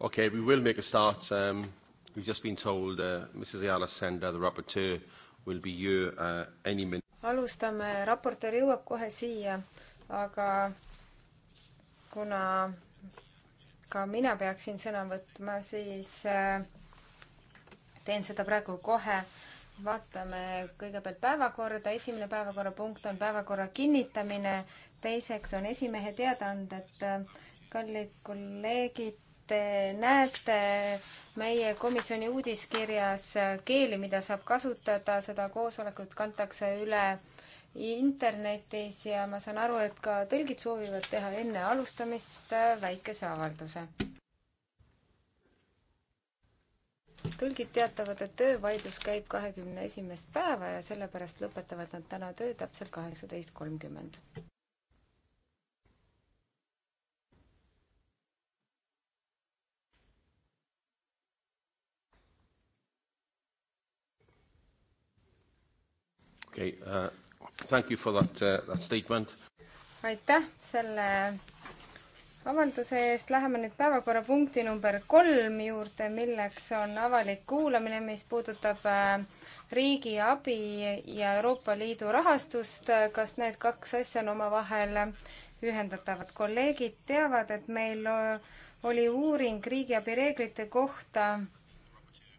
Okay, we will make a start. Um, we've just been told uh, Mrs Ayala Sender, the raporteur, will be here uh, any minute. alustame, raportöör jõuab kohe siia, aga kuna ka mina peaksin sõna võtma, siis äh, teen seda praegu kohe. vaatame kõigepealt päevakorda, esimene päevakorrapunkt on päevakorra kinnitamine, teiseks on esimehe teadaanded. kallid kolleegid, Te näete meie komisjoni uudiskirjas keeli, mida saab kasutada, seda koosolekut kantakse üle internetis ja ma saan aru, et ka tõlgid soovivad teha enne alustamist väikese avalduse. tõlgid teatavad, et töövaidlus käib kahekümne esimest päeva ja sellepärast lõpetavad nad täna töö täpselt kaheksateist kolmkümmend. okay, uh, thank you for that, uh, that statement. aitäh selle avalduse eest, läheme nüüd päevakorrapunkti number kolm juurde, milleks on avalik kuulamine, mis puudutab äh, riigi abi ja Euroopa Liidu rahastust. kas need kaks asja on omavahel ühendatavad? kolleegid teavad, et meil äh, oli uuring riigiabi reeglite kohta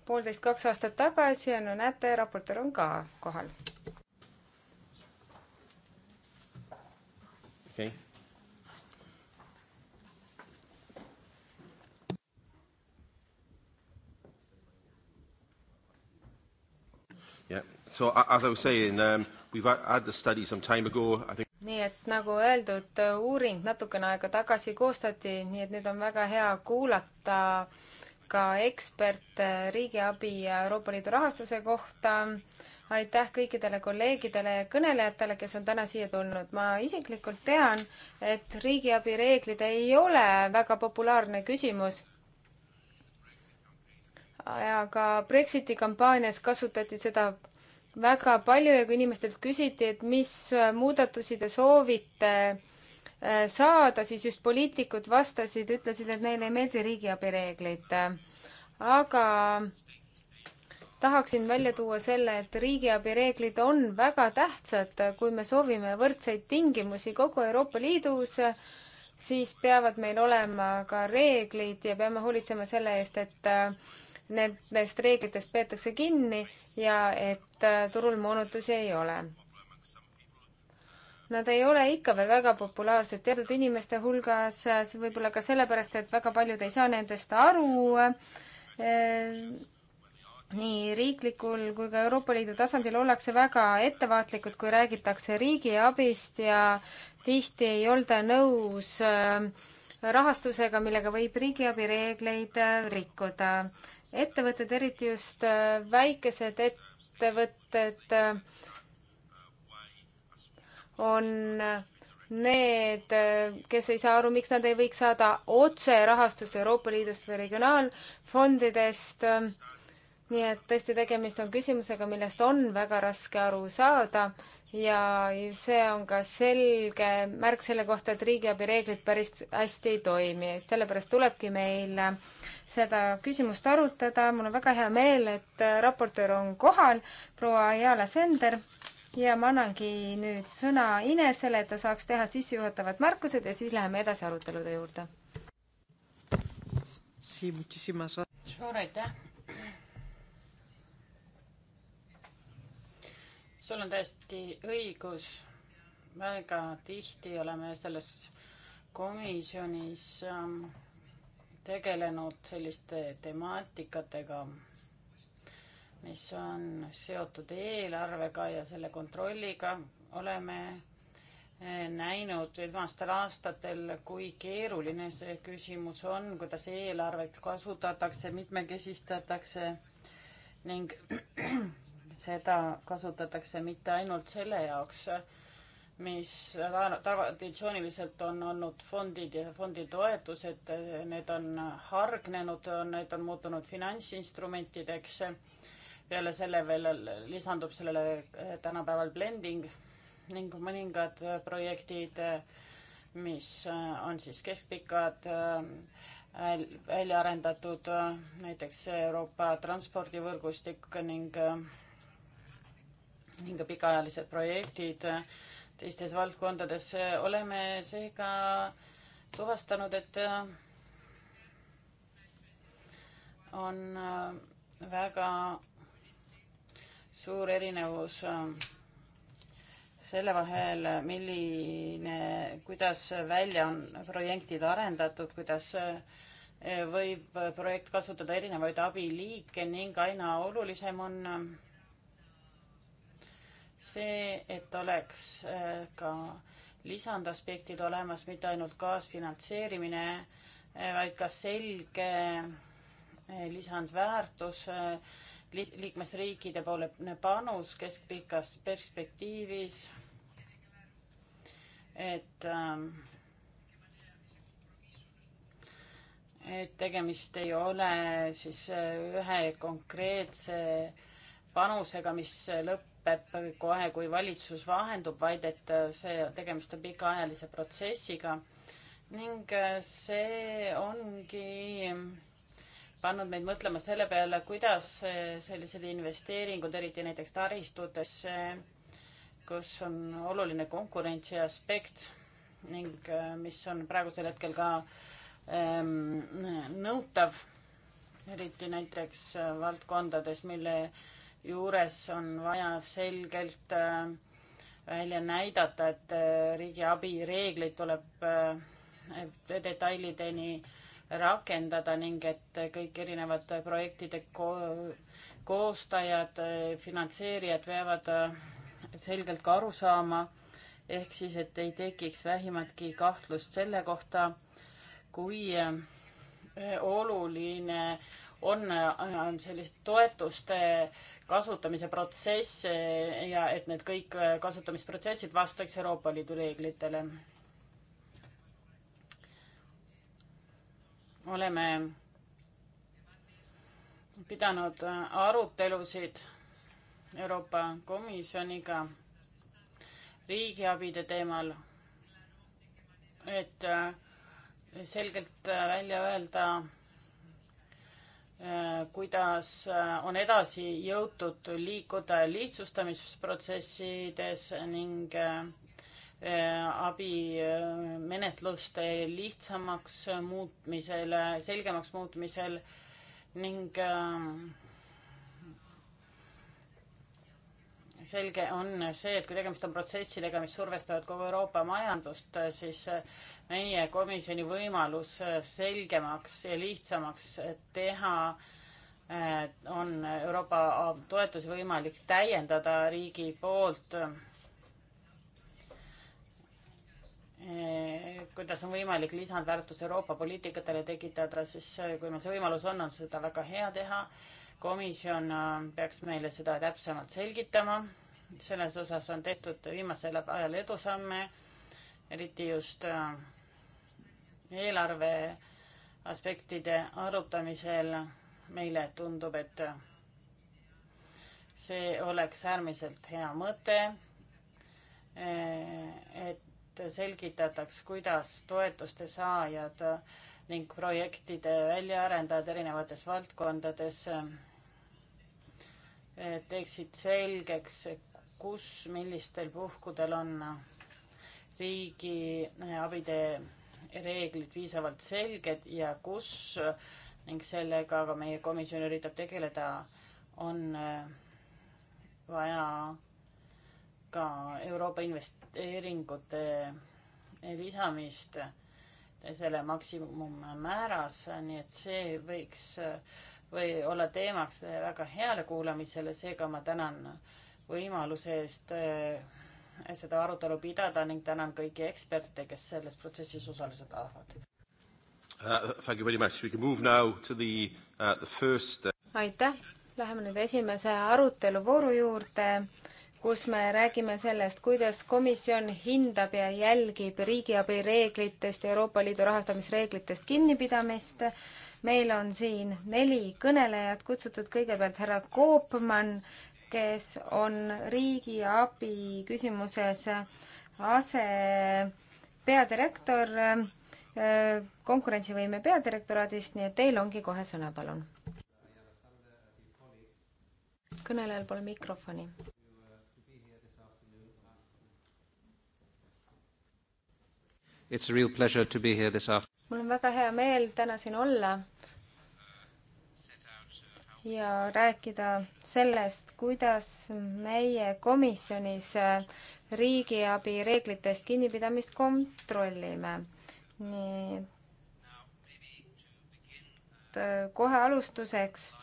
poolteist, kaks aastat tagasi ja no näete, raportöör on ka kohal. Okay. Yeah. So as I was saying, um, we've had the study some time ago. I think nii et nagu öeldud, uh, uuring natukene aega tagasi koostati, nii et nüüd on väga hea kuulata ka eksperte uh, riigiabi ja Euroopa Liidu rahastuse kohta aitäh kõikidele kolleegidele ja kõnelejatele, kes on täna siia tulnud. ma isiklikult tean, et riigiabi reeglid ei ole väga populaarne küsimus. ja ka Brexiti kampaanias kasutati seda väga palju ja kui inimestelt küsiti, et mis muudatusi te soovite äh, saada, siis just poliitikud vastasid, ütlesid, et neile ei meeldi riigiabi reeglid. aga tahaksin välja tuua selle, et riigiabi reeglid on väga tähtsad, kui me soovime võrdseid tingimusi kogu Euroopa Liidus, siis peavad meil olema ka reeglid ja peame hoolitsema selle eest, et äh, nendest reeglitest peetakse kinni ja et äh, turul moonutusi ei ole. Nad ei ole ikka veel väga populaarsed teatud inimeste hulgas, võib-olla ka sellepärast, et väga paljud ei saa nendest aru äh, nii riiklikul kui ka Euroopa Liidu tasandil ollakse väga ettevaatlikud, kui räägitakse riigiabist ja tihti ei olda nõus äh, rahastusega, millega võib riigiabi reegleid äh, rikkuda. ettevõtted, eriti just äh, väikesed ettevõtted, on need, kes ei saa aru, miks nad ei võiks saada otse rahastust Euroopa Liidust või regionaalfondidest nii et tõesti, tegemist on küsimusega, millest on väga raske aru saada ja see on ka selge märk selle kohta, et riigiabi reeglid päris hästi ei toimi ja sellepärast tulebki meil seda küsimust arutada. mul on väga hea meel, et raportöör on kohal, proua Ayala Sender ja ma annangi nüüd sõna Inesele, et ta saaks teha sissejuhatavad märkused ja siis läheme edasi arutelude juurde. suur aitäh sul on täiesti õigus. väga tihti oleme selles komisjonis ähm, tegelenud selliste temaatikatega, mis on seotud eelarvega ja selle kontrolliga. oleme äh, näinud viimastel aastatel, kui keeruline see küsimus on, kuidas eelarvet kasutatakse, mitmekesistatakse ning seda kasutatakse mitte ainult selle jaoks, mis traditsiooniliselt on olnud fondid ja fonditoetused, need on hargnenud, need on muutunud finantsinstrumentideks. peale selle veel lisandub sellele eh, tänapäeval blending ning mõningad projektid, mis eh, on siis keskpikad eh, välja arendatud näiteks Euroopa transpordivõrgustik ning ning ka pikaajalised projektid äh, teistes valdkondades. oleme seega tuvastanud, et äh, on äh, väga suur erinevus selle vahel, milline, kuidas välja on projektid arendatud, kuidas võib projekt kasutada erinevaid abiliike ning aina olulisem on see, et oleks äh, ka lisandaspektid olemas, mitte ainult kaasfinantseerimine, äh, vaid ka selge äh, lisandväärtus, liikmesriikide poole panus keskpikas perspektiivis, et ähm, et tegemist ei ole siis ühe konkreetse panusega, mis lõpp lõpeb kohe, kui valitsus vahendub, vaid et äh, see, tegemist on pikaajalise protsessiga ning äh, see ongi pannud meid mõtlema selle peale, kuidas äh, sellised investeeringud, eriti näiteks taristutesse, kus on oluline konkurentsi aspekt ning mis on praegusel hetkel ka ähm, nõutav, eriti näiteks valdkondades, mille äh, juures on vaja selgelt äh, välja näidata, et äh, riigiabi reegleid tuleb äh, detailideni rakendada ning et kõik erinevad projektide ko koostajad, finantseerijad peavad selgelt ka aru saama, ehk siis, et ei tekiks vähimatki kahtlust selle kohta, kui oluline on, on sellist toetuste kasutamise protsess ja et need kõik kasutamisprotsessid vastaks Euroopa Liidu reeglitele. oleme pidanud arutelusid Euroopa Komisjoniga riigiabide teemal, et selgelt välja öelda Äh, kuidas äh, on edasi jõutud liikuda lihtsustamisprotsessides ning äh, abimenetluste lihtsamaks muutmisel, selgemaks muutmisel ning selge on see, et kui tegemist on protsessidega, mis survestavad kogu Euroopa majandust, siis meie komisjoni võimalus selgemaks ja lihtsamaks teha eh, on Euroopa toetusi võimalik täiendada riigi poolt. Eh, kuidas on võimalik lisandväärtus Euroopa poliitikatele tekitada, siis eh, kui meil see võimalus on, on seda väga hea teha komisjon äh, peaks meile seda täpsemalt selgitama. selles osas on tehtud viimasel ajal edusamme, eriti just äh, eelarve aspektide arutamisel. meile tundub, et äh, see oleks äärmiselt hea mõte. et selgitataks, kuidas toetuste saajad ning projektide väljaarendajad erinevates valdkondades teeksid selgeks, kus, millistel puhkudel on riigi äh, abide reeglid piisavalt selged ja kus ning sellega ka meie komisjon üritab tegeleda, on äh, vaja ka Euroopa investeeringute lisamist selle maksimummääras, nii et see võiks äh, või olla teemaks väga heale kuulamisele, seega ma tänan võimaluse eest äh, seda arutelu pidada ning tänan kõiki eksperte, kes selles protsessis osalesid tahavad uh,. Thank you very much, we can move now to the uh,, the first uh, aitäh, läheme nüüd esimese aruteluvooru juurde, kus me räägime sellest, kuidas komisjon hindab ja jälgib riigiabi reeglitest ja Euroopa Liidu rahastamisreeglitest kinnipidamist meil on siin neli kõnelejat kutsutud, kõigepealt härra Koopman, kes on riigiabi küsimuses ase peadirektor äh, konkurentsivõime peadirektoraadist, nii et teil ongi kohe sõna, palun. kõnelejal pole mikrofoni. mul on väga hea meel täna siin olla ja rääkida sellest, kuidas meie komisjonis äh, riigiabi reeglitest kinnipidamist kontrollime. nii et äh, kohe alustuseks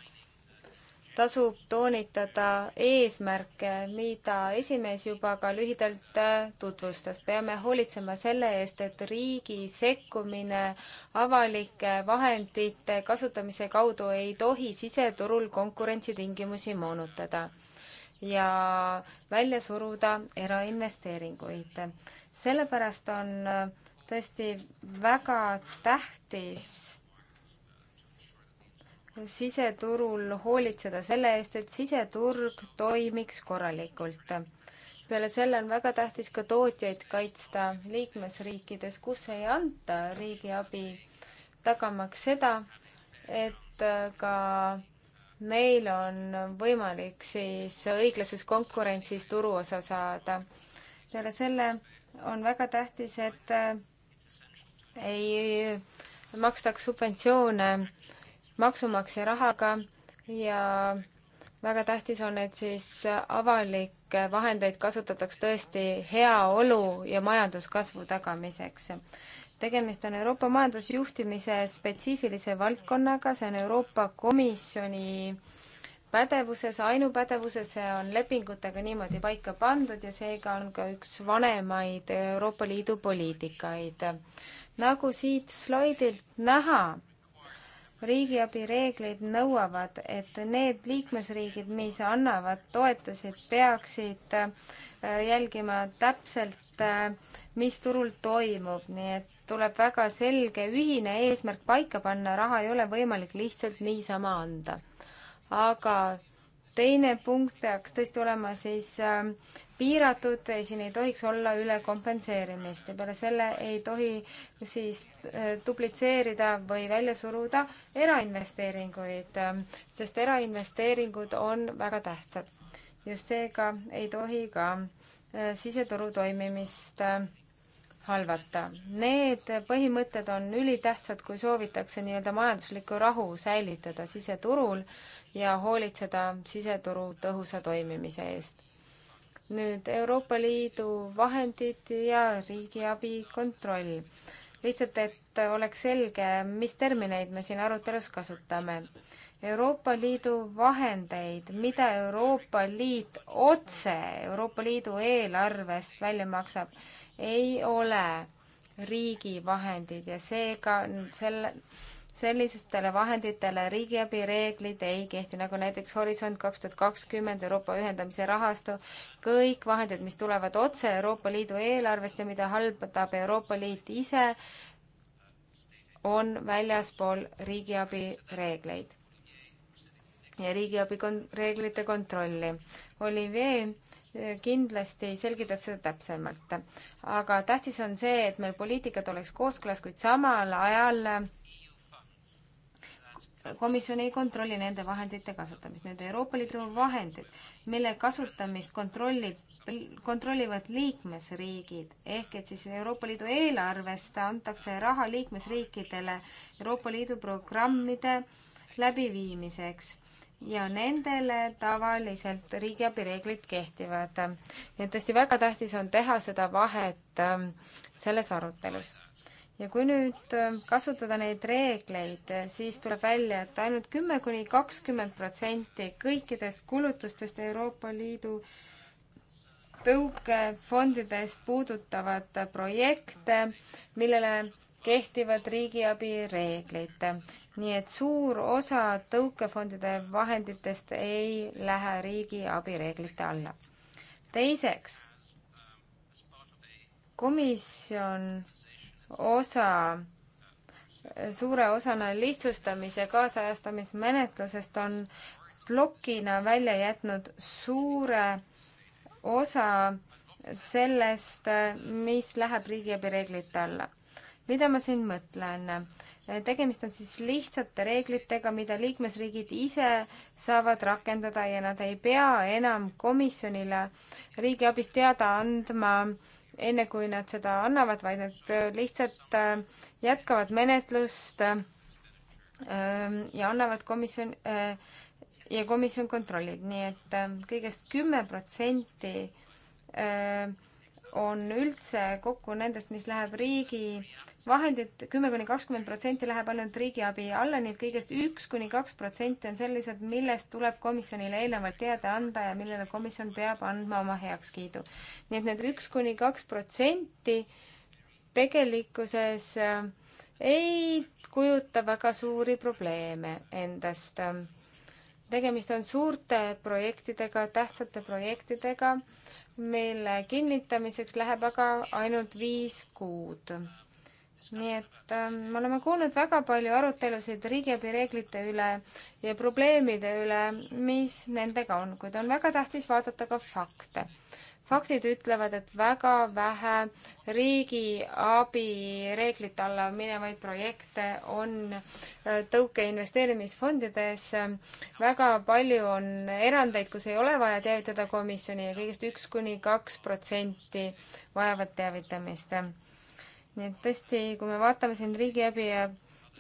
tasub toonitada eesmärke, mida esimees juba ka lühidalt äh, tutvustas. peame hoolitsema selle eest, et riigi sekkumine avalike vahendite kasutamise kaudu ei tohi siseturul konkurentsitingimusi moonutada ja välja suruda erainvesteeringuid. sellepärast on äh, tõesti väga tähtis siseturul hoolitseda selle eest, et siseturg toimiks korralikult. peale selle on väga tähtis ka tootjaid kaitsta liikmesriikides, kus ei anta riigiabi, tagamaks seda, et ka neil on võimalik siis õiglases konkurentsis turuosa saada. peale selle on väga tähtis, et ei makstaks subventsioone äh, maksumaksja rahaga ja väga tähtis on, et siis avalikke vahendeid kasutataks tõesti heaolu ja majanduskasvu tagamiseks. tegemist on Euroopa majandusjuhtimise spetsiifilise valdkonnaga, see on Euroopa Komisjoni pädevuses, ainupädevuses, see on lepingutega niimoodi paika pandud ja seega on ka üks vanemaid Euroopa Liidu poliitikaid. nagu siit slaidilt näha, riigiabi reeglid nõuavad, et need liikmesriigid, mis annavad toetusid, peaksid äh, jälgima täpselt, äh, mis turul toimub, nii et tuleb väga selge ühine eesmärk paika panna, raha ei ole võimalik lihtsalt niisama anda. aga teine punkt peaks tõesti olema siis ähm, piiratud, siin ei tohiks olla ülekompenseerimist ja peale selle ei tohi siis äh, duplitseerida või välja suruda erainvesteeringuid, ähm, sest erainvesteeringud on väga tähtsad. just seega ei tohi ka äh, siseturu toimimist äh, halvata. Need põhimõtted on ülitähtsad, kui soovitakse nii-öelda majanduslikku rahu säilitada siseturul ja hoolitseda siseturu tõhusa toimimise eest. nüüd Euroopa Liidu vahendid ja riigiabi kontroll. lihtsalt, et oleks selge, mis termineid me siin arutelus kasutame. Euroopa Liidu vahendeid, mida Euroopa Liit otse Euroopa Liidu eelarvest välja maksab, ei ole riigi vahendid ja seega selle sellistele vahenditele riigiabi reeglid ei kehti, nagu näiteks Horisont kaks tuhat kakskümmend, Euroopa ühendamise rahastu, kõik vahendid, mis tulevad otse Euroopa Liidu eelarvest ja mida haldab Euroopa Liit ise, on väljaspool riigiabi reegleid ja riigiabi kon-, reeglite kontrolli. Olivier eh, kindlasti selgitab seda täpsemalt. aga tähtis on see, et meil poliitikad oleks kooskõlas, kuid samal ajal komisjon ei kontrolli nende vahendite kasutamist, need Euroopa Liidu vahendid, mille kasutamist kontrollib, kontrollivad liikmesriigid, ehk et siis Euroopa Liidu eelarvest antakse raha liikmesriikidele Euroopa Liidu programmide läbiviimiseks ja nendele tavaliselt riigiabi reeglid kehtivad. nii et tõesti väga tähtis on teha seda vahet ähm, selles arutelus ja kui nüüd äh, kasutada neid reegleid, äh, siis tuleb välja, et ainult kümme kuni kakskümmend protsenti kõikidest kulutustest Euroopa Liidu tõukefondidest puudutavad äh, projekte, millele kehtivad riigiabi reeglid. nii et suur osa tõukefondide vahenditest ei lähe riigiabi reeglite alla. teiseks, komisjon osa, suure osana lihtsustamise kaasajastamismenetlusest on plokina välja jätnud suure osa sellest, mis läheb riigiabi reeglite alla. mida ma siin mõtlen? tegemist on siis lihtsate reeglitega, mida liikmesriigid ise saavad rakendada ja nad ei pea enam komisjonile riigiabist teada andma äh, enne kui nad seda annavad, vaid nad äh, lihtsalt äh, jätkavad menetlust äh, ja annavad komisjon ja komisjon kontrollib, nii et kõigest kümme protsenti on üldse kokku nendest, mis läheb riigi vahendid, kümme kuni kakskümmend protsenti läheb ainult riigiabi alla, nii et kõigest üks kuni kaks protsenti on sellised, millest tuleb komisjonile eelnevalt teada anda ja millele komisjon peab andma oma heakskiidu. nii et need üks kuni kaks protsenti tegelikkuses äh, ei kujuta väga suuri probleeme endast. tegemist on suurte projektidega, tähtsate projektidega mille kinnitamiseks läheb aga ainult viis kuud. nii et äh, me oleme kuulnud väga palju arutelusid riigiabi reeglite üle ja probleemide üle, mis nendega on, kuid on väga tähtis vaadata ka fakte faktid ütlevad, et väga vähe riigiabi reeglite alla minevaid projekte on äh, tõuke investeerimisfondides. väga palju on erandeid, kus ei ole vaja teavitada komisjoni ja kõigest üks kuni kaks protsenti vajavad teavitamist. nii et tõesti, kui me vaatame siin riigiabi ja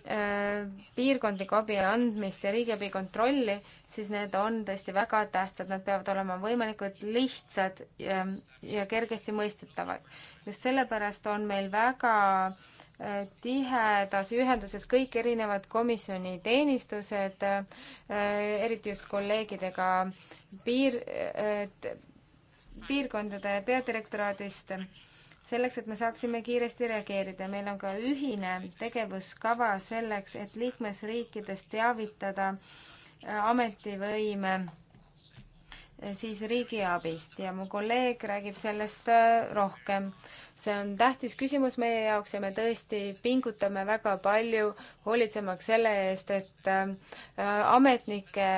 Äh, piirkondliku abi andmist ja riigiabi kontrolli, siis need on tõesti väga tähtsad, nad peavad olema võimalikult lihtsad ja, ja kergesti mõistetavad. just sellepärast on meil väga äh, tihedas ühenduses kõik erinevad komisjoni teenistused, äh, eriti just kolleegidega piir, piirkondade peadirektoraadist selleks, et me saaksime kiiresti reageerida. meil on ka ühine tegevuskava selleks, et liikmesriikides teavitada äh, ametivõime äh, siis riigiabist ja mu kolleeg räägib sellest äh, rohkem. see on tähtis küsimus meie jaoks ja me tõesti pingutame väga palju, hoolitsemaks selle eest, et ametnike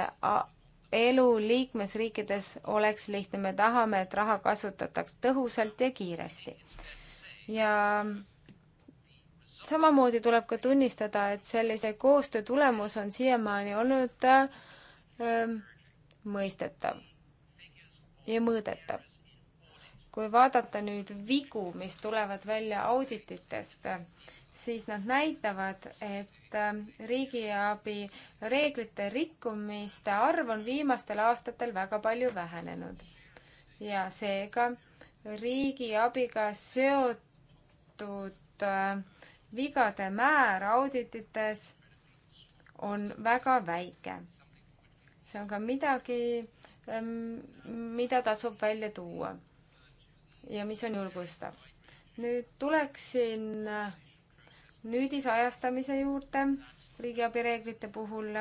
elu liikmesriikides oleks lihtne, me tahame, et raha kasutataks tõhusalt ja kiiresti. ja samamoodi tuleb ka tunnistada, et sellise koostöö tulemus on siiamaani olnud öö, ähm, mõistetav ja mõõdetav. kui vaadata nüüd vigu, mis tulevad välja audititest, siis nad näitavad, et Äh, riigiabi reeglite rikkumiste arv on viimastel aastatel väga palju vähenenud ja seega riigiabiga seotud äh, vigade määr auditites on väga väike. see on ka midagi, ähm, mida tasub välja tuua ja mis on julgustav. nüüd tuleksin äh, nüüd isajastamise juurde riigiabi reeglite puhul.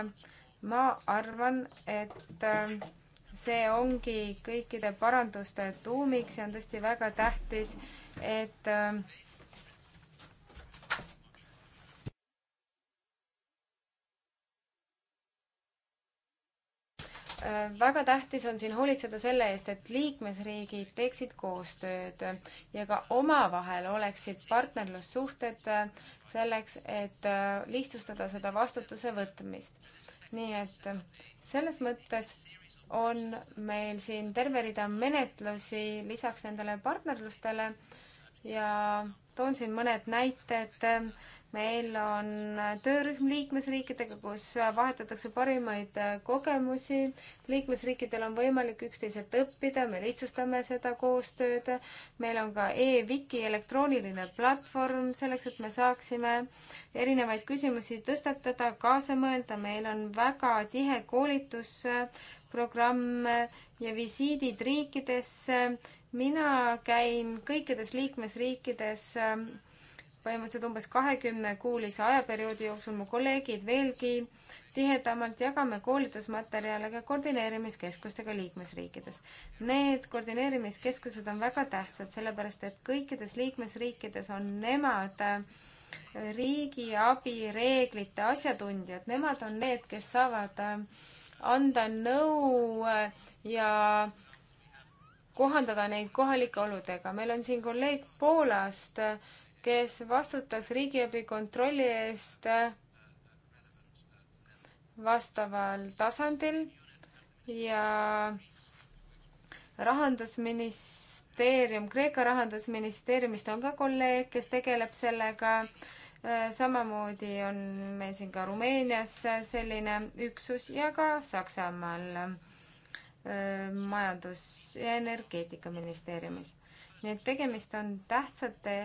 ma arvan, et äh, see ongi kõikide paranduste tuumiks ja on tõesti väga tähtis, et äh, Äh, väga tähtis on siin hoolitseda selle eest, et liikmesriigid teeksid koostööd ja ka omavahel oleksid partnerlussuhted äh, selleks, et äh, lihtsustada seda vastutuse võtmist. nii et selles mõttes on meil siin terve rida menetlusi lisaks nendele partnerlustele ja toon siin mõned näited meil on töörühm liikmesriikidega, kus vahetatakse parimaid kogemusi. liikmesriikidel on võimalik üksteiselt õppida, me lihtsustame seda koostööd. meil on ka e-Wiki elektrooniline platvorm selleks, et me saaksime erinevaid küsimusi tõstatada, kaasa mõelda. meil on väga tihe koolitusprogramm ja visiidid riikidesse. mina käin kõikides liikmesriikides põhimõtteliselt umbes kahekümne kuulise ajaperioodi jooksul mu kolleegid veelgi tihedamalt jagame koolitusmaterjale ka koordineerimiskeskustega liikmesriikides. Need koordineerimiskeskused on väga tähtsad, sellepärast et kõikides liikmesriikides on nemad äh, riigiabi reeglite asjatundjad, nemad on need, kes saavad äh, anda nõu äh, ja kohandada neid kohalike oludega. meil on siin kolleeg Poolast, kes vastutas riigiabi kontrolli eest vastaval tasandil ja rahandusministeerium, Kreeka rahandusministeeriumist on ka kolleeg, kes tegeleb sellega. samamoodi on meil siin ka Rumeenias selline üksus ja ka Saksamaal äh, majandus- ja energeetikaministeeriumis. nii et tegemist on tähtsate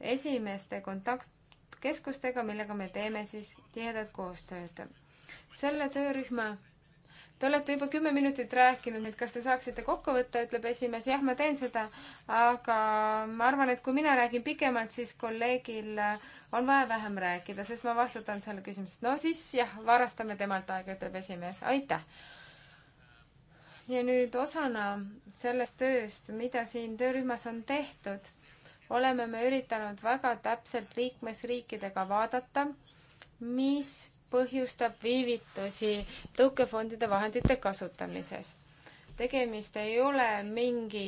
esimeste kontaktkeskustega, millega me teeme siis tihedat koostööd. selle töörühma Te olete juba kümme minutit rääkinud, et kas te saaksite kokku võtta, ütleb esimees. jah, ma teen seda, aga ma arvan, et kui mina räägin pikemalt, siis kolleegil on vaja vähem rääkida, sest ma vastutan selle küsimuse. no siis jah, varastame temalt aega, ütleb esimees. aitäh. ja nüüd osana sellest tööst, mida siin töörühmas on tehtud, oleme me üritanud väga täpselt liikmesriikidega vaadata, mis põhjustab viivitusi tõukefondide vahendite kasutamises. tegemist ei ole mingi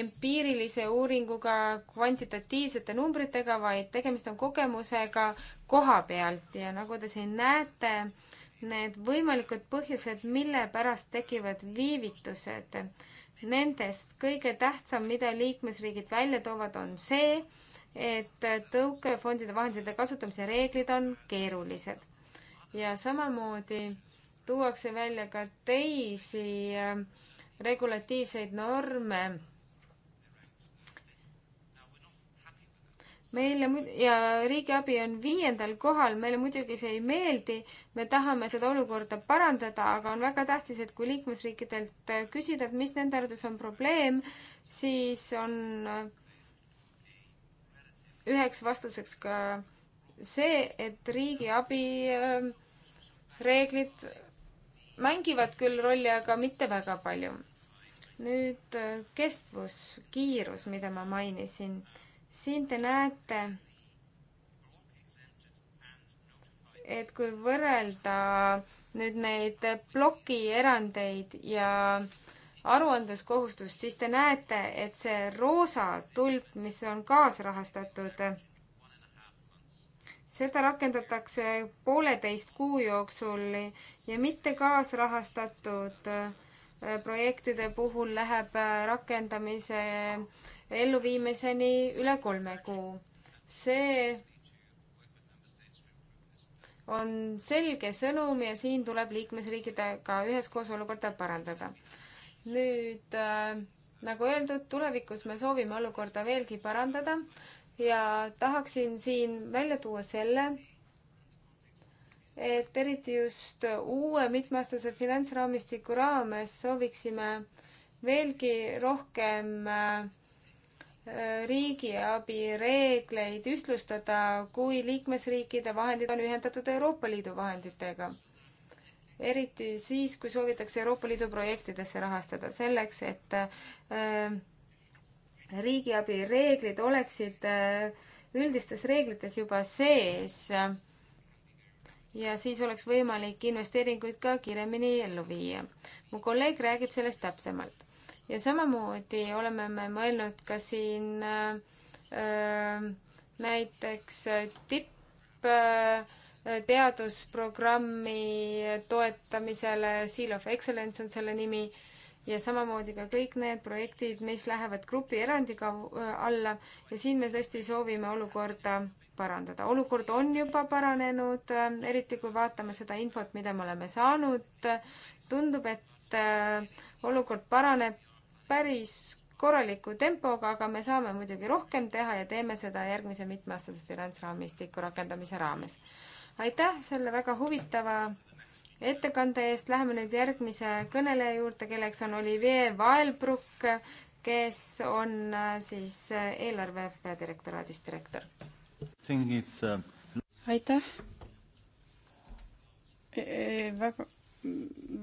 empiirilise uuringuga, kvantitatiivsete numbritega, vaid tegemist on kogemusega koha pealt ja nagu te siin näete, need võimalikud põhjused, mille pärast tekivad viivitused, Nendest kõige tähtsam, mida liikmesriigid välja toovad, on see, et tõukefondide vahendite kasutamise reeglid on keerulised. ja samamoodi tuuakse välja ka teisi äh, regulatiivseid norme meile ja riigiabi on viiendal kohal, meile muidugi see ei meeldi, me tahame seda olukorda parandada, aga on väga tähtis, et kui liikmesriikidelt äh, küsida, et mis nende arvates on probleem, siis on äh, üheks vastuseks ka see, et riigiabi äh, reeglid mängivad küll rolli, aga mitte väga palju. nüüd kestvus, kiirus, mida ma mainisin siin te näete, et kui võrrelda nüüd neid plokierandeid ja aruandluskohustust, siis te näete, et see roosa tulp, mis on kaasrahastatud, seda rakendatakse pooleteist kuu jooksul ja mitte kaasrahastatud äh, projektide puhul läheb äh, rakendamise elluviimiseni üle kolme kuu. see on selge sõnum ja siin tuleb liikmesriikidega üheskoos olukorda parandada. nüüd äh, nagu öeldud, tulevikus me soovime olukorda veelgi parandada ja tahaksin siin välja tuua selle, et eriti just uue mitmeaastase finantsraamistiku raames sooviksime veelgi rohkem äh, riigiabi reegleid ühtlustada, kui liikmesriikide vahendid on ühendatud Euroopa Liidu vahenditega. eriti siis, kui soovitakse Euroopa Liidu projektidesse rahastada, selleks et äh, riigiabi reeglid oleksid äh, üldistes reeglites juba sees ja siis oleks võimalik investeeringuid ka kiiremini ellu viia. mu kolleeg räägib sellest täpsemalt ja samamoodi oleme me mõelnud ka siin öö, äh, äh, näiteks äh, tippteadusprogrammi toetamisele, Seal of Excellence on selle nimi, ja samamoodi ka kõik need projektid, mis lähevad grupierandiga alla ja siin me tõesti soovime olukorda parandada. olukord on juba paranenud, eriti kui vaatame seda infot, mida me oleme saanud. tundub, et olukord paraneb päris korraliku tempoga, aga me saame muidugi rohkem teha ja teeme seda järgmise mitmeaastase finantsraamistiku rakendamise raames. aitäh selle väga huvitava ettekande eest, läheme nüüd järgmise kõneleja juurde, kelleks on Olivier Vaelbrukk, kes on äh, siis äh, eelarve peadirektoraadist direktor. Äh, aitäh! E, e, väga,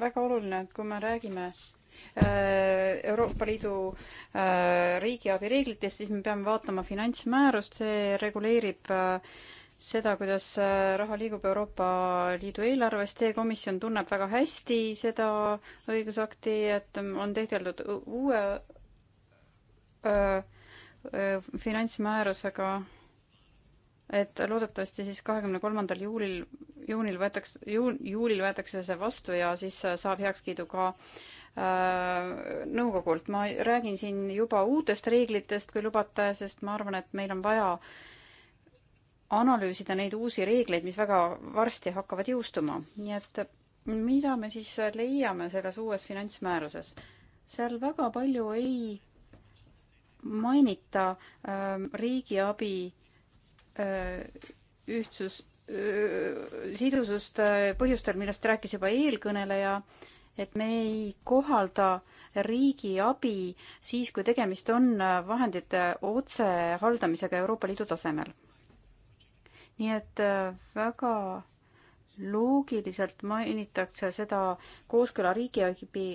väga oluline, et kui me räägime Äh, Euroopa Liidu äh, riigiabi reeglitest, siis me peame vaatama finantsmäärust, see reguleerib äh, seda, kuidas raha liigub Euroopa Liidu eelarvest, see komisjon tunneb väga hästi seda õigusakti, et on tegeldud uue finantsmäärusega, et loodetavasti siis kahekümne kolmandal juulil, juunil võetakse, juun-, juulil võetakse see vastu ja siis saab heakskiidu ka äh, Äh, nõukogult. ma räägin siin juba uutest reeglitest, kui lubate, sest ma arvan, et meil on vaja analüüsida neid uusi reegleid, mis väga varsti hakkavad jõustuma. nii et mida me siis leiame selles uues finantsmääruses? seal väga palju ei mainita äh, riigiabi äh, ühtsus äh,, sidusust äh, põhjustel, millest rääkis juba eelkõneleja äh,, et me ei kohalda riigi abi siis, kui tegemist on vahendite otse haldamisega Euroopa Liidu tasemel. nii et äh, väga loogiliselt mainitakse seda kooskõla riigiabi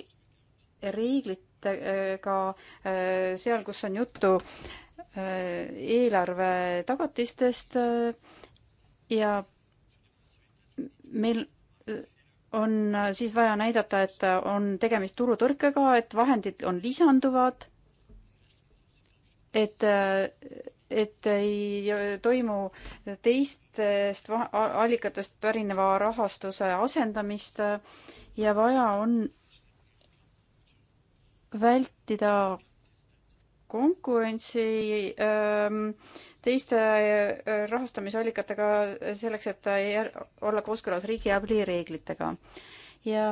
reeglitega äh, seal, kus on juttu äh, eelarve tagatistest ja meil on siis vaja näidata, et on tegemist turutõrkega, et vahendid on lisanduvad, et, et ei toimu teistest allikatest pärineva rahastuse asendamist ja vaja on vältida konkurentsi ähm, teiste äh, rahastamisallikatega selleks, et olla kooskõlas riigiabi reeglitega. ja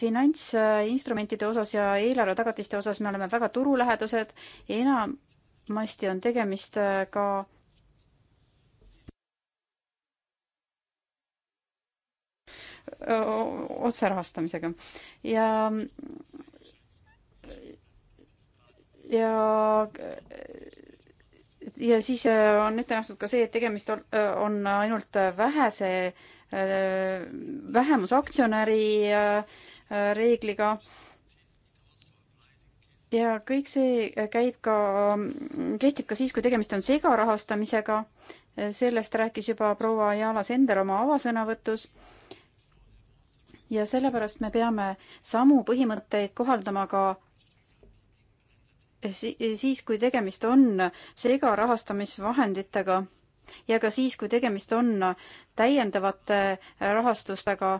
finantsinstrumentide osas ja eelarvetagatiste osas me oleme väga turulähedased, enamasti on tegemist äh, ka otserahastamisega ja ja ja siis äh, on ette nähtud ka see, et tegemist on, äh, on ainult vähese, äh, vähemusaktsionäri reegliga. ja kõik see käib ka, mm, kehtib ka siis, kui tegemist on segarahastamisega. sellest rääkis juba proua Jaala Sender oma avasõnavõtus ja sellepärast me peame samu põhimõtteid kohaldama ka siis, kui tegemist on segarahastamisvahenditega ja ka siis, kui tegemist on täiendavate äh, rahastustega,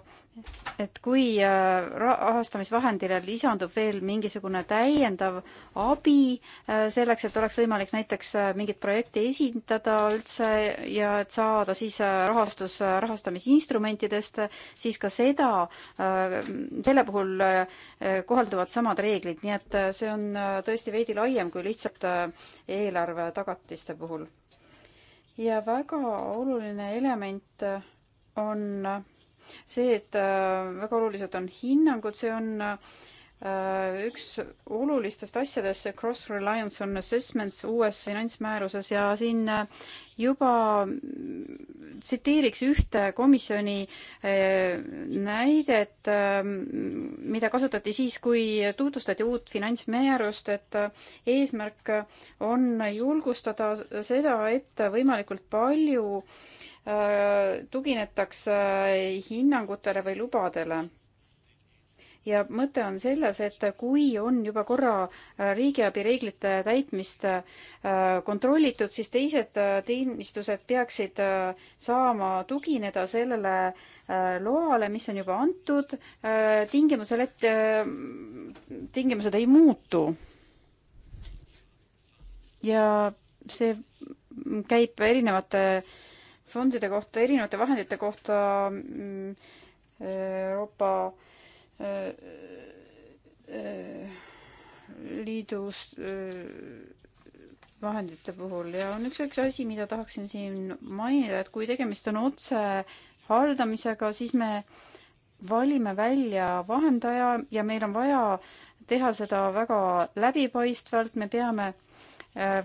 et kui äh, rahastamisvahendile lisandub veel mingisugune täiendav abi äh, selleks, et oleks võimalik näiteks mingit projekti esindada üldse ja et saada siis rahastus rahastamisinstrumentidest, siis ka seda, selle puhul kohalduvad samad reeglid, nii et see on tõesti veidi laiem kui lihtsalt eelarve tagatiste puhul ja väga oluline element on see, et äh, väga olulised on hinnangud, see on äh, Äh, üks olulistest asjadest, see cross-reliance on assessments uues finantsmääruses ja siin äh, juba tsiteeriks ühte komisjoni äh, näidet, ähm, mida kasutati siis, kui tutvustati uut finantsmäärust, et eesmärk on julgustada seda, et võimalikult palju tuginetakse hinnangutele või lubadele ja mõte on selles, et kui on juba korra äh, riigiabi reeglite täitmist äh, kontrollitud, siis teised äh, teenistused peaksid saama tugineda sellele loale, mis on juba antud, tingimusel, et tingimused ei muutu. ja see käib erinevate fondide kohta, erinevate vahendite kohta mm, Euroopa äh, liidus vahendite puhul ja on üks, üks asi, mida tahaksin siin mainida, et kui tegemist on otse haldamisega, siis me valime välja vahendaja ja meil on vaja teha seda väga läbipaistvalt, me peame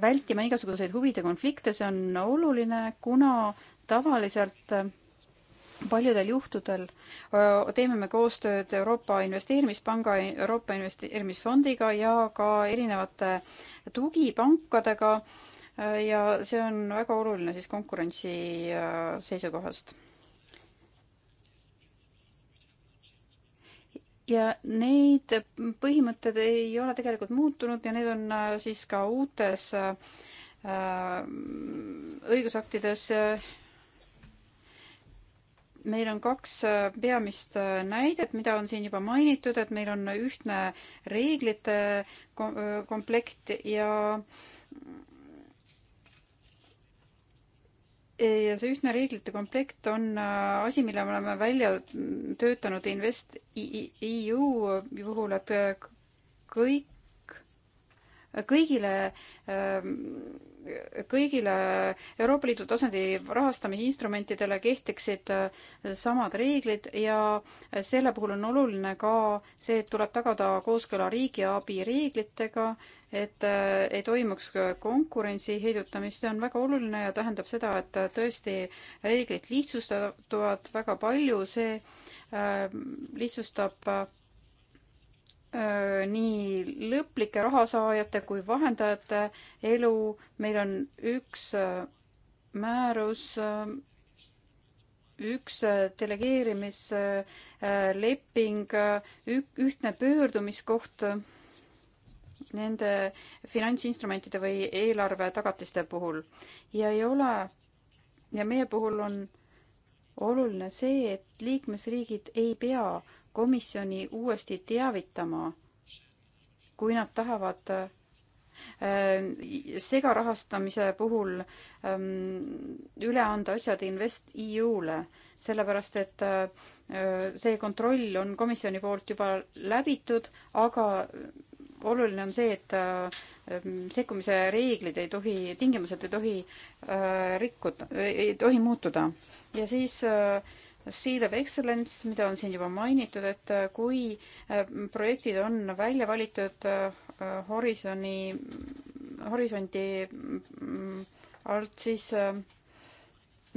vältima igasuguseid huvide konflikte, see on oluline, kuna tavaliselt paljudel juhtudel teeme me koostööd Euroopa Investeerimispanga, Euroopa Investeerimisfondiga ja ka erinevate tugipankadega ja see on väga oluline siis konkurentsi seisukohast. ja neid põhimõtted ei ole tegelikult muutunud ja need on siis ka uutes õigusaktides meil on kaks äh, peamist äh, näidet, mida on siin juba mainitud, et meil on ühtne reeglite äh, komplekt ja ja see ühtne reeglite komplekt on asi, mille me oleme välja töötanud Invest EU puhul, et kõik, kõigile äh, kõigile Euroopa Liidu tasandi rahastamisinstrumentidele kehtiksid äh, samad reeglid ja selle puhul on oluline ka see, et tuleb tagada kooskõla riigiabi reeglitega, et äh, ei toimuks konkurentsi heidutamist, see on väga oluline ja tähendab seda, et äh, tõesti reeglid lihtsustatuvad väga palju, see lihtsustab nii lõplike rahasaajate kui vahendajate elu. meil on üks määrus, üks delegeerimisleping, ühtne pöördumiskoht nende finantsinstrumentide või eelarvetagatiste puhul ja ei ole ja meie puhul on oluline see, et liikmesriigid ei pea komisjoni uuesti teavitama, kui nad tahavad äh, segarahastamise puhul ähm, üle anda asjad InvestEU-le, sellepärast et äh, see kontroll on komisjoni poolt juba läbitud, aga oluline on see, et äh, ähm, sekkumise reeglid ei tohi, tingimused ei tohi rikkuda, ei tohi muutuda. ja siis äh, Seal of Excellence, mida on siin juba mainitud, et äh, kui äh, projektid on välja valitud äh, horisoni, horisondi mm, alt, siis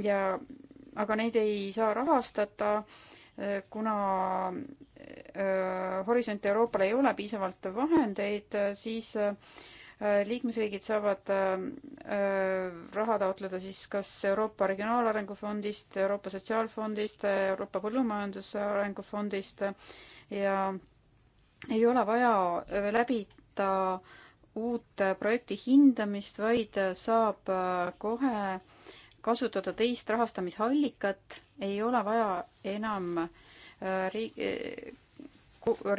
ja aga neid ei saa rahastada, kuna Horisont Euroopal ei ole piisavalt vahendeid, siis äh, Äh, liikmesriigid saavad äh, raha taotleda siis kas Euroopa Regionaalarengu Fondist, Euroopa Sotsiaalfondist, Euroopa Põllumajanduse Arengu Fondist ja ei ole vaja äh, läbida uut projekti hindamist, vaid saab kohe kasutada teist rahastamisallikat, ei ole vaja enam riigi,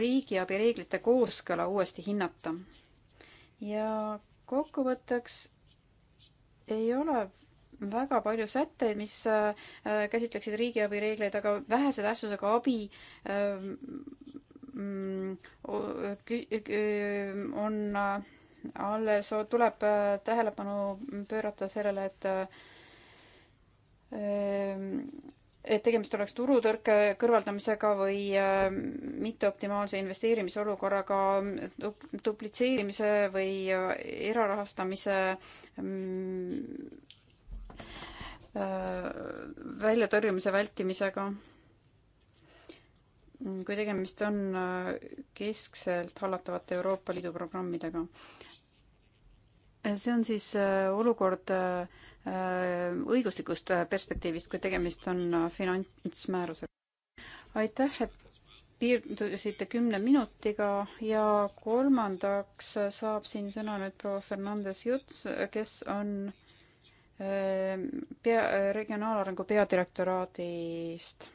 riigiabi reeglite kooskõla uuesti hinnata ja kokkuvõtteks ei ole väga palju sätteid, mis äh, käsitleksid riigiabi reegleid, aga vähese tähtsusega abi ähm, mm, on äh, alles, tuleb äh, tähelepanu pöörata sellele, et ähm, et tegemist oleks turutõrke kõrvaldamisega või äh, mitteoptimaalse investeerimisolukorraga, duplitseerimise või äh, erarahastamise mm, äh, väljatõrjumise vältimisega. kui tegemist on keskselt hallatavate Euroopa Liidu programmidega. see on siis olukord äh, Äh, õiguslikust äh, perspektiivist, kui tegemist on äh, finantsmäärusega. aitäh, et piirdusite kümne minutiga ja kolmandaks saab siin sõna nüüd proua Fernandes Juts, kes on pea, regionaalarengu peadirektoraadist.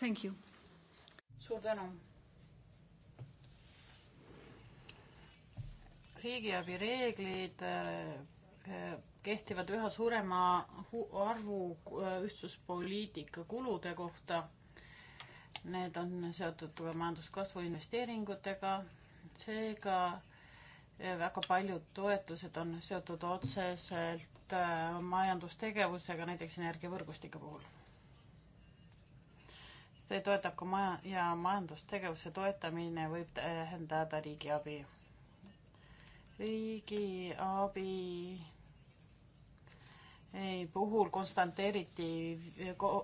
Thank you. suur tänu riigiabi reeglid äh, äh, kehtivad üha suurema arvu äh, ühtsuspoliitika kulude kohta. Need on seotud majanduskasvu investeeringutega, seega väga paljud toetused on seotud otseselt majandustegevusega, näiteks energiavõrgustike puhul. see toetab ka maja ja majandustegevuse toetamine võib tähendada riigiabi riigiabi eh, puhul konstanteeriti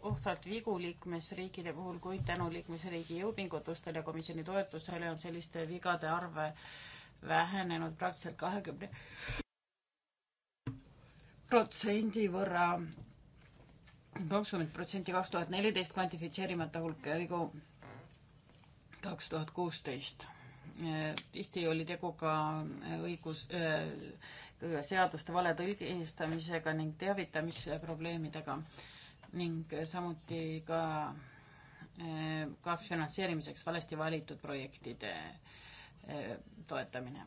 ohtralt vigu liikmesriikide puhul, kuid tänu liikmesriigi jõupingutustele ja komisjoni toetusele on selliste vigade arv vähenenud praktiliselt kahekümne protsendi võrra, kakskümmend protsenti kaks tuhat neliteist, kvantifitseerimata hulk vigu kaks tuhat kuusteist tihti oli tegu ka äh, õigus äh,, seaduste vale tõlgistamisega ning teavitamisprobleemidega ning samuti ka äh,, ka finantseerimiseks valesti valitud projektide äh, toetamine.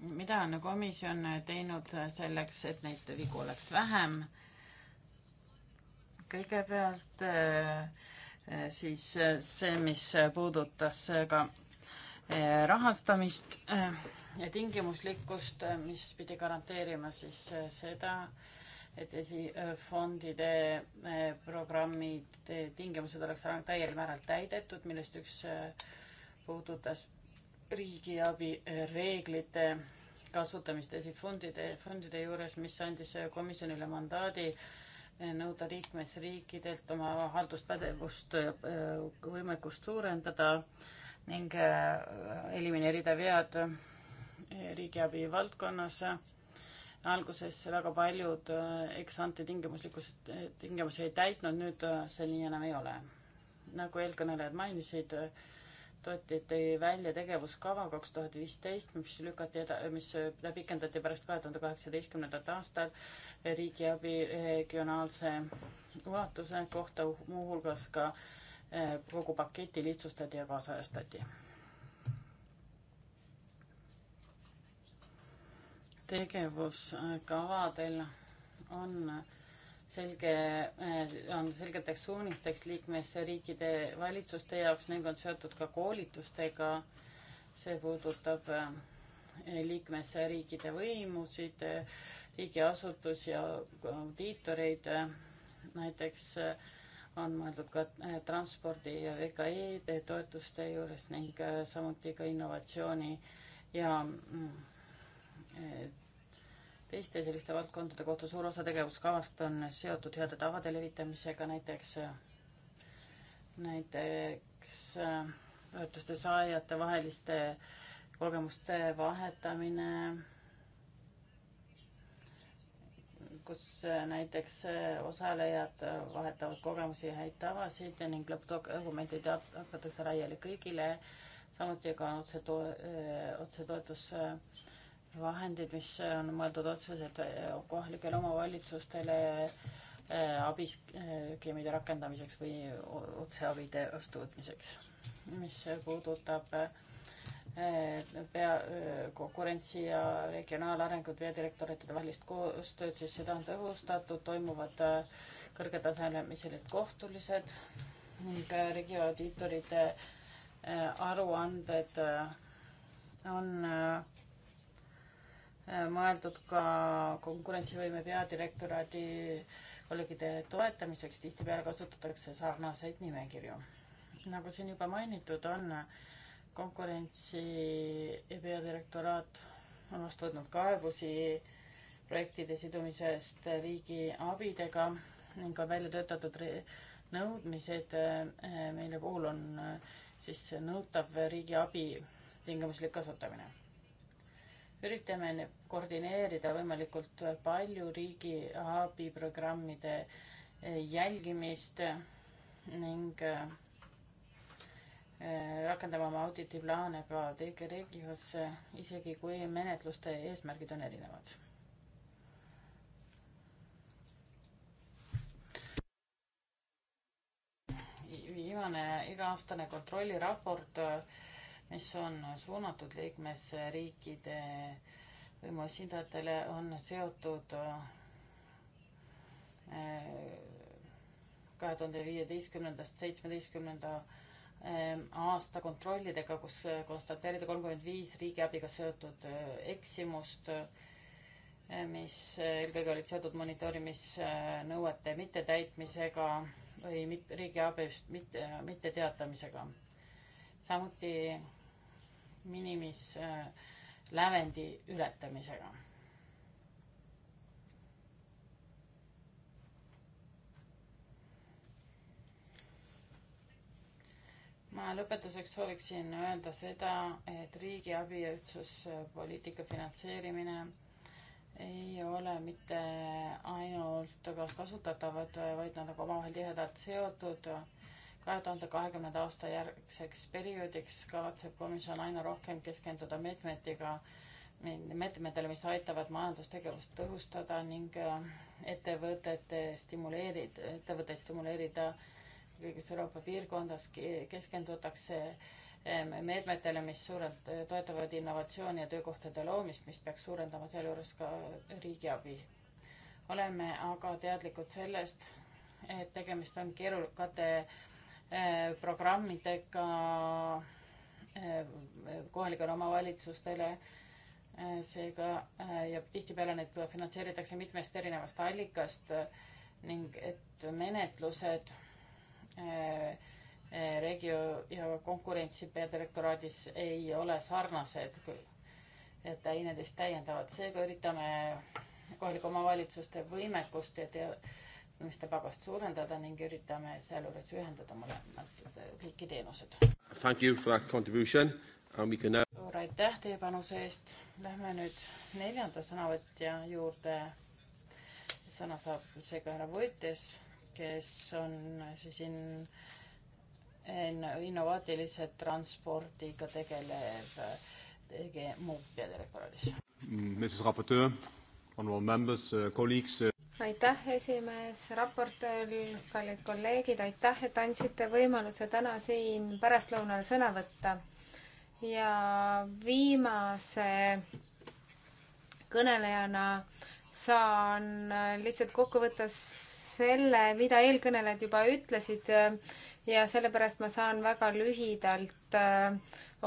mida on komisjon teinud selleks, et neid vigu oleks vähem? kõigepealt äh, äh siis äh, see, mis puudutas ka Eh, rahastamist eh, ja tingimuslikkust, eh, mis pidi garanteerima siis seda, et esifondide programmid, tingimused oleks täiel määral täidetud, millest üks puudutas riigiabi reeglite kasutamist esifondide, fondide juures, mis andis komisjonile mandaadi nõuda liikmesriikidelt oma halduspädevust, võimekust suurendada äh, ning äh, elimineerida vead äh, riigiabi valdkonnas. alguses väga paljud äh, eksante tingimuslikkused, tingimusi ei täitnud, nüüd see nii enam ei ole. nagu eelkõnelejad mainisid, toeti tõi välja tegevuskava kaks tuhat viisteist, mis lükati eda-, mis pikendati pärast kahe tuhande kaheksateistkümnendat aastal riigiabi regionaalse ulatuse kohta, muuhulgas ka äh, kogu paketi lihtsustati ja kaasajastati. tegevuskavadel on selge, on selgeteks suunisteks liikmesriikide valitsuste jaoks ning on seotud ka koolitustega. see puudutab eh, liikmesriikide võimusid, eh, riigiasutusi ja audiitoreid, eh, näiteks äh, on mõeldud ka äh, transpordi ja VKE-de toetuste juures ning äh, samuti ka innovatsiooni ja mm, äh, teiste selliste valdkondade kohta. suur osa tegevuskavast on seotud heade tavade levitamisega, näiteks, näiteks toetuste saajate vaheliste kogemuste vahetamine kus äh, näiteks äh, osalejad äh, vahetavad kogemusi ja häid tavasid ning lõppdokumentid hakatakse laiali kõigile, samuti ka otse to-, otsetoetusvahendid, mis on mõeldud otseselt kohalikele omavalitsustele abiskeemide rakendamiseks või otseabide vastuvõtmiseks. mis puudutab äh, Eh, pea, eh, konkurentsi ja regionaalarengu peadirektoritide vahelist koostööd, siis seda on tõhustatud, toimuvad eh, kõrgetasemelised kohtulised ning riigiaudiitorite aruanded on mõeldud ka konkurentsivõime peadirektoraadi kolleegide toetamiseks, tihtipeale kasutatakse sarnaseid nimekirju. nagu siin juba mainitud on, konkurentsi peadirektoraat on vastu võtnud kaebusi projektide sidumisest riigi abidega ning on välja töötatud nõudmised, eh, mille puhul on eh, siis nõutav riigi abi tingimuslik kasutamine. üritame koordineerida võimalikult palju riigi abiprogrammide eh, jälgimist ning Eh, rakendama oma auditiplaane ka tegevregios, isegi kui menetluste eesmärgid on erinevad. viimane iga-aastane kontrolliraport, mis on suunatud liikmesriikide võimuesindajatele, on seotud eh, kahe tuhande viieteistkümnendast seitsmeteistkümnenda Ehm, aasta kontrollidega, kus äh, konstateerida kolmkümmend viis riigiabiga seotud äh, eksimust, äh, mis eelkõige olid seotud monitoorimisnõuete mittetäitmisega või mit-, riigiabist mitte, mitteteatamisega. samuti minimis lävendi ületamisega ma lõpetuseks sooviksin öelda seda, et riigiabi ja ühtsuspoliitika finantseerimine ei ole mitte ainult kaaskasutatavad, vaid nad on omavahel tihedalt seotud. kahe tuhande kahekümnenda aasta järgseks perioodiks kavatseb komisjon aina rohkem keskenduda meetmetega, meetmetele, mis aitavad majandustegevust tõhustada ning äh, ettevõtete stimuleerida, ettevõtteid stimuleerida, ettevõtete stimuleerida kõigis Euroopa piirkondas keskendutakse eh, meetmetele, mis suurelt toetavad innovatsiooni ja töökohtade loomist, mis peaks suurendama sealjuures ka riigiabi. oleme aga teadlikud sellest, et tegemist on keerukate eh, programmidega eh, kohalikele omavalitsustele, seega ja tihtipeale neid finantseeritakse mitmest erinevast allikast ning et menetlused regio- ja konkurentsi peadirektoraadis ei ole sarnased, et teineteist täiendavad, seega üritame kohalike omavalitsuste võimekust ja teadmiste pagast suurendada ning üritame sealjuures ühendada mõlemad riiki teenused. Um, suur aitäh teie panuse eest. Lähme nüüd neljanda sõnavõtja juurde. sõna saab seega härra Võites kes on siis in-, innovaatilise transpordiga tegeleb tege-, muu peadirektoraadis. Mrs raportöör, honorable members, uh, colleagues. Uh, aitäh, esimees, raportöör, kallid kolleegid, aitäh, et andsite võimaluse täna siin pärastlõunal sõna võtta. ja viimase kõnelejana saan lihtsalt kokku võttes selle, mida eelkõnelejad juba ütlesid ja sellepärast ma saan väga lühidalt äh,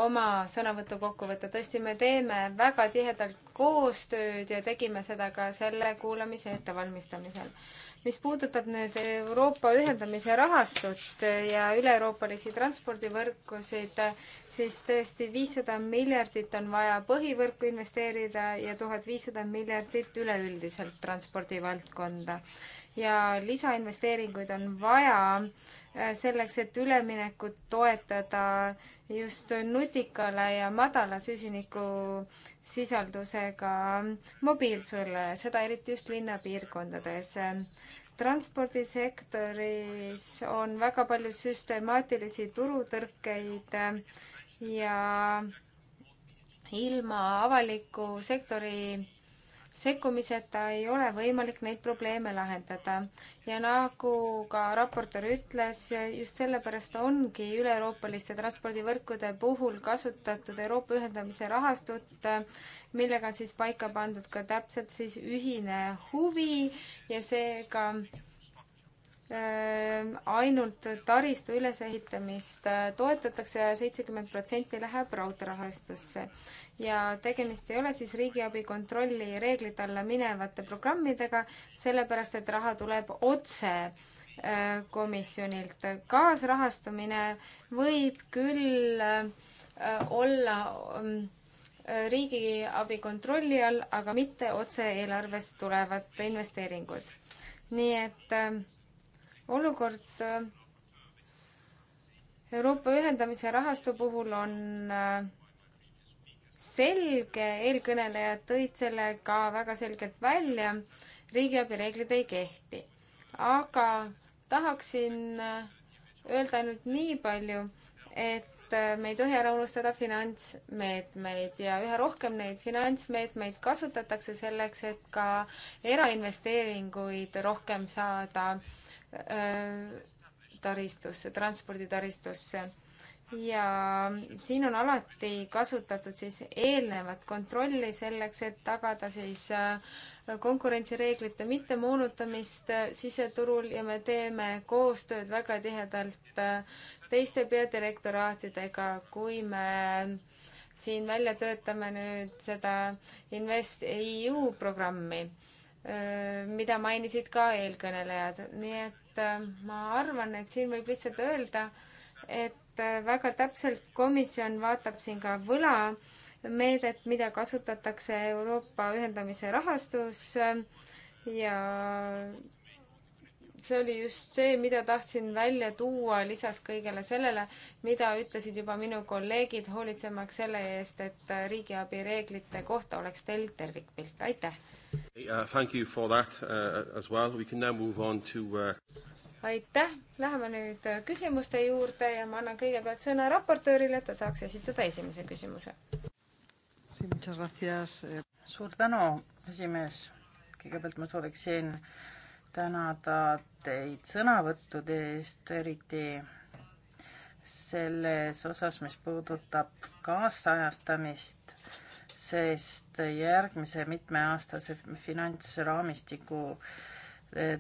oma sõnavõttu kokku võtta. tõesti, me teeme väga tihedalt koostööd ja tegime seda ka selle kuulamise ettevalmistamisel. mis puudutab nüüd Euroopa ühendamise rahastut ja üle-euroopalisi transpordivõrkusid, siis tõesti viissada miljardit on vaja põhivõrku investeerida ja tuhat viissada miljardit üleüldiselt transpordivaldkonda ja lisainvesteeringuid on vaja äh, selleks, et üleminekut toetada just nutikale ja madala süsinikusisaldusega mobiilsusele, seda eriti just linnapiirkondades. transpordisektoris on väga palju süstemaatilisi turutõrkeid ja ilma avaliku sektori sekkumiseta ei ole võimalik neid probleeme lahendada. ja nagu ka raportöör ütles, just sellepärast ongi üle-euroopaliste transpordivõrkude puhul kasutatud Euroopa ühendamise rahastut, millega on siis paika pandud ka täpselt siis ühine huvi ja seega ähm, ainult taristu ülesehitamist äh, toetatakse ja seitsekümmend protsenti läheb raudteerahastusse ja tegemist ei ole siis riigiabi kontrolli reeglite alla minevate programmidega, sellepärast et raha tuleb otse äh, komisjonilt. kaasrahastamine võib küll äh, olla mm, äh, riigiabi kontrolli all, aga mitte otse eelarvest tulevad investeeringud. nii et äh, olukord äh, Euroopa ühendamise rahastu puhul on äh, selge, eelkõnelejad tõid selle ka väga selgelt välja, riigiabi reeglid ei kehti. aga tahaksin öelda ainult nii palju, et me ei tohi ära unustada finantsmeetmeid ja üha rohkem neid finantsmeetmeid kasutatakse selleks, et ka erainvesteeringuid rohkem saada äh, taristusse, transporditaristusse ja siin on alati kasutatud siis eelnevat kontrolli selleks, et tagada siis äh, konkurentsireeglite mittemoonutamist äh, siseturul ja me teeme koostööd väga tihedalt äh, teiste peadirektoraatidega, kui me siin välja töötame nüüd seda InvestEU programmi, mida mainisid ka eelkõnelejad, nii et ma arvan, et siin võib lihtsalt öelda, et Äh, väga täpselt komisjon vaatab siin ka võlameedet, mida kasutatakse Euroopa ühendamise rahastus äh, ja see oli just see, mida tahtsin välja tuua lisaks kõigele sellele, mida ütlesid juba minu kolleegid, hoolitsemaks selle eest, et äh, riigiabi reeglite kohta oleks teil tervikpilt, aitäh! Uh, thank you for that uh, as well. We can now move on to uh aitäh, läheme nüüd küsimuste juurde ja ma annan kõigepealt sõna raportöörile, et ta saaks esitada esimese küsimuse. suur tänu, esimees. kõigepealt ma sooviksin tänada teid sõnavõttude eest, eriti selles osas, mis puudutab kaasajastamist, sest järgmise mitmeaastase finantsraamistiku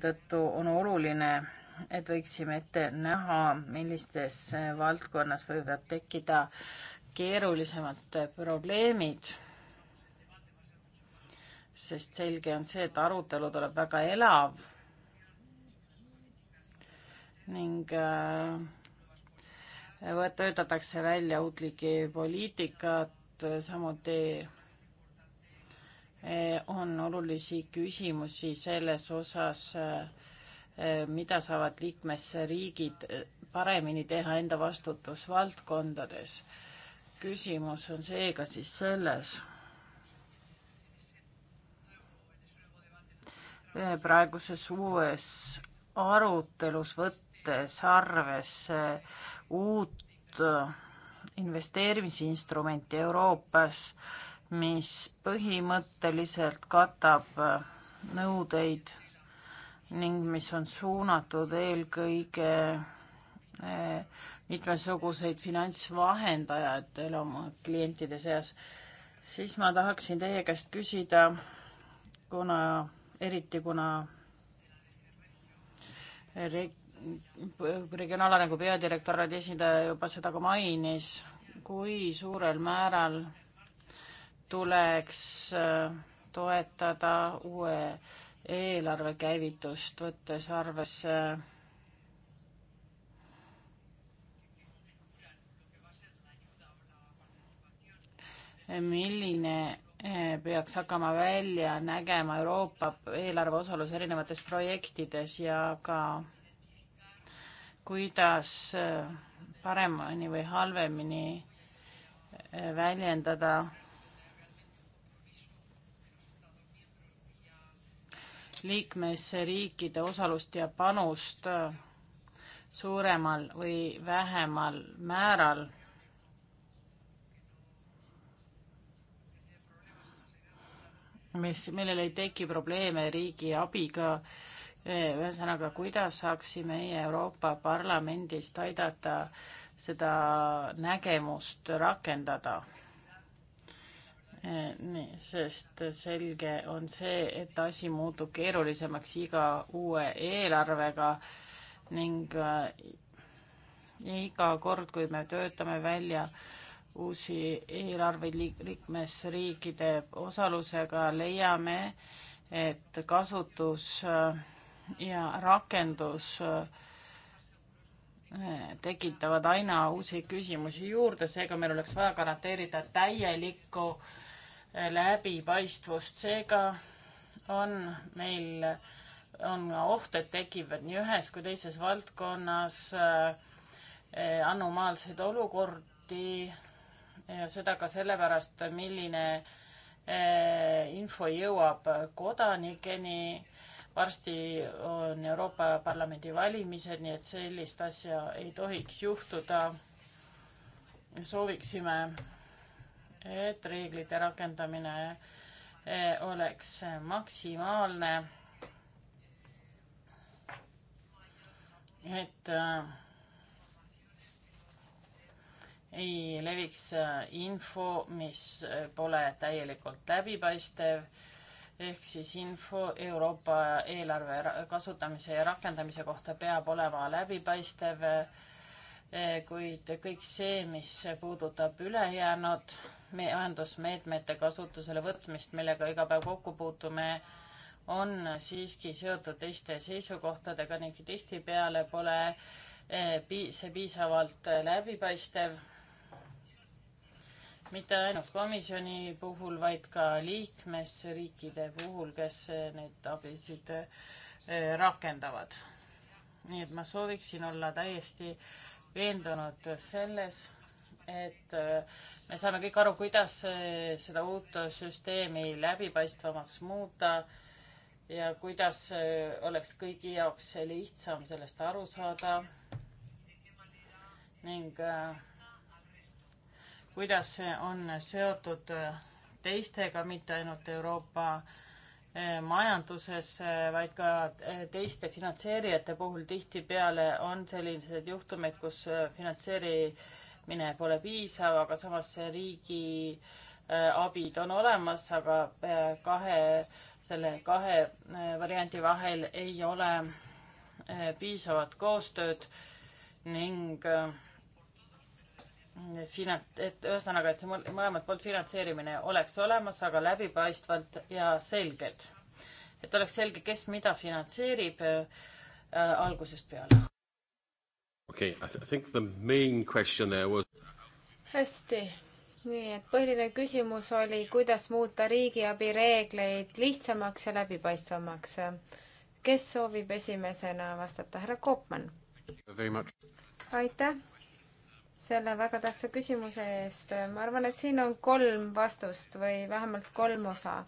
tõttu on oluline et võiksime ette näha, millistes valdkonnas võivad tekkida keerulisemad probleemid. sest selge on see, et arutelu tuleb väga elav ning äh, töötatakse välja uutlikke poliitikat, samuti äh, on olulisi küsimusi selles osas äh,, Äh, mida saavad liikmesriigid äh, paremini teha enda vastutusvaldkondades. küsimus on seega siis selles, äh, praeguses uues arutelus võttes arvesse uut investeerimisinstrumenti Euroopas, mis põhimõtteliselt katab nõudeid ning mis on suunatud eelkõige eh, mitmesuguseid finantsvahendajatel oma klientide seas, siis ma tahaksin teie käest küsida, kuna, eriti kuna reg-, regionaalarengu peadirektoraadi esindaja juba seda ka mainis, kui suurel määral tuleks eh, toetada uue eelarve käivitust, võttes arvesse milline eh, peaks hakkama välja nägema Euroopa eelarve osalus erinevates projektides ja ka kuidas eh, paremini või halvemini eh, väljendada liikmesriikide osalust ja panust äh, suuremal või vähemal määral. mis, millel ei teki probleeme riigi abiga. Äh, ühesõnaga, kuidas saaksime meie Euroopa Parlamendist aidata seda nägemust rakendada? sest selge on see, et asi muutub keerulisemaks iga uue eelarvega ning äh, iga kord, kui me töötame välja uusi eelarveid liikmesriikide osalusega, leiame, et kasutus äh, ja rakendus äh, tekitavad aina uusi küsimusi juurde, seega meil oleks vaja garanteerida täielikku äh, läbipaistvust, seega on meil, on oht, et tekivad nii ühes kui teises valdkonnas äh, anomaalseid olukordi ja seda ka sellepärast, milline äh, info jõuab kodanikeni. varsti on Euroopa Parlamendi valimised, nii et sellist asja ei tohiks juhtuda. sooviksime et reeglite rakendamine eh, oleks maksimaalne. et eh, ei leviks eh, info, mis pole täielikult läbipaistev ehk siis info Euroopa eelarve kasutamise ja rakendamise kohta peab olema läbipaistev, kuid kõik see, mis puudutab ülejäänud majandusmeetmete kasutusele võtmist, millega iga päev kokku puutume, on siiski seotud teiste seisukohtadega ning tihtipeale pole eh, see piisavalt eh, läbipaistev. mitte ainult komisjoni puhul, vaid ka liikmesriikide puhul, kes eh, neid abisid rakendavad. nii et ma sooviksin olla täiesti veendunud selles, et äh, me saame kõik aru, kuidas seda uut süsteemi läbipaistvamaks muuta ja kuidas oleks kõigi jaoks lihtsam sellest aru saada ning äh, kuidas see on seotud äh, teistega, mitte ainult Euroopa majanduses, vaid ka teiste finantseerijate puhul tihtipeale on sellised juhtumid, kus finantseeri- mine pole piisav, aga samas riigi äh, abid on olemas, aga äh, kahe, selle kahe äh, variandi vahel ei ole piisavat koostööd ning finant-, et ühesõnaga, et see mõlemalt poolt finantseerimine oleks olemas, aga läbipaistvalt ja selgelt. et oleks selge, kes mida finantseerib äh, algusest peale okei okay,, I think the main question there was. hästi, nii et põhiline küsimus oli, kuidas muuta riigiabi reegleid lihtsamaks ja läbipaistvamaks. kes soovib esimesena vastata, härra Koopman? aitäh selle väga tähtsa küsimuse eest. ma arvan, et siin on kolm vastust või vähemalt kolm osa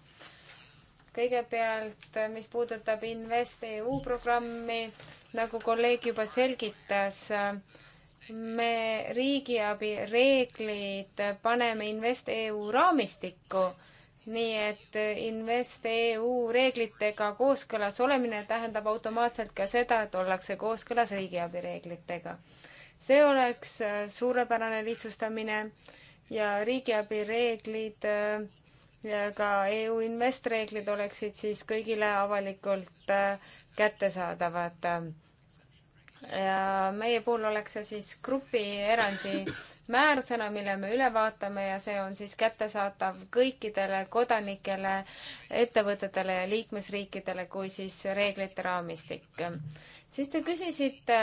kõigepealt, mis puudutab InvestEU programmi, nagu kolleeg juba selgitas, me riigiabi reeglid paneme InvestEU raamistikku, nii et InvestEU reeglitega kooskõlas olemine tähendab automaatselt ka seda, et ollakse kooskõlas riigiabi reeglitega. see oleks suurepärane lihtsustamine ja riigiabi reeglid äh, ja ka EU investreeglid oleksid siis kõigile avalikult äh, kättesaadavad. ja meie puhul oleks see siis grupierandi määrusena, mille me üle vaatame ja see on siis kättesaadav kõikidele kodanikele, ettevõtetele ja liikmesriikidele kui siis reeglite raamistik. siis te küsisite,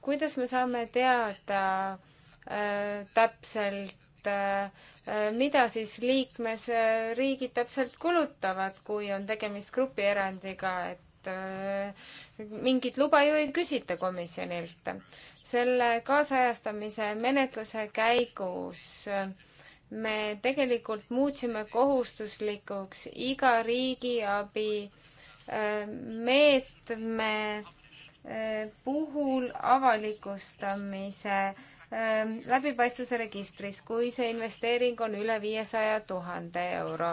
kuidas me saame teada äh, täpselt äh, Äh, mida siis liikmesriigid täpselt kulutavad, kui on tegemist grupierandiga, et äh, mingit luba ju ei küsita komisjonilt. selle kaasajastamise menetluse käigus äh, me tegelikult muutsime kohustuslikuks iga riigiabi meetme puhul avalikustamise äh, Ähm, läbipaistvuse registris, kui see investeering on üle viiesaja tuhande euro.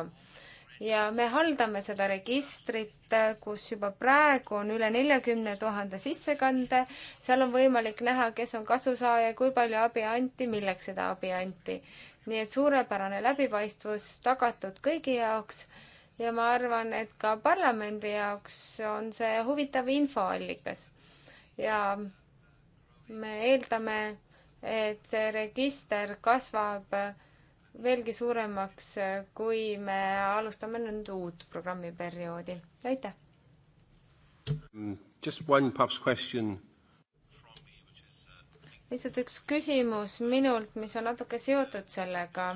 ja me haldame seda registrit, äh, kus juba praegu on üle neljakümne tuhande sissekande, seal on võimalik näha, kes on kasusaaja, kui palju abi anti, milleks seda abi anti. nii et suurepärane läbipaistvus tagatud kõigi jaoks ja ma arvan, et ka parlamendi jaoks on see huvitav infoallikas. ja me eeldame et see register kasvab veelgi suuremaks, kui me alustame nüüd uut programmiperioodi. aitäh! Mm, lihtsalt üks küsimus minult, mis on natuke seotud sellega.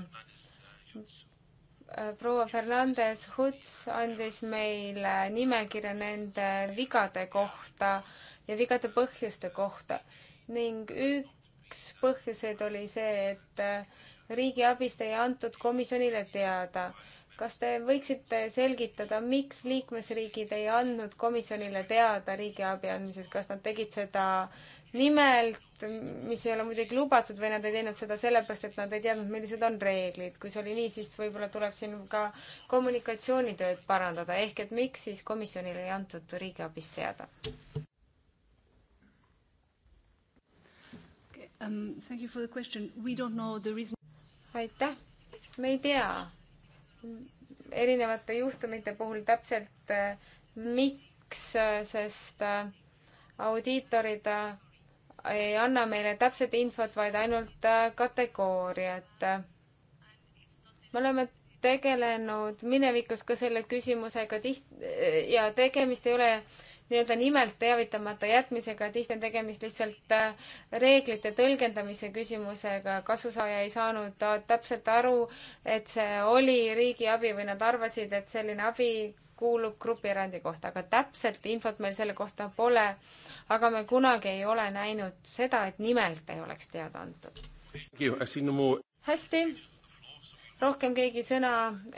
proua Fernandes Huts andis meile nimekirja nende vigade kohta ja vigade põhjuste kohta ning üks üks põhjuseid oli see, et äh, riigiabist ei antud komisjonile teada. kas te võiksite selgitada, miks liikmesriigid ei andnud komisjonile teada riigiabi andmisest, kas nad tegid seda nimelt, mis ei ole muidugi lubatud või nad ei teinud seda sellepärast, et nad ei teadnud, millised on reeglid. kui see oli nii, siis võib-olla tuleb siin ka kommunikatsioonitööd parandada, ehk et miks siis komisjonile ei antud riigiabist teada? um,? aitäh, me ei tea erinevate juhtumite puhul täpselt, äh, miks, äh, sest äh, audiitorid ei anna meile täpset infot, vaid ainult kategooriat. me oleme tegelenud minevikus ka selle küsimusega tiht- ja tegemist ei ole nii-öelda nimelt teavitamata jätmisega, tihti on tegemist lihtsalt äh, reeglite tõlgendamise küsimusega, kasusaaja ei saanud äh, täpselt aru, et see oli riigiabi või nad arvasid, et selline abi kuulub grupierandi kohta, aga täpselt infot meil selle kohta pole. aga me kunagi ei ole näinud seda, et nimelt ei oleks teada antud. hästi rohkem keegi sõna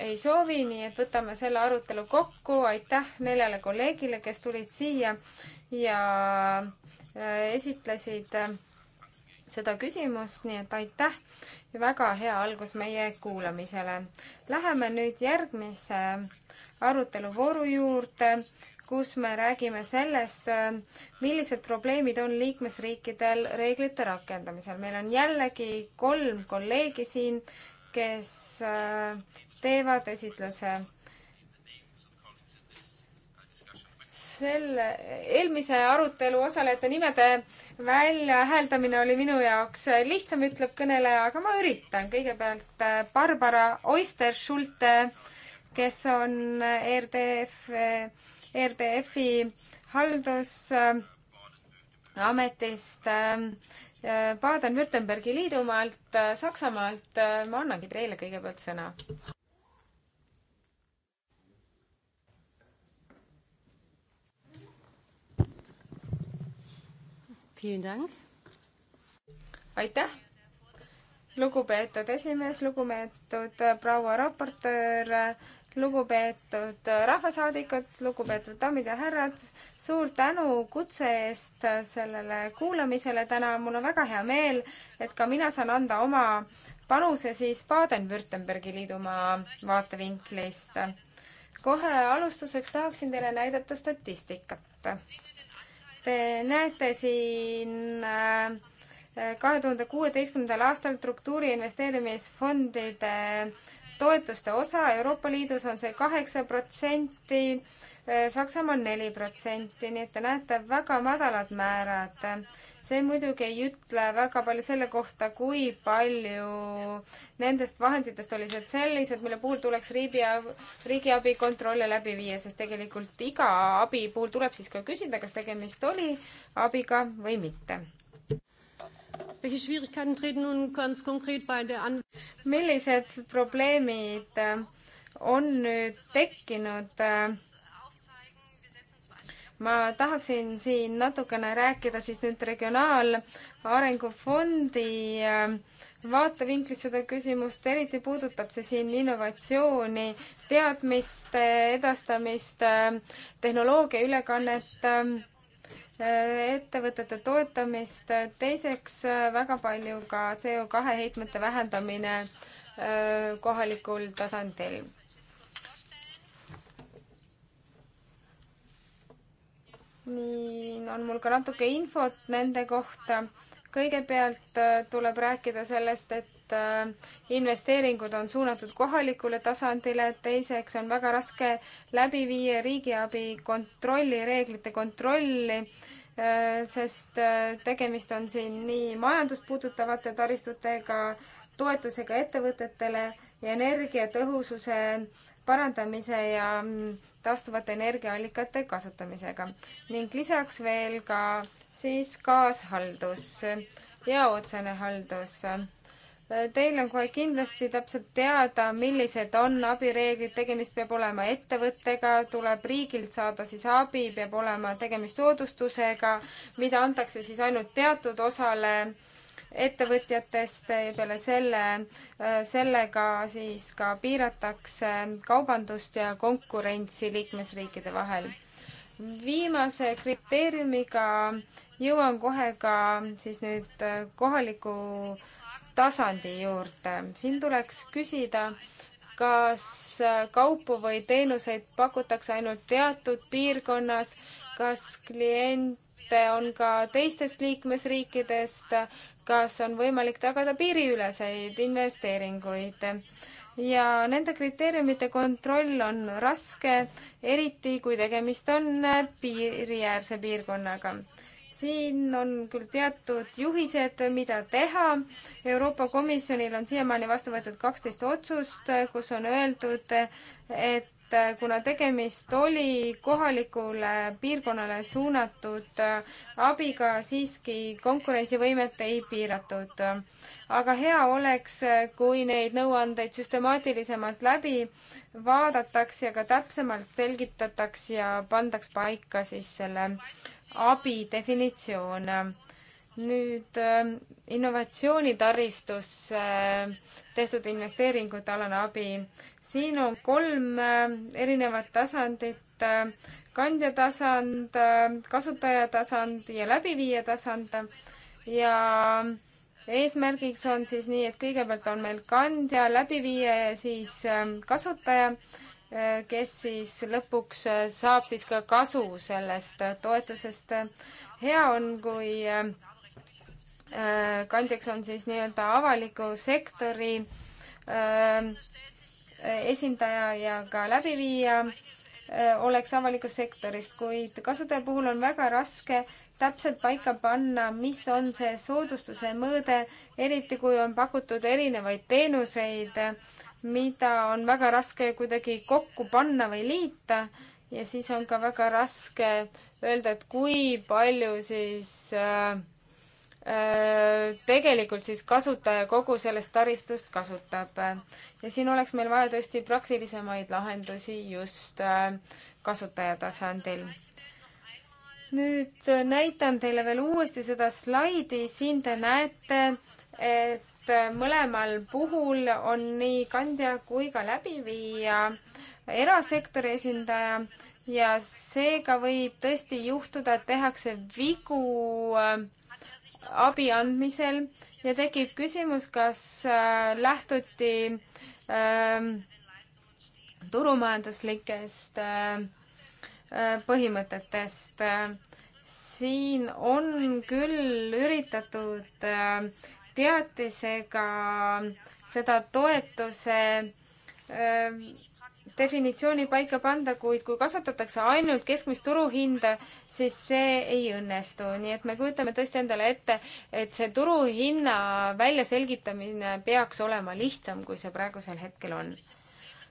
ei soovi, nii et võtame selle arutelu kokku. aitäh neljale kolleegile, kes tulid siia ja äh, esitlesid äh, seda küsimust, nii et aitäh ja väga hea algus meie kuulamisele. Läheme nüüd järgmise aruteluvooru juurde, kus me räägime sellest, äh, millised probleemid on liikmesriikidel reeglite rakendamisel. meil on jällegi kolm kolleegi siin kes äh, teevad esitluse. selle, eelmise arutelu osalejate nimede väljahääldamine oli minu jaoks lihtsam, ütleb kõneleja, aga ma üritan. kõigepealt äh, Barbara Oisterschulte, kes on ERDF, ERDF-i äh, haldusametist Baden-Württembergi liidumaalt, äh, Saksamaalt, äh, ma annangi teile kõigepealt sõna. aitäh, lugupeetud esimees, lugupeetud äh, proua raportöör, lugupeetud rahvasaadikud, lugupeetud daamid ja härrad, suur tänu kutse eest sellele kuulamisele täna. mul on väga hea meel, et ka mina saan anda oma panuse siis Baden-Württembergi liidumaa vaatevinklist. kohe alustuseks tahaksin teile näidata statistikat. Te näete siin äh, kahe tuhande kuueteistkümnendal aastal struktuuriinvesteerimisfondide toetuste osa Euroopa Liidus on see kaheksa protsenti, Saksamaal neli protsenti, nii et te näete väga madalad määrad. see muidugi ei ütle väga palju selle kohta, kui palju nendest vahenditest olid sellised, mille puhul tuleks riigi, riigiabi kontrolle läbi viia, sest tegelikult iga abi puhul tuleb siis ka küsida, kas tegemist oli abiga või mitte millised probleemid äh, on nüüd tekkinud? Äh, ma tahaksin siin natukene rääkida siis nüüd Regionaalarengufondi äh, vaatevinklist seda küsimust, eriti puudutab see siin innovatsiooni, teadmiste edastamist, tehnoloogia ülekannet ettevõtete toetamist, teiseks väga palju ka CO2 heitmete vähendamine äh, kohalikul tasandil. nii, on mul ka natuke infot nende kohta. kõigepealt äh, tuleb rääkida sellest, et Äh, investeeringud on suunatud kohalikule tasandile, teiseks on väga raske läbi viia riigiabi kontrolli, reeglite kontrolli, äh, sest äh, tegemist on siin nii majandust puudutavate taristutega, toetusega ettevõtetele ja energiatõhususe parandamise ja mm, taastuvate energiaallikate kasutamisega ning lisaks veel ka siis kaashaldus ja otsene haldus Teil on kohe kindlasti täpselt teada, millised on abireeglid, tegemist peab olema ettevõttega, tuleb riigilt saada siis abi, peab olema tegemist soodustusega, mida antakse siis ainult teatud osale ettevõtjatest ja peale selle, sellega siis ka piiratakse kaubandust ja konkurentsi liikmesriikide vahel viimase kriteeriumiga jõuan kohe ka siis nüüd kohaliku tasandi juurde. siin tuleks küsida, kas kaupu või teenuseid pakutakse ainult teatud piirkonnas, kas kliente on ka teistest liikmesriikidest, kas on võimalik tagada piiriüleseid investeeringuid. ja nende kriteeriumite kontroll on raske, eriti kui tegemist on piiriäärse piirkonnaga siin on küll teatud juhised, mida teha. Euroopa Komisjonil on siiamaani vastu võetud kaksteist otsust, kus on öeldud, et kuna tegemist oli kohalikule piirkonnale suunatud abiga, siiski konkurentsivõimet ei piiratud. aga hea oleks, kui neid nõuandeid süstemaatilisemalt läbi vaadataks ja ka täpsemalt selgitataks ja pandaks paika siis selle abi definitsioon. nüüd äh, innovatsioonitaristusse äh, tehtud investeeringute alane abi. siin on kolm äh, erinevat tasandit, kandja tasand, kasutaja tasand ja läbiviija tasand ja eesmärgiks on siis nii, et kõigepealt on meil kandja, läbiviija ja siis kasutaja kes siis lõpuks äh, saab siis ka kasu sellest äh, toetusest. hea on, kui äh, kandjaks on siis nii-öelda avaliku sektori esindaja ja ka läbiviija oleks avalikust sektorist, kuid kasutaja puhul on väga raske täpselt paika panna, mis on see soodustuse mõõde, eriti kui on pakutud erinevaid teenuseid mida on väga raske kuidagi kokku panna või liita ja siis on ka väga raske öelda, et kui palju siis äh, äh, tegelikult siis kasutaja kogu sellest taristust kasutab. ja siin oleks meil vaja tõesti praktilisemaid lahendusi just äh, kasutaja tasandil nüüd näitan teile veel uuesti seda slaidi, siin te näete, et et äh, mõlemal puhul on nii kandja kui ka läbiviija erasektori esindaja ja seega võib tõesti juhtuda, et tehakse vigu äh, abi andmisel ja tekib küsimus, kas äh, lähtuti ähm, äh, turumajanduslikest äh, põhimõtetest. siin on küll üritatud äh, teatisega seda toetuse ähm, definitsiooni paika panda, kuid kui kasutatakse ainult keskmist turuhinda, siis see ei õnnestu, nii et me kujutame tõesti endale ette, et see turuhinna väljaselgitamine peaks olema lihtsam, kui see praegusel hetkel on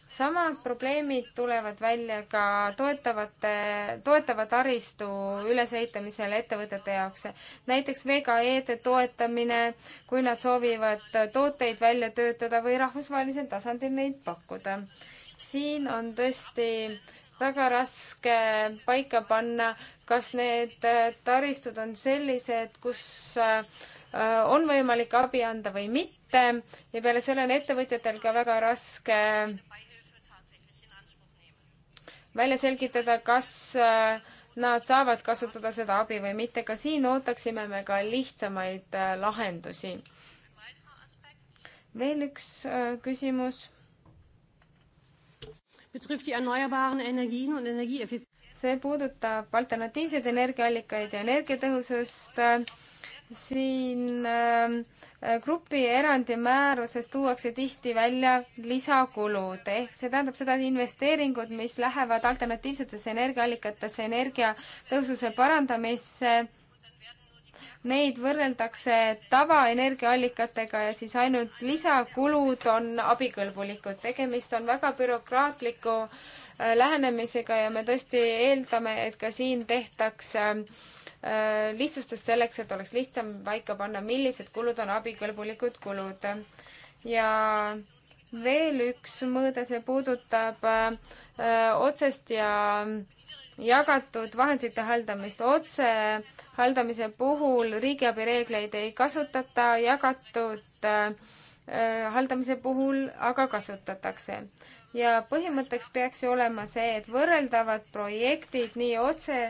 samad probleemid tulevad välja ka toetavate, toetava taristu ülesehitamisel ettevõtete jaoks. näiteks VKE-de toetamine, kui nad soovivad tooteid välja töötada või rahvusvahelisel tasandil neid pakkuda. siin on tõesti väga raske paika panna, kas need taristud on sellised, kus äh, on võimalik abi anda või mitte ja peale selle on ettevõtjatel ka väga raske välja selgitada, kas äh, nad saavad kasutada seda abi või mitte. ka siin ootaksime me ka lihtsamaid äh, lahendusi. veel üks äh, küsimus. see puudutab alternatiivseid energiaallikaid ja energiatõhusust. siin äh, Äh, grupierandi määruses tuuakse tihti välja lisakulud ehk see tähendab seda, et investeeringud, mis lähevad alternatiivsetesse energiaallikatesse, energia tõususe parandamisse, neid võrreldakse tavaenergiaallikatega ja siis ainult lisakulud on abikõlbulikud. tegemist on väga bürokraatliku äh, lähenemisega ja me tõesti eeldame, et ka siin tehtaks äh, Äh, lihtsustust selleks, et oleks lihtsam paika panna, millised kulud on abikõlbulikud kulud. ja veel üks mõõde, see puudutab äh, otsest ja jagatud vahendite haldamist. otse haldamise puhul riigiabi reegleid ei kasutata, jagatud äh, haldamise puhul aga kasutatakse. ja põhimõtteks peaks ju olema see, et võrreldavad projektid nii otse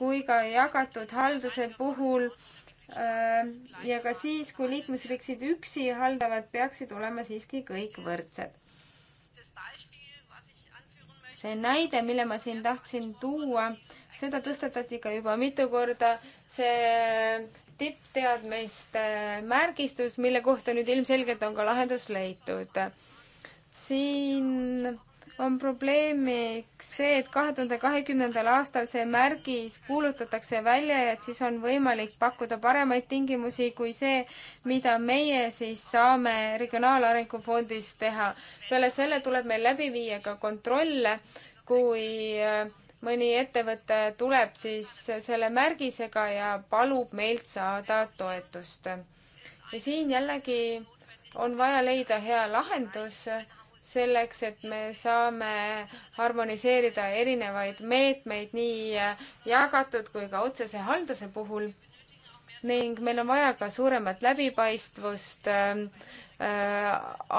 kui ka jagatud halduse puhul äh, ja ka siis, kui liikmesriigid üksi haldavad, peaksid olema siiski kõik võrdsed. see näide, mille ma siin tahtsin tuua, seda tõstatati ka juba mitu korda, see tippteadmiste märgistus, mille kohta nüüd ilmselgelt on ka lahendus leitud. siin on probleemiks see, et kahe tuhande kahekümnendal aastal see märgis kuulutatakse välja ja et siis on võimalik pakkuda paremaid tingimusi kui see, mida meie siis saame Regionaalarengu Fondis teha. peale selle tuleb meil läbi viia ka kontrolle, kui äh, mõni ettevõte tuleb siis selle märgisega ja palub meilt saada toetust. ja siin jällegi on vaja leida hea lahendus selleks, et me saame harmoniseerida erinevaid meetmeid nii jagatud kui ka otsese halduse puhul ning meil on vaja ka suuremat läbipaistvust ähm, äh,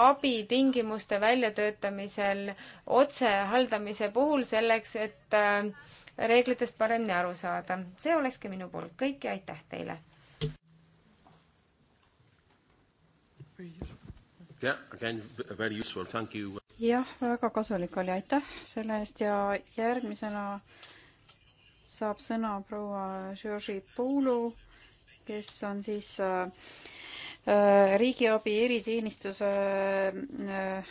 abitingimuste väljatöötamisel otse haldamise puhul selleks, et äh, reeglitest paremini aru saada. see olekski minu poolt kõik ja aitäh teile! jah, väga kasulik oli, aitäh selle eest ja järgmisena saab sõna proua Georgi Poulu, kes on siis äh, äh riigiabi eriteenistuse äh, äh,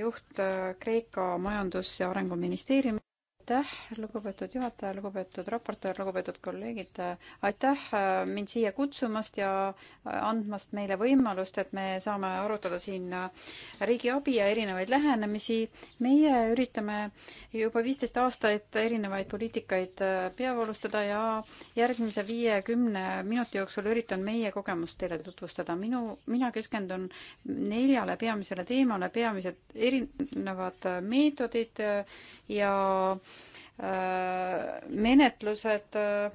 juht äh, Kreeka Majandus- ja Arenguministeeriumis aitäh, lugupeetud juhataja, lugupeetud raportöör, lugupeetud kolleegid, aitäh äh, mind siia kutsumast ja äh, andmast meile võimalust, et me saame arutada siin äh, riigiabi ja erinevaid lähenemisi. meie üritame juba viisteist aastat erinevaid poliitikaid peavoolustada ja järgmise viiekümne minuti jooksul üritan meie kogemust teile tutvustada. minu, mina keskendun neljale peamisele teemale, peamised erinevad meetodid ja Äh, menetlused, äh,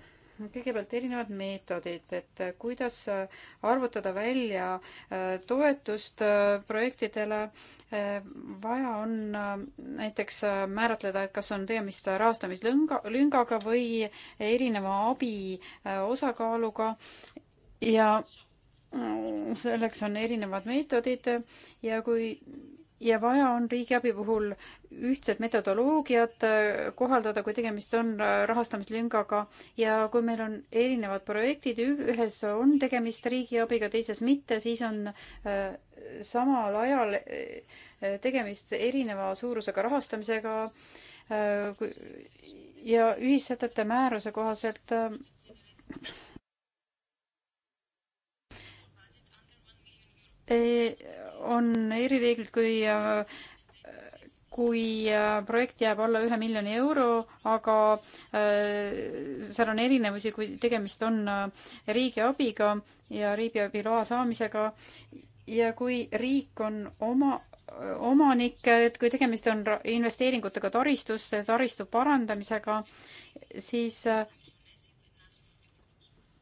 kõigepealt erinevad meetodid, et kuidas arvutada välja äh, toetust projektidele. vaja on näiteks määratleda, et kas on tegemist rahastamislõnga, lüngaga või erineva abi osakaaluga ja selleks on erinevad meetodid ja kui ja vaja on riigiabi puhul ühtset metodoloogiat äh, kohaldada, kui tegemist on äh, rahastamislüngaga ja kui meil on erinevad projektid, ühes on tegemist riigiabiga, teises mitte, siis on äh, samal ajal tegemist erineva suurusega rahastamisega ja ühissätete määruse kohaselt on erireeglid, kui kui äh, projekt jääb alla ühe miljoni euro, aga äh, seal on erinevusi, kui tegemist on äh, riigiabiga ja riigiabi loa saamisega ja kui riik on oma omanik, et kui tegemist on investeeringutega taristusse, taristu parandamisega, siis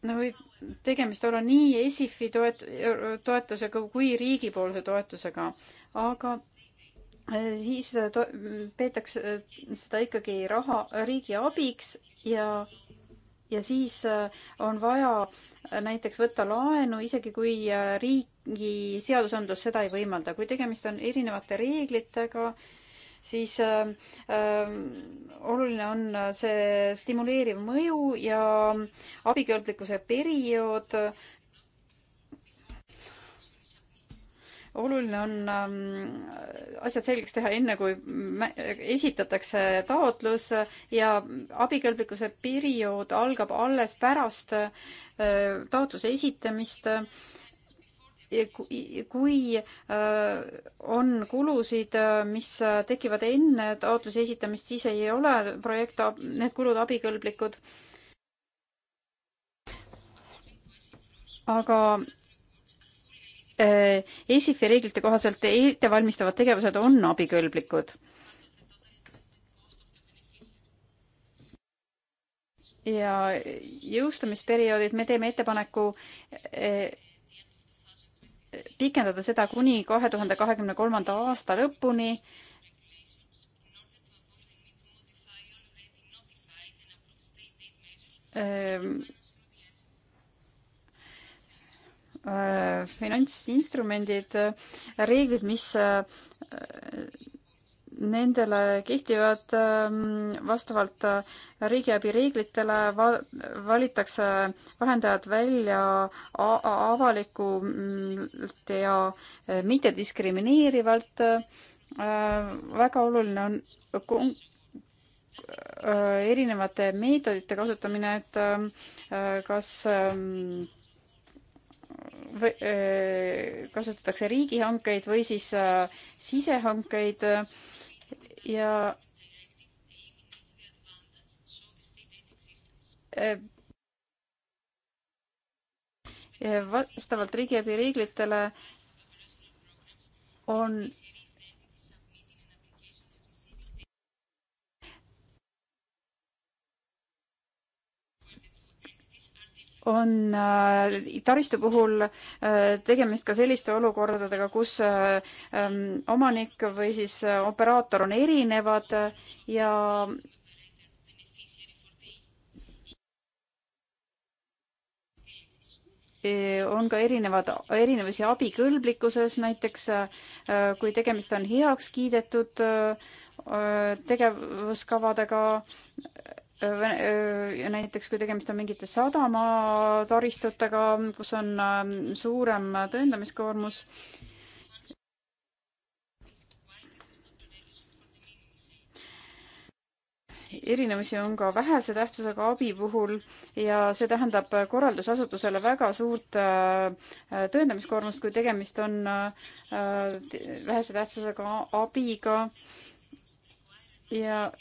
no võib tegemist olla nii ESIF-i toet-, toetusega kui riigipoolse toetusega, aga Äh, siis äh, to-, peetakse äh, seda ikkagi raha, riigi abiks ja, ja siis on vaja näiteks võtta laenu, isegi kui riigi seadusandlus seda ei võimalda. kui tegemist on erinevate reeglitega, siis äh, oluline on see stimuleeriv mõju ja abikõlblikkuse periood, oluline on ähm, asjad selgeks teha enne, kui esitatakse taotlus ja abikõlblikkuse periood algab alles pärast äh, taotluse esitamist. kui äh, on kulusid, äh, mis tekivad enne taotluse esitamist, siis ei ole projekt, need kulud abikõlblikud aga Äh, ESIFi reeglite kohaselt ettevalmistavad tegevused on abikõlblikud. ja jõustamisperioodid, me teeme ettepaneku äh, pikendada seda kuni kahe tuhande kahekümne kolmanda aasta lõpuni ähm, Äh, finantsinstrumendid, reeglid, mis äh, nendele kehtivad ähm, vastavalt äh, riigiabi reeglitele, valitakse vahendajad välja avalikult ja mittediskrimineerivalt. väga oluline on erinevate meetodite kasutamine, et kas ähm, või, kasutatakse riigihankeid või siis äh, sisehankeid ja vastavalt riigiabi reeglitele on on äh, taristu puhul äh, tegemist ka selliste olukordadega, kus äh, ähm, omanik või siis operaator on erinevad ja e, on ka erinevad, erinevusi abikõlblikkuses, näiteks kui tegemist on heaks kiidetud tegevuskavadega, näiteks kui tegemist on mingite sadamataristutega, kus on ähm, suurem tõendamiskoormus. erinevusi on ka vähese tähtsusega abi puhul ja see tähendab korraldusasutusele väga suurt äh, tõendamiskoormust, kui tegemist on äh, vähese tähtsusega abiga ja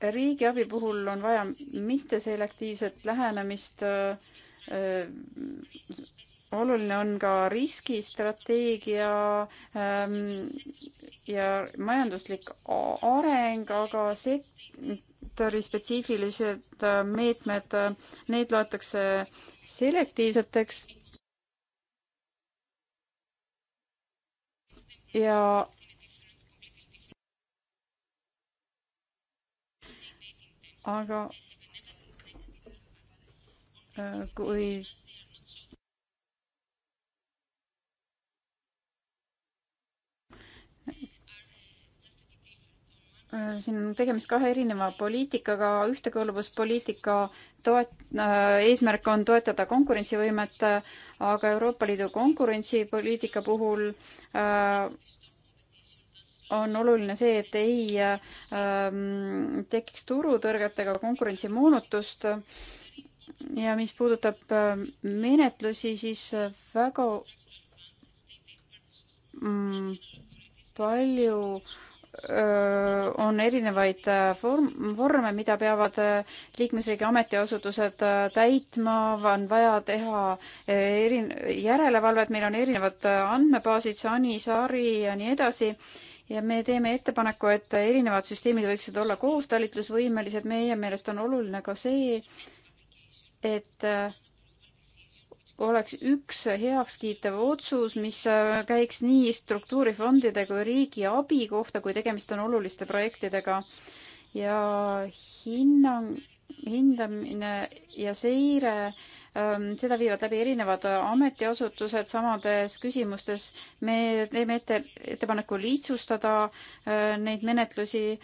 riigiabi puhul on vaja mitteselektiivset lähenemist. oluline on ka riskistrateegia ähm, ja majanduslik areng, aga sektori spetsiifilised äh, meetmed, need loetakse selektiivseteks. ja aga äh, kui äh, siin on tegemist kahe erineva poliitikaga, ühtekuuluvuspoliitika toet-, äh, eesmärk on toetada konkurentsivõimet, aga Euroopa Liidu konkurentsipoliitika puhul äh, on oluline see, et ei ähm, tekiks turutõrget ega konkurentsimoonutust. ja mis puudutab ähm, menetlusi, siis äh, väga mm, palju öö, äh, on erinevaid äh, form, vorme, mida peavad liikmesriigi ametiasutused täitma, on vaja teha eri, järelevalvet, meil on erinevad andmebaasid, SANI, SARI ja nii edasi ja me teeme ettepaneku, et erinevad süsteemid võiksid olla koostalitlusvõimelised, meie meelest on oluline ka see, et äh, oleks üks heakskiitev otsus, mis äh, käiks nii struktuurifondide kui riigi abi kohta, kui tegemist on oluliste projektidega ja hinnang, hindamine ja seire äh, seda viivad läbi erinevad äh, ametiasutused samades küsimustes. me teeme ette, ettepaneku lihtsustada äh, neid menetlusi.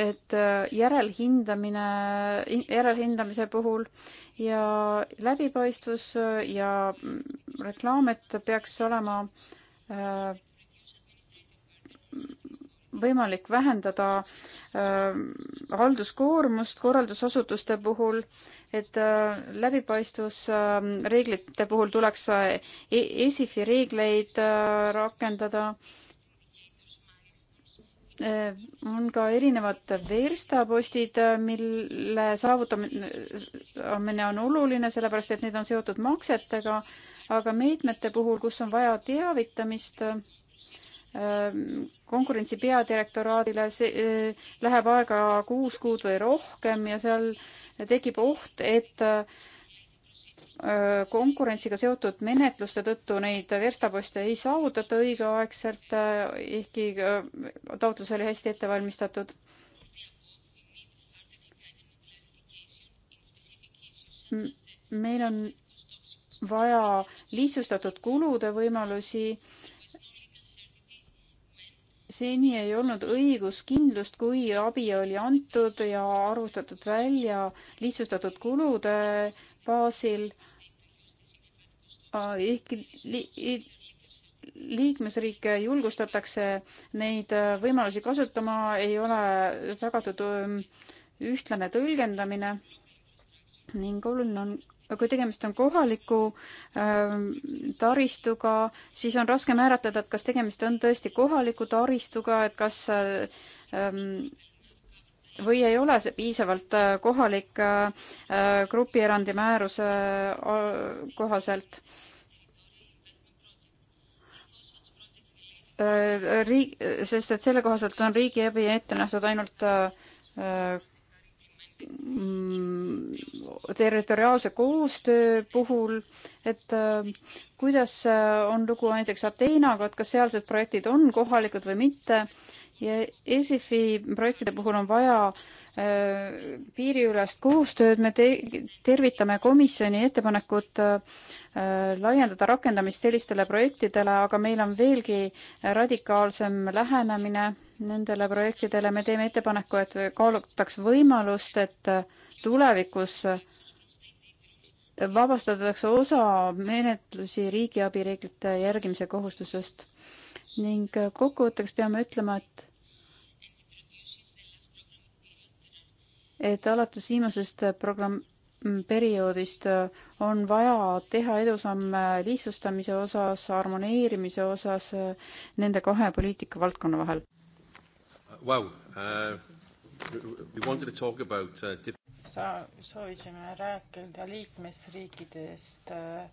et äh, järelhindamine, järelhindamise puhul ja läbipaistvus ja mm, reklaam, et peaks olema võimalik vähendada äh, halduskoormust korraldusasutuste puhul, et äh, läbipaistvusreeglite äh, puhul tuleks e-, ESIF-i reegleid rakendada. on ka erinevad verstapostid, mille saavutamine on oluline, sellepärast et need on seotud maksetega, aga meetmete puhul, kus on vaja teavitamist, Ehm, konkurentsi peadirektoraadile, see eh, läheb aega kuus kuud või rohkem ja seal tekib oht, et eh, konkurentsiga seotud menetluste tõttu neid verstaposte ei saavutata õigeaegselt, eh, ehkki taotlus oli hästi ette valmistatud. meil on vaja lihtsustatud kulude võimalusi seni ei olnud õiguskindlust, kui abi oli antud ja arvutatud välja lihtsustatud kulude baasil ah, ehk li liikmesriike julgustatakse neid äh, võimalusi kasutama, ei ole tagatud ähm, ühtlane tõlgendamine ning oluline on kui tegemist on kohaliku ähm, taristuga, siis on raske määratleda, et kas tegemist on tõesti kohaliku taristuga, et kas ähm, või ei ole see piisavalt äh, kohalik äh, äh, grupierandi määruse kohaselt riik, sest et selle kohaselt on riigiabi ette nähtud ainult territoriaalse koostöö puhul, et äh, kuidas äh, on lugu näiteks Ateenaga, et kas sealsed projektid on kohalikud või mitte ja ESIF-i projektide puhul on vaja äh, piiriülest koostööd, me te-, tervitame komisjoni ettepanekut laiendada rakendamist sellistele projektidele, aga meil on veelgi radikaalsem lähenemine nendele projektidele, me teeme ettepaneku, et kaalutaks võimalust, et tulevikus vabastatakse osa menetlusi riigiabi reeglite järgimise kohustusest ning kokkuvõtteks peame ütlema, et et alates viimasest programm, perioodist on vaja teha edusamme lihtsustamise osas, harmoneerimise osas nende kahe poliitikavaldkonna vahel wow.. Uh, about... Uh, sa-, soovisime rääkida liikmesriikidest äh,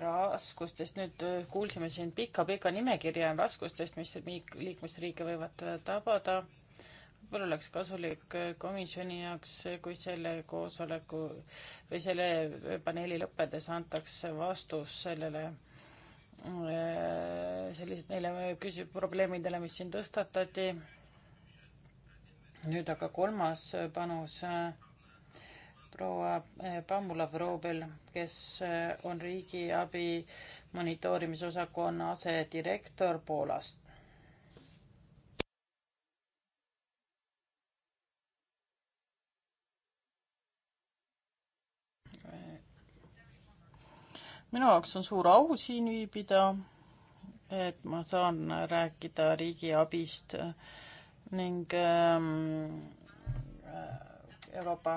raskustest, nüüd äh, kuulsime siin pika-pika nimekirja raskustest, mis liikmesriike võivad äh, tabada. võib-olla oleks kasulik komisjoni jaoks, kui selle koosoleku või selle paneeli lõppedes antakse vastus sellele sellised neile küsib probleemidele, mis siin tõstatati nüüd aga kolmas äh, panus äh, proua äh, Pambula Vroobel, kes on riigiabi monitoorimisosakonna asedirektor Poolast. minu jaoks on suur au siin viibida, et ma saan rääkida riigiabist äh, ning ähm, äh, Euroopa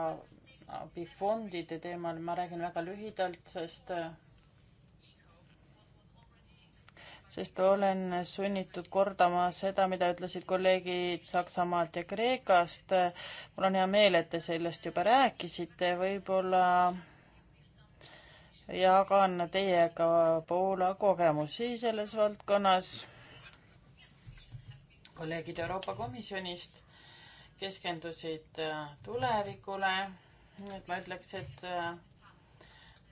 abifondide teemal ma räägin väga lühidalt, sest äh, sest olen sunnitud kordama seda, mida ütlesid kolleegid Saksamaalt ja Kreekast. mul on hea meel, et te sellest juba rääkisite, võib-olla jagan teiega Poola kogemusi selles valdkonnas kolleegid Euroopa Komisjonist keskendusid äh, tulevikule. nüüd ma ütleks, et äh,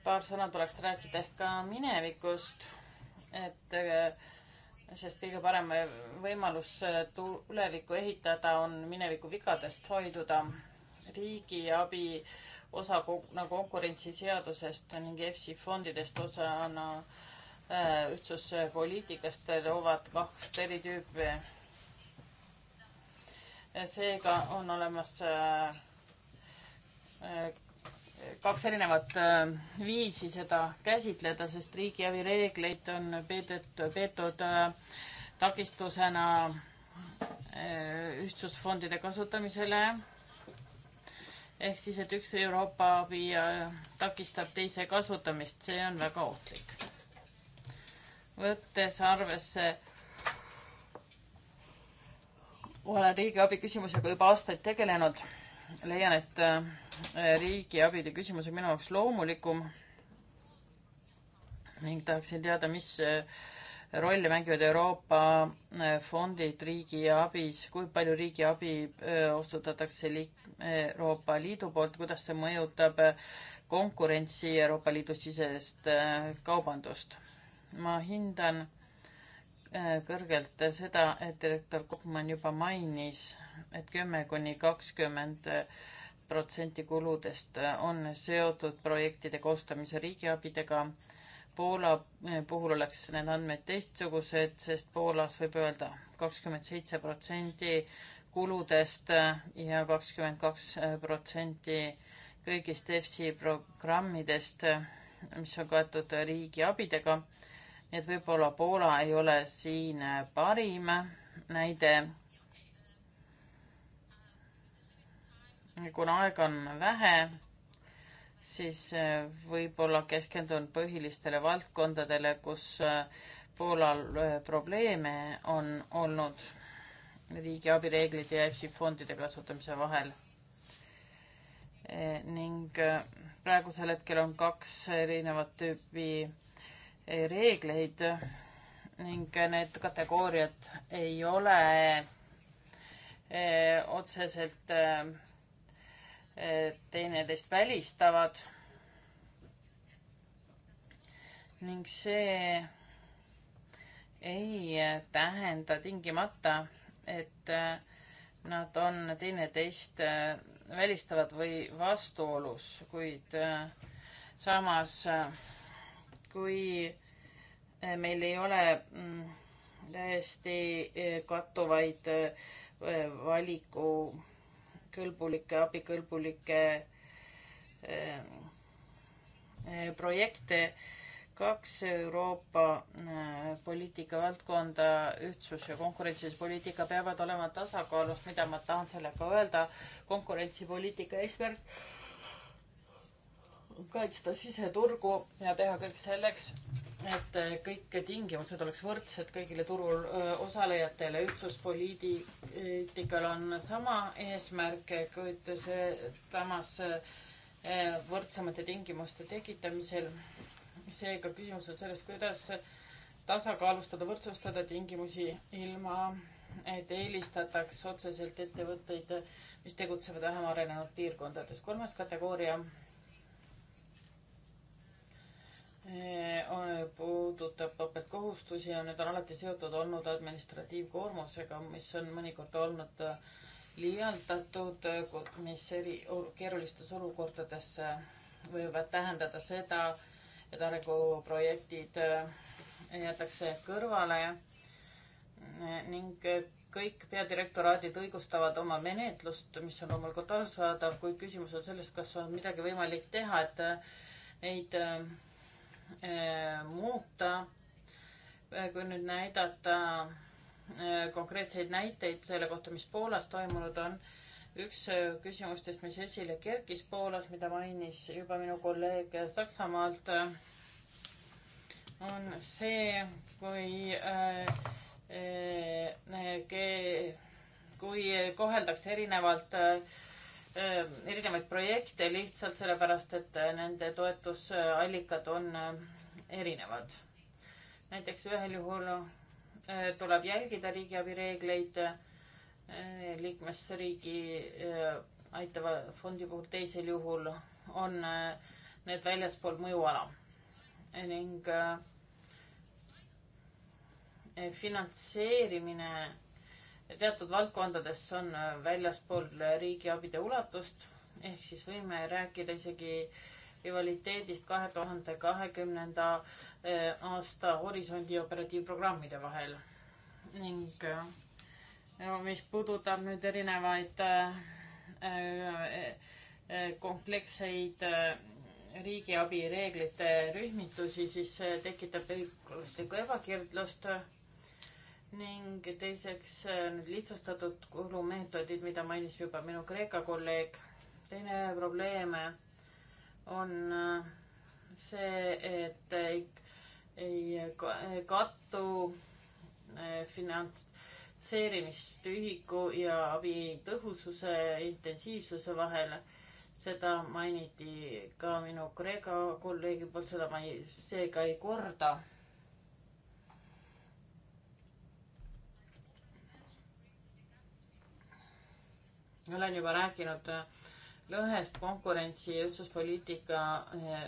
paar sõna tuleks rääkida ehk ka minevikust, et äh, sest kõige parem võimalus tulevikku ehitada on mineviku vigadest hoiduda. riigiabi osa konkurentsiseadusest ning EFSI fondidest osana ühtsuspoliitikast loovad kaks eri tüüpi seega on olemas äh, äh, kaks erinevat äh, viisi seda käsitleda, sest riigiabi reegleid on peetud, peetud takistusena ühtsusfondide kasutamisele. ehk siis, et üks Euroopa abi takistab teise kasutamist, see on väga ohtlik. võttes arvesse olen riigiabi küsimusega juba aastaid tegelenud. leian, et äh, riigiabide küsimus on minu jaoks loomulikum ning tahaksin teada, mis äh, rolli mängivad Euroopa äh, fondid riigiabis, kui palju riigiabi osutatakse liik-, Euroopa Liidu poolt, kuidas see mõjutab konkurentsi Euroopa Liidu sisest kaubandust? ma hindan Äh, kõrgelt seda, et direktor Kopman juba mainis et, et kümme kuni kakskümmend äh, protsenti kuludest äh, on seotud projektide koostamise riigiabidega. Poola puhul oleks need andmed teistsugused, sest Poolas võib öelda kakskümmend seitse protsenti kuludest ja kakskümmend kaks protsenti kõigist EFSI programmidest, mis on kaetud riigiabidega nii et võib-olla Poola ei ole siin parim näide. kuna aega on vähe, siis võib-olla keskendun põhilistele valdkondadele, kus Poolal probleeme on olnud riigiabi reeglid ja EFSI fondide kasutamise vahel ning praegusel hetkel on kaks erinevat tüüpi reegleid ning need kategooriad ei ole eh, otseselt eh, teineteist välistavad. ning see ei tähenda tingimata, et eh, nad on teineteist välistavad või vastuolus, kuid samas kui eh, meil ei ole mm, täiesti eh, kattuvaid eh, valikukõlbulikke, abikõlbulikke projekte, kaks Euroopa poliitikavaldkonda, ühtsus ja konkurentsipoliitika peavad olema tasakaalus, mida ma tahan sellega öelda. konkurentsipoliitika eesmärk kaitsta siseturgu ja teha kõik selleks, et eh, kõik tingimused oleks võrdsed kõigile turul eh, osalejatele. ühtsuspoliitikal on sama eesmärk, kuid see samas eh, võrdsemate tingimuste tekitamisel. seega küsimus on selles, kuidas tasakaalustada, võrdsustada tingimusi ilma, et eelistataks otseselt ettevõtteid, mis tegutsevad vähem arenenud piirkondades. kolmas kategooria Eh, puudutab topeltkohustusi ja need on alati seotud olnud administratiivkoormusega, mis on mõnikord olnud eh, liialdatud, eh, mis eri, keerulistes olukordades võivad tähendada seda, et arenguprojektid jäetakse kõrvale ning kõik peadirektoraadid õigustavad oma menetlust, mis on loomulikult arusaadav, kuid küsimus on selles, kas on midagi võimalik teha, et neid Eh, muuta, eh, kui nüüd näidata eh, konkreetseid näiteid selle kohta, mis Poolas toimunud on, üks küsimustest, mis esile kerkis Poolas, mida mainis juba minu kolleeg Saksamaalt, on see, kui äh, äh, kui koheldakse erinevalt äh, Ehm, erinevaid projekte lihtsalt sellepärast, et äh, nende toetusallikad on äh, erinevad. näiteks ühel juhul äh, tuleb jälgida riigiabi reegleid liikmesriigi aitava fondi puhul, teisel juhul on need väljaspool mõjuala ning finantseerimine teatud valdkondades on äh, väljaspool äh, riigiabide ulatust, ehk siis võime rääkida isegi rivaliteedist kahe tuhande kahekümnenda äh, aasta horisondi operatiivprogrammide vahel. ning mis puudutab nüüd erinevaid kompleksseid riigiabi reeglite rühmitusi, siis see tekitab õiguslikku ebakindlust ning teiseks äh, need lihtsustatud kulumeetodid, mida mainis juba minu Kreeka kolleeg. teine probleem äh, on äh, see, et ei, ei kattu finantseerimistühiku ja abi tõhususe intensiivsuse vahel. seda mainiti ka minu Kreeka kolleegi poolt, seda ma ei, seega ei korda olen juba rääkinud äh, lõhest konkurentsi ja ühtsuspoliitika, äh,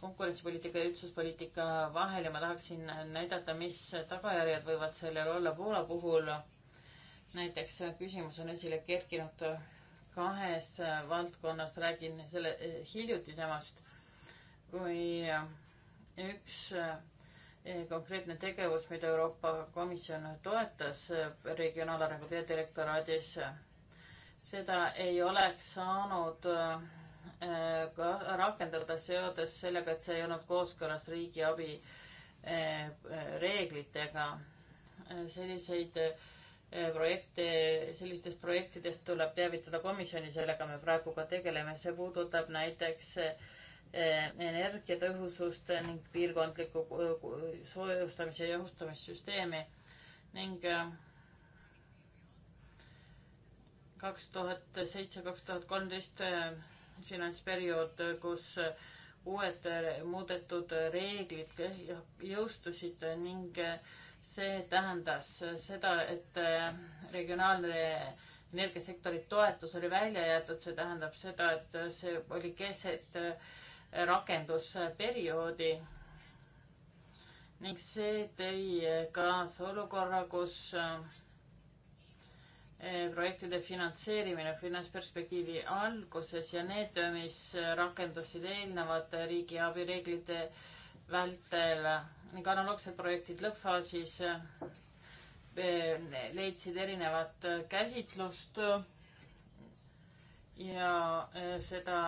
konkurentsipoliitika ja ühtsuspoliitika vahel ja ma tahaksin näidata, mis tagajärjed võivad sellel olla Poola puhul. näiteks küsimus on esile kerkinud kahes valdkonnas, räägin selle äh, hiljutisemast, kui üks konkreetne tegevus, mida Euroopa Komisjon toetas regionaalarengu peadirektoraadis seda ei oleks saanud äh, ka rakendada seoses sellega, et see ei olnud kooskõlas riigiabi äh, äh, reeglitega. selliseid projekte, sellistest projektidest tuleb teavitada komisjoni, sellega me praegu ka tegeleme, see puudutab näiteks energiatõhusust ning piirkondliku soojustamise ja jahustamissüsteemi ning kaks tuhat seitse, kaks tuhat kolmteist äh, finantsperiood, äh, kus äh, uued muudetud reeglid jõustusid ning see tähendas seda, et regionaalne energiasektori toetus oli välja jäetud, see tähendab seda, et see oli keset rakendusperioodi. ning see tõi kaasa olukorra, kus Eh, projektide finantseerimine finantsperspektiivi alguses ja need, mis rakendusid eelnevate riigiabi reeglite vältel ning analoogsed projektid lõppfaasis eh, leidsid erinevat käsitlust. ja eh, seda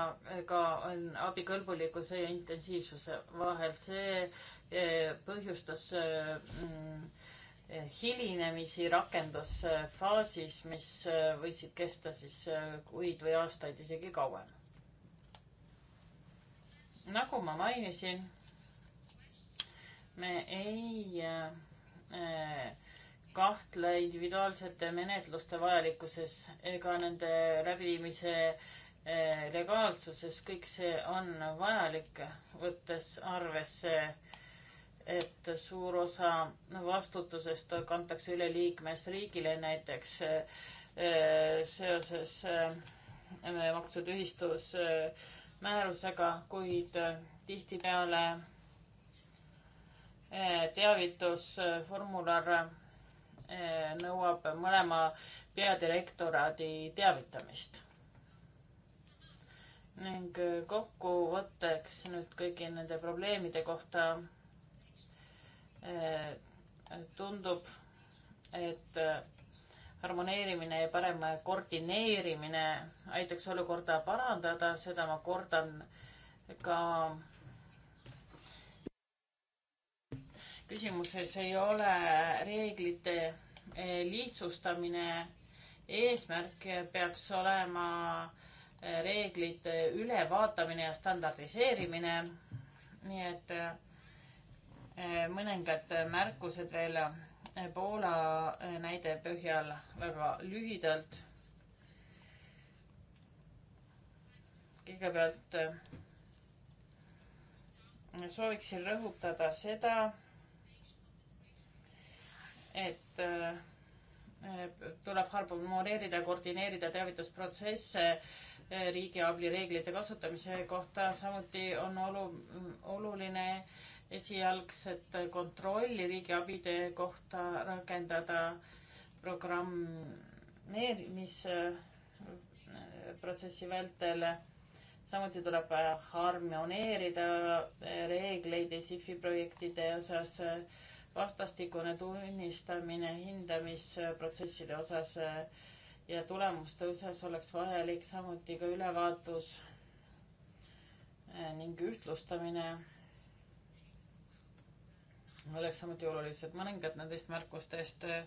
ka on abikõlbulikkuse ja intensiivsuse vahel. see põhjustas mm, hilinemisi rakendusfaasis, mis äh, võisid kesta siis äh, kuid või aastaid isegi kauem. nagu ma mainisin, me ei äh, kahtle individuaalsete menetluste vajalikkuses ega nende läbiviimise legaalsuses, kõik see on vajalik, võttes arvesse äh, et suur osa vastutusest kantakse üle liikmesriigile, näiteks eh, seoses eh, maksude ühistusmäärusega, kuid eh, tihtipeale teavitusformular nõuab mõlema peadirektoraadi teavitamist. ning kokkuvõtteks nüüd kõigi nende probleemide kohta Äh, tundub, et äh, harmoneerimine ja parem koordineerimine aitaks olukorda parandada, seda ma kordan ka küsimuses ei ole reeglite äh, lihtsustamine eesmärk peaks olema reeglite ülevaatamine ja standardiseerimine. nii et Eh, mõningad eh, märkused veel eh, Poola näide põhjal väga lühidalt. kõigepealt sooviksin rõhutada seda, et tuleb harmoneerida, koordineerida teavitusprotsesse riigiabi reeglite kasutamise kohta, samuti on olu-, oluline äh, esialgset kontrolli riigiabide kohta rakendada programmeerimisprotsessi vältel. samuti tuleb harmoneerida reegleid ESIF-i projektide osas, vastastikune tunnistamine hindamisprotsesside osas ja tulemuste osas oleks vajalik samuti ka ülevaatus ning ühtlustamine oleks samuti olulised. mõningad nendest märkustest eh,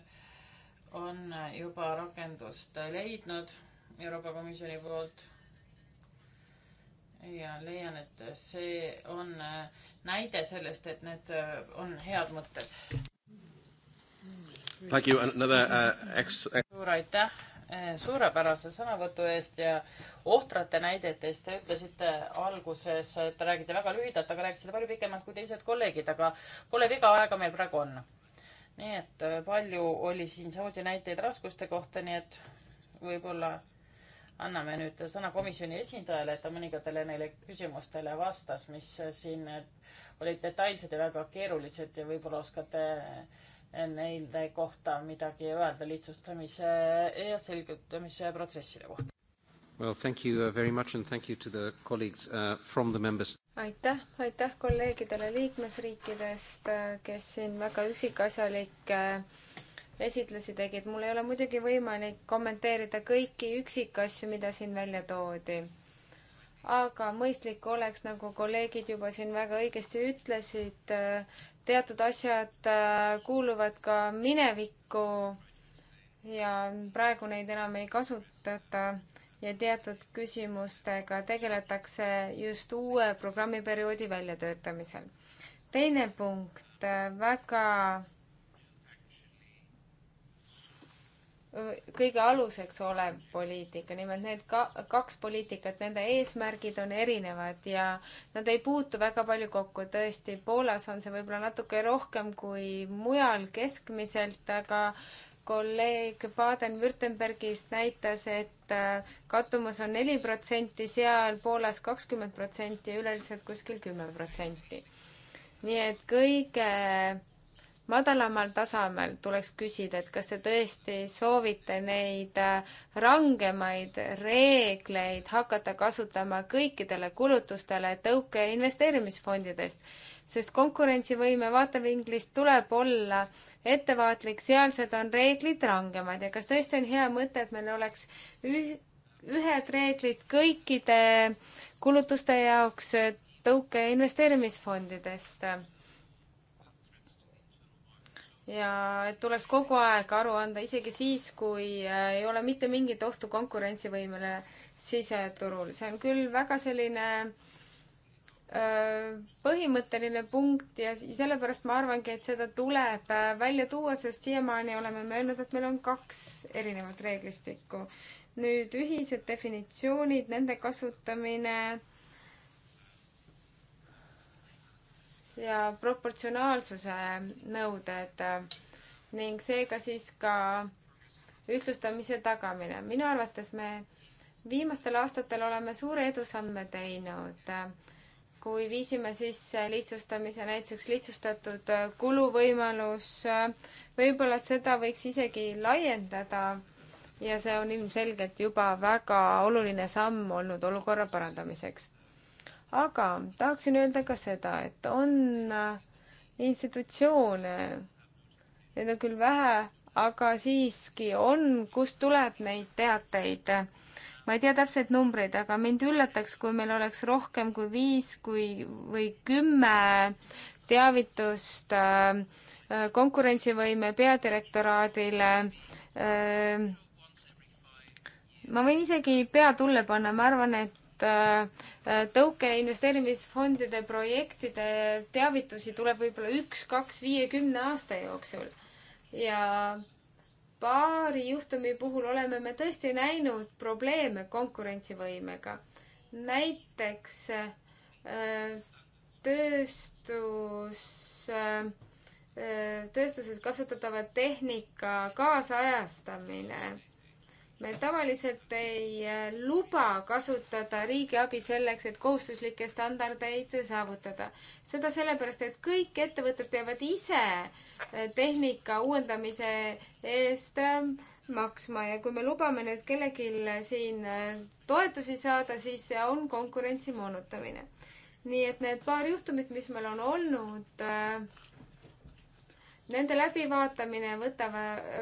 on eh, juba rakendust eh, leidnud Euroopa Komisjoni poolt ja leian, et see on näide sellest, et need on head mõtted. suur aitäh suurepärase sõnavõtu eest ja ohtrate näidete eest. Te ütlesite alguses, et räägite väga lühidalt, aga rääkisite palju pikemalt kui teised kolleegid, aga pole viga, aega meil praegu on. nii et äh, palju oli siin samuti näiteid raskuste kohta, nii et võib-olla anname nüüd sõna komisjoni esindajale, et ta mõningatele neile küsimustele vastas, mis äh, siin äh, olid detailsed ja väga keerulised ja võib-olla oskate neile kohta midagi öelda lihtsustamise ja selgitamise protsesside kohta. Well, thank you uh, very much and thank you to the colleagues uh, from the members. aitäh, aitäh kolleegidele liikmesriikidest, uh, kes siin väga üksikasjalikke uh, esitlusi tegid. mul ei ole muidugi võimalik kommenteerida kõiki üksikasju, mida siin välja toodi. aga mõistlik oleks, nagu kolleegid juba siin väga õigesti ütlesid, teatud asjad äh, kuuluvad ka minevikku ja praegu neid enam ei kasutata ja teatud küsimustega tegeletakse just uue programmiperioodi väljatöötamisel. teine punkt, äh, väga kõige aluseks olev poliitika, nimelt need ka, kaks poliitikat, nende eesmärgid on erinevad ja nad ei puutu väga palju kokku, tõesti, Poolas on see võib-olla natuke rohkem kui mujal keskmiselt, aga kolleeg Baden-Württembergist näitas, et äh, kattumus on neli protsenti, seal Poolas kakskümmend protsenti ja üleüldiselt kuskil kümme protsenti. nii et kõige madalamal tasemel tuleks küsida, et kas te tõesti soovite neid äh, rangemaid reegleid hakata kasutama kõikidele kulutustele tõuke investeerimisfondidest, sest konkurentsivõime vaatevinklist tuleb olla ettevaatlik, sealsed on reeglid rangemad ja kas tõesti on hea mõte, et meil oleks üh-, ühed reeglid kõikide kulutuste jaoks äh, tõuke investeerimisfondidest? ja et tuleks kogu aeg aru anda, isegi siis, kui äh, ei ole mitte mingit ohtu konkurentsivõimele siseturul. see on küll väga selline öö, äh, põhimõtteline punkt ja sellepärast ma arvangi, et seda tuleb äh, välja tuua, sest siiamaani oleme me öelnud, et meil on kaks erinevat reeglistikku. nüüd ühised definitsioonid, nende kasutamine ja proportsionaalsuse nõuded ning seega siis ka ühtlustamise tagamine. minu arvates me viimastel aastatel oleme suure edusamme teinud, kui viisime sisse lihtsustamise, näiteks lihtsustatud kuluvõimalus, võib-olla seda võiks isegi laiendada ja see on ilmselgelt juba väga oluline samm olnud olukorra parandamiseks aga tahaksin öelda ka seda, et on äh, institutsioone, neid on küll vähe, aga siiski on, kust tuleb neid teateid. ma ei tea täpseid numbreid, aga mind üllataks, kui meil oleks rohkem kui viis kui, või kümme teavitust äh, konkurentsivõime peadirektoraadile äh, ma võin isegi pea tulle panna, ma arvan, et Äh, tõuke investeerimisfondide projektide teavitusi tuleb võib-olla üks, kaks, viiekümne aasta jooksul. ja paari juhtumi puhul oleme me tõesti näinud probleeme konkurentsivõimega. näiteks äh, tööstus, äh, tööstuses kasutatava tehnika kaasajastamine me tavaliselt ei äh, luba kasutada riigiabi selleks, et kohustuslikke standardeid saavutada. seda sellepärast, et kõik ettevõtted peavad ise äh, tehnika uuendamise eest ähm, maksma ja kui me lubame nüüd kellelgi äh, siin toetusi saada, siis see on konkurentsi moonutamine. nii et need paar juhtumit, mis meil on olnud äh, Nende läbivaatamine võtab,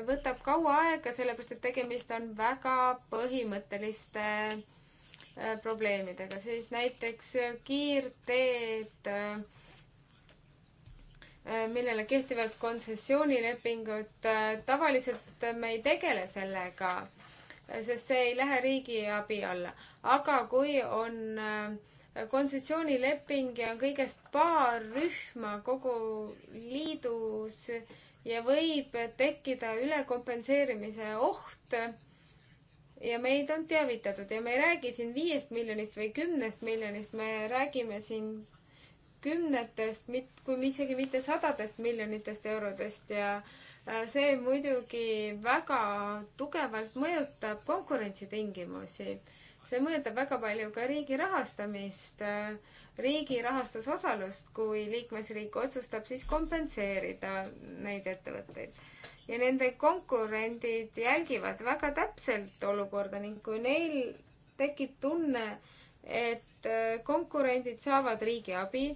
võtab kaua aega, sellepärast et tegemist on väga põhimõtteliste äh, probleemidega, siis näiteks kiirteed, äh, äh, millele kehtivad kontsessioonilepingud, tavaliselt me ei tegele sellega, sest see ei lähe riigiabi alla. aga kui on äh, kontsessioonileping ja on kõigest paar rühma kogu liidus ja võib tekkida ülekompenseerimise oht. ja meid on teavitatud ja me ei räägi siin viiest miljonist või kümnest miljonist, me räägime siin kümnetest, mit-, kui isegi mitte sadadest miljonitest eurodest ja äh, see muidugi väga tugevalt mõjutab konkurentsitingimusi see mõjutab väga palju ka riigi rahastamist, äh, riigi rahastusosalust, kui liikmesriik otsustab siis kompenseerida neid ettevõtteid. ja nende konkurendid jälgivad väga täpselt olukorda ning kui neil tekib tunne, et äh, konkurendid saavad riigi abi,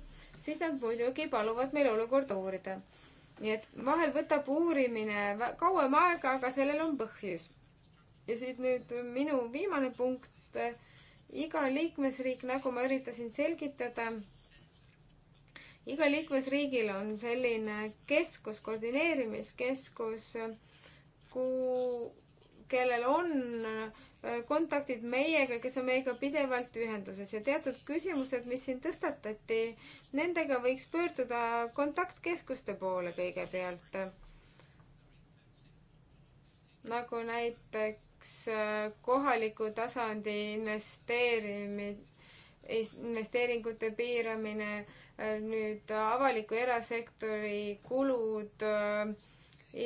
siis nad muidugi paluvad meil olukorda uurida. nii et vahel võtab uurimine kauem aega, aga sellel on põhjus. ja siit nüüd minu viimane punkt et eh, iga liikmesriik, nagu ma üritasin selgitada, igal liikmesriigil on selline keskus, koordineerimiskeskus, kuhu, kellel on eh, kontaktid meiega, kes on meiega pidevalt ühenduses ja teatud küsimused, mis siin tõstatati, nendega võiks pöörduda kontaktkeskuste poole kõigepealt. nagu näiteks lisaks äh, kohaliku tasandi investeerimine, investeeringute piiramine, äh, nüüd avaliku erasektori kulud äh,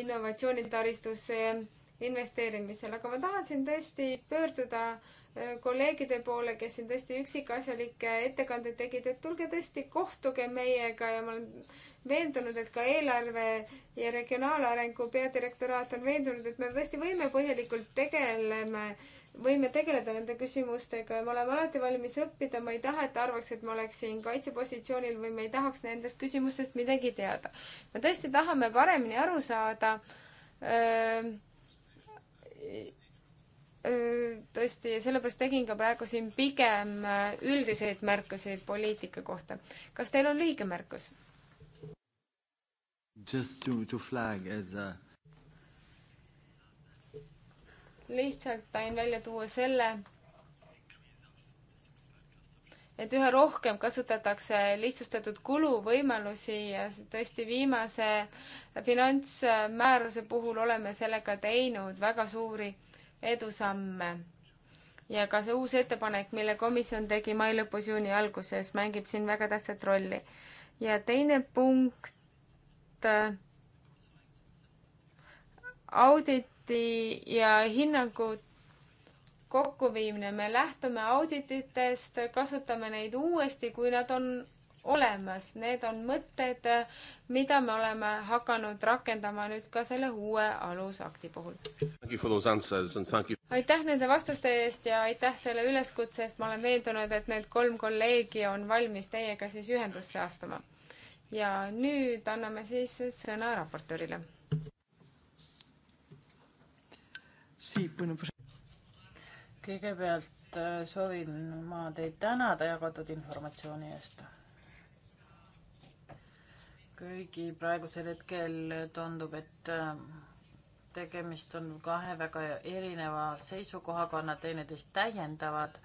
innovatsioonitaristusse investeerimisel, aga ma tahaksin tõesti pöörduda kolleegide poole, kes siin tõesti üksikasjalikke ettekandeid tegid, et tulge tõesti kohtuge meiega ja ma olen veendunud, et ka eelarve ja regionaalarengu peadirektoraat on veendunud, et me tõesti võime põhjalikult tegeleme, võime tegeleda nende küsimustega ja me oleme alati valmis õppida, ma ei taha, et arvaks, et ma oleksin kaitsepositsioonil või me ei tahaks nendest küsimustest midagi teada. me tõesti tahame paremini aru saada öö, tõesti, sellepärast tegin ka praegu siin pigem äh, üldiseid märkusi poliitika kohta. kas teil on lühike märkus? Just to, to flag as a lihtsalt sain välja tuua selle, et üha rohkem kasutatakse lihtsustatud kuluvõimalusi ja tõesti viimase finantsmääruse puhul oleme sellega teinud väga suuri edusamme. ja ka see uus ettepanek, mille komisjon tegi mai lõpus, juuni alguses, mängib siin väga tähtsat rolli. ja teine punkt et äh, auditi ja hinnangu kokkuviimine, me lähtume audititest, kasutame neid uuesti, kui nad on olemas, need on mõtted, mida me oleme hakanud rakendama nüüd ka selle uue alusakti puhul. aitäh nende vastuste eest ja aitäh selle üleskutse eest, ma olen veendunud, et need kolm kolleegi on valmis teiega siis ühendusse astuma ja nüüd anname siis sõna raportöörile. kõigepealt äh, soovin ma teid tänada jagatud informatsiooni eest. kuigi praegusel hetkel tundub, et äh, tegemist on kahe väga erineva seisukohaga, nad teineteist täiendavad,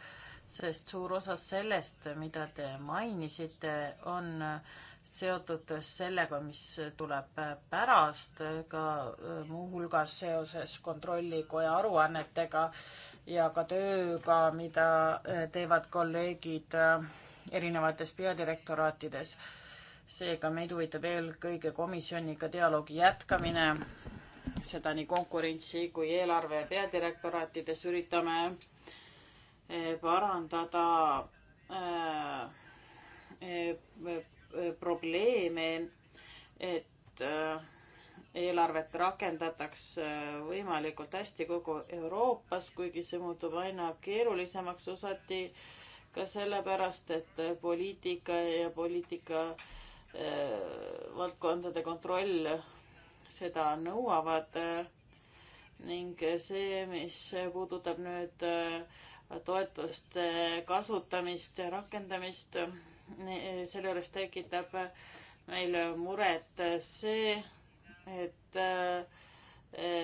sest suur osa sellest, mida te mainisite, on äh, seotud sellega, mis tuleb pärast, ka äh, muuhulgas seoses kontrollikoja aruannetega ja ka tööga, mida äh, teevad kolleegid äh, erinevates peadirektoraatides. seega meid huvitab eelkõige komisjoniga dialoogi jätkamine, seda nii konkurentsi kui eelarve peadirektoraatides üritame parandada äh, Äh, probleeme, et äh, eelarvet rakendataks äh, võimalikult hästi kogu Euroopas, kuigi see muutub aina keerulisemaks osati ka sellepärast, et poliitika ja poliitika valdkondade kontroll seda nõuavad ning see, mis puudutab nüüd toetuste kasutamist ja rakendamist, selle juures tekitab meile muret see, et äh,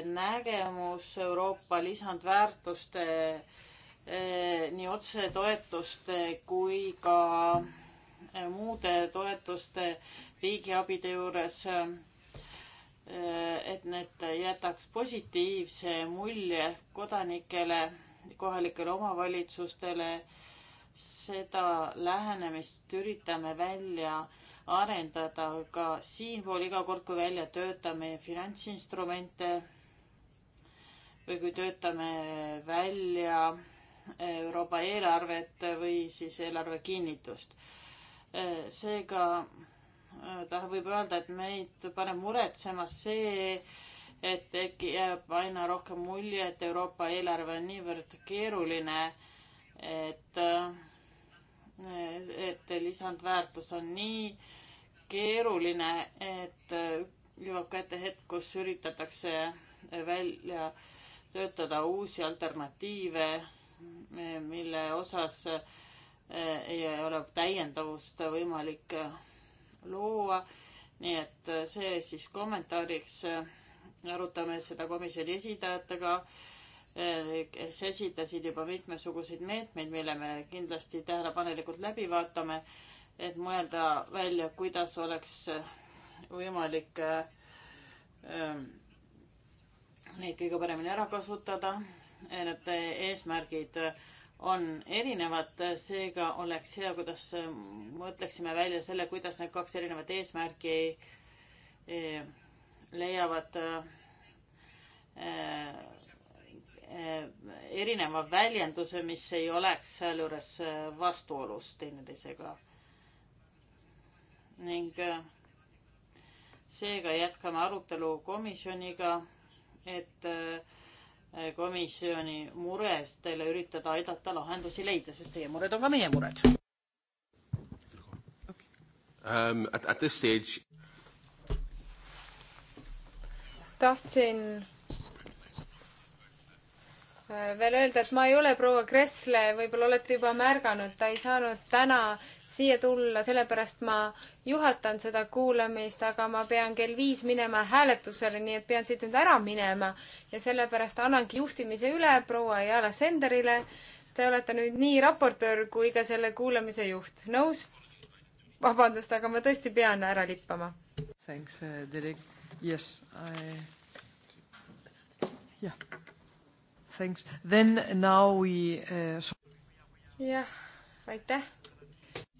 nägemus Euroopa lisandväärtuste äh, nii otsetoetuste kui ka äh, muude toetuste riigiabide juures, et need jätaks positiivse mulje kodanikele, kohalikele omavalitsustele seda lähenemist üritame välja arendada ka siinpool iga kord, kui välja töötame finantsinstrumente või kui töötame välja Euroopa eelarvet või siis eelarve kinnitust. seega äh, tahab, võib öelda, et meid paneb muretsema see, et äkki jääb aina rohkem mulje, et Euroopa eelarve on niivõrd keeruline, et äh, et lisandväärtus on nii keeruline, et äh, jõuab kätte hetk, kus üritatakse välja töötada uusi alternatiive, mille osas äh, ei ole täiendavust võimalik äh, luua. nii et see siis kommentaariks. arutame seda komisjoni esindajatega kes eh, esitasid juba mitmesuguseid meetmeid, mille me kindlasti tähelepanelikult läbi vaatame, et mõelda välja, kuidas oleks eh, võimalik eh, neid kõige paremini ära kasutada. Need eesmärgid on erinevad, seega oleks hea, kuidas mõtleksime välja selle, kuidas need kaks erinevat eesmärki leiavad erineva väljenduse, mis ei oleks sealjuures vastuolus teineteisega. ning äh, seega jätkame arutelu komisjoniga, et äh, komisjoni murestele üritada aidata lahendusi leida, sest teie mured on ka meie mured um,. At, at this stage. tahtsin veel öelda, et ma ei ole proua Kressle, võib-olla olete juba märganud, ta ei saanud täna siia tulla, sellepärast ma juhatan seda kuulamist, aga ma pean kell viis minema hääletusele, nii et pean siit nüüd ära minema ja sellepärast annangi juhtimise üle proua Jala Senderile. Te olete nüüd nii raportöör kui ka selle kuulamise juht, nõus? vabandust, aga ma tõesti pean ära lippama. Thanks uh,, Derek. Yes, I, jah yeah thanks. Then now we uh.... jah, aitäh.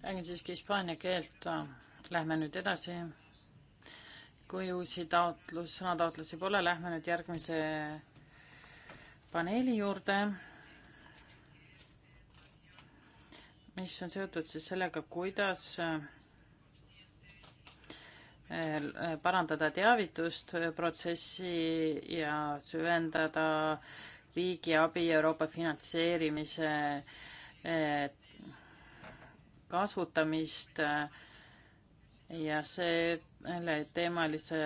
räägin siiski hispaania keelt. Lähme nüüd edasi. kui uusi taotlus, sõnataotlusi pole, lähme nüüd järgmise paneeli juurde, mis on seotud siis sellega, kuidas eh, parandada teavitust protsessi ja süvendada riigiabi Euroopa finantseerimise eh, kasutamist eh, ja selle teemalise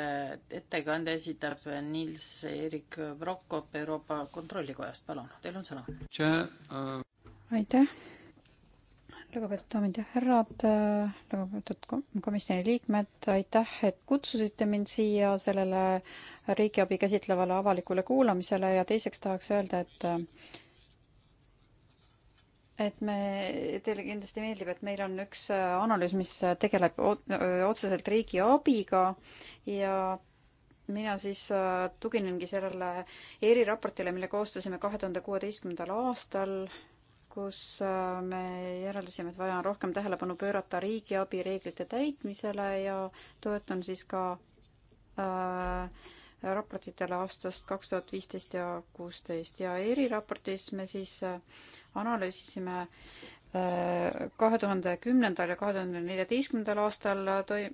ettekande esitab Nils-Erik Prokop Euroopa Kontrollikojast, palun, teil on sõna. Uh aitäh, lugupeetud daamid ja härrad, lugupeetud komisjoni liikmed, aitäh, et kutsusite mind siia sellele riigiabi käsitlevale avalikule kuulamisele ja teiseks tahaks öelda, et et me, teile kindlasti meeldib, et meil on üks analüüs, mis tegeleb otseselt riigi abiga ja mina siis tuginengi sellele eriraportile, mille koostasime kahe tuhande kuueteistkümnendal aastal kus äh, me järeldasime, et vaja on rohkem tähelepanu pöörata riigiabi reeglite täitmisele ja toetan siis ka äh, raportitele aastast kaks tuhat viisteist ja kuusteist ja eriraportis me siis äh, analüüsisime kahe tuhande kümnendal ja kahe tuhande neljateistkümnendal aastal toi-,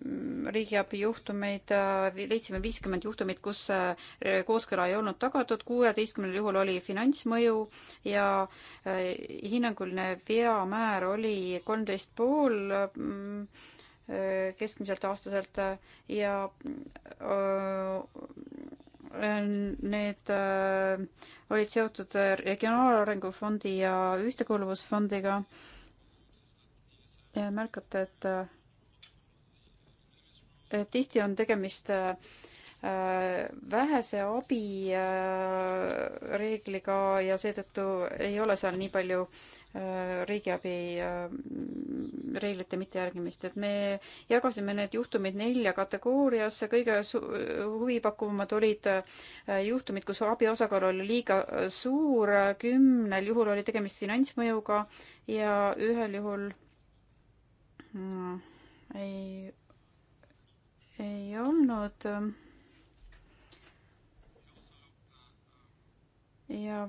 riigiabi juhtumeid, äh, leidsime viiskümmend juhtumit, kus äh, kooskõla ei olnud tagatud, kuueteistkümnel juhul oli finantsmõju ja äh, hinnanguline veamäär oli kolmteist pool keskmiselt aastaselt ja öö, need äh, olid seotud äh, Regionaalarengu Fondi ja Ühtekuuluvusfondiga. märkate, äh, et tihti on tegemist vähese abi reegliga ja seetõttu ei ole seal nii palju äh, riigiabi äh, reeglite mittejärgimist, et me jagasime need juhtumid nelja kategooriasse, kõige huvipakuvamad olid äh, juhtumid, kus abi osakaal oli liiga suur, kümnel juhul oli tegemist finantsmõjuga ja ühel juhul no, mm, ei, ei olnud ja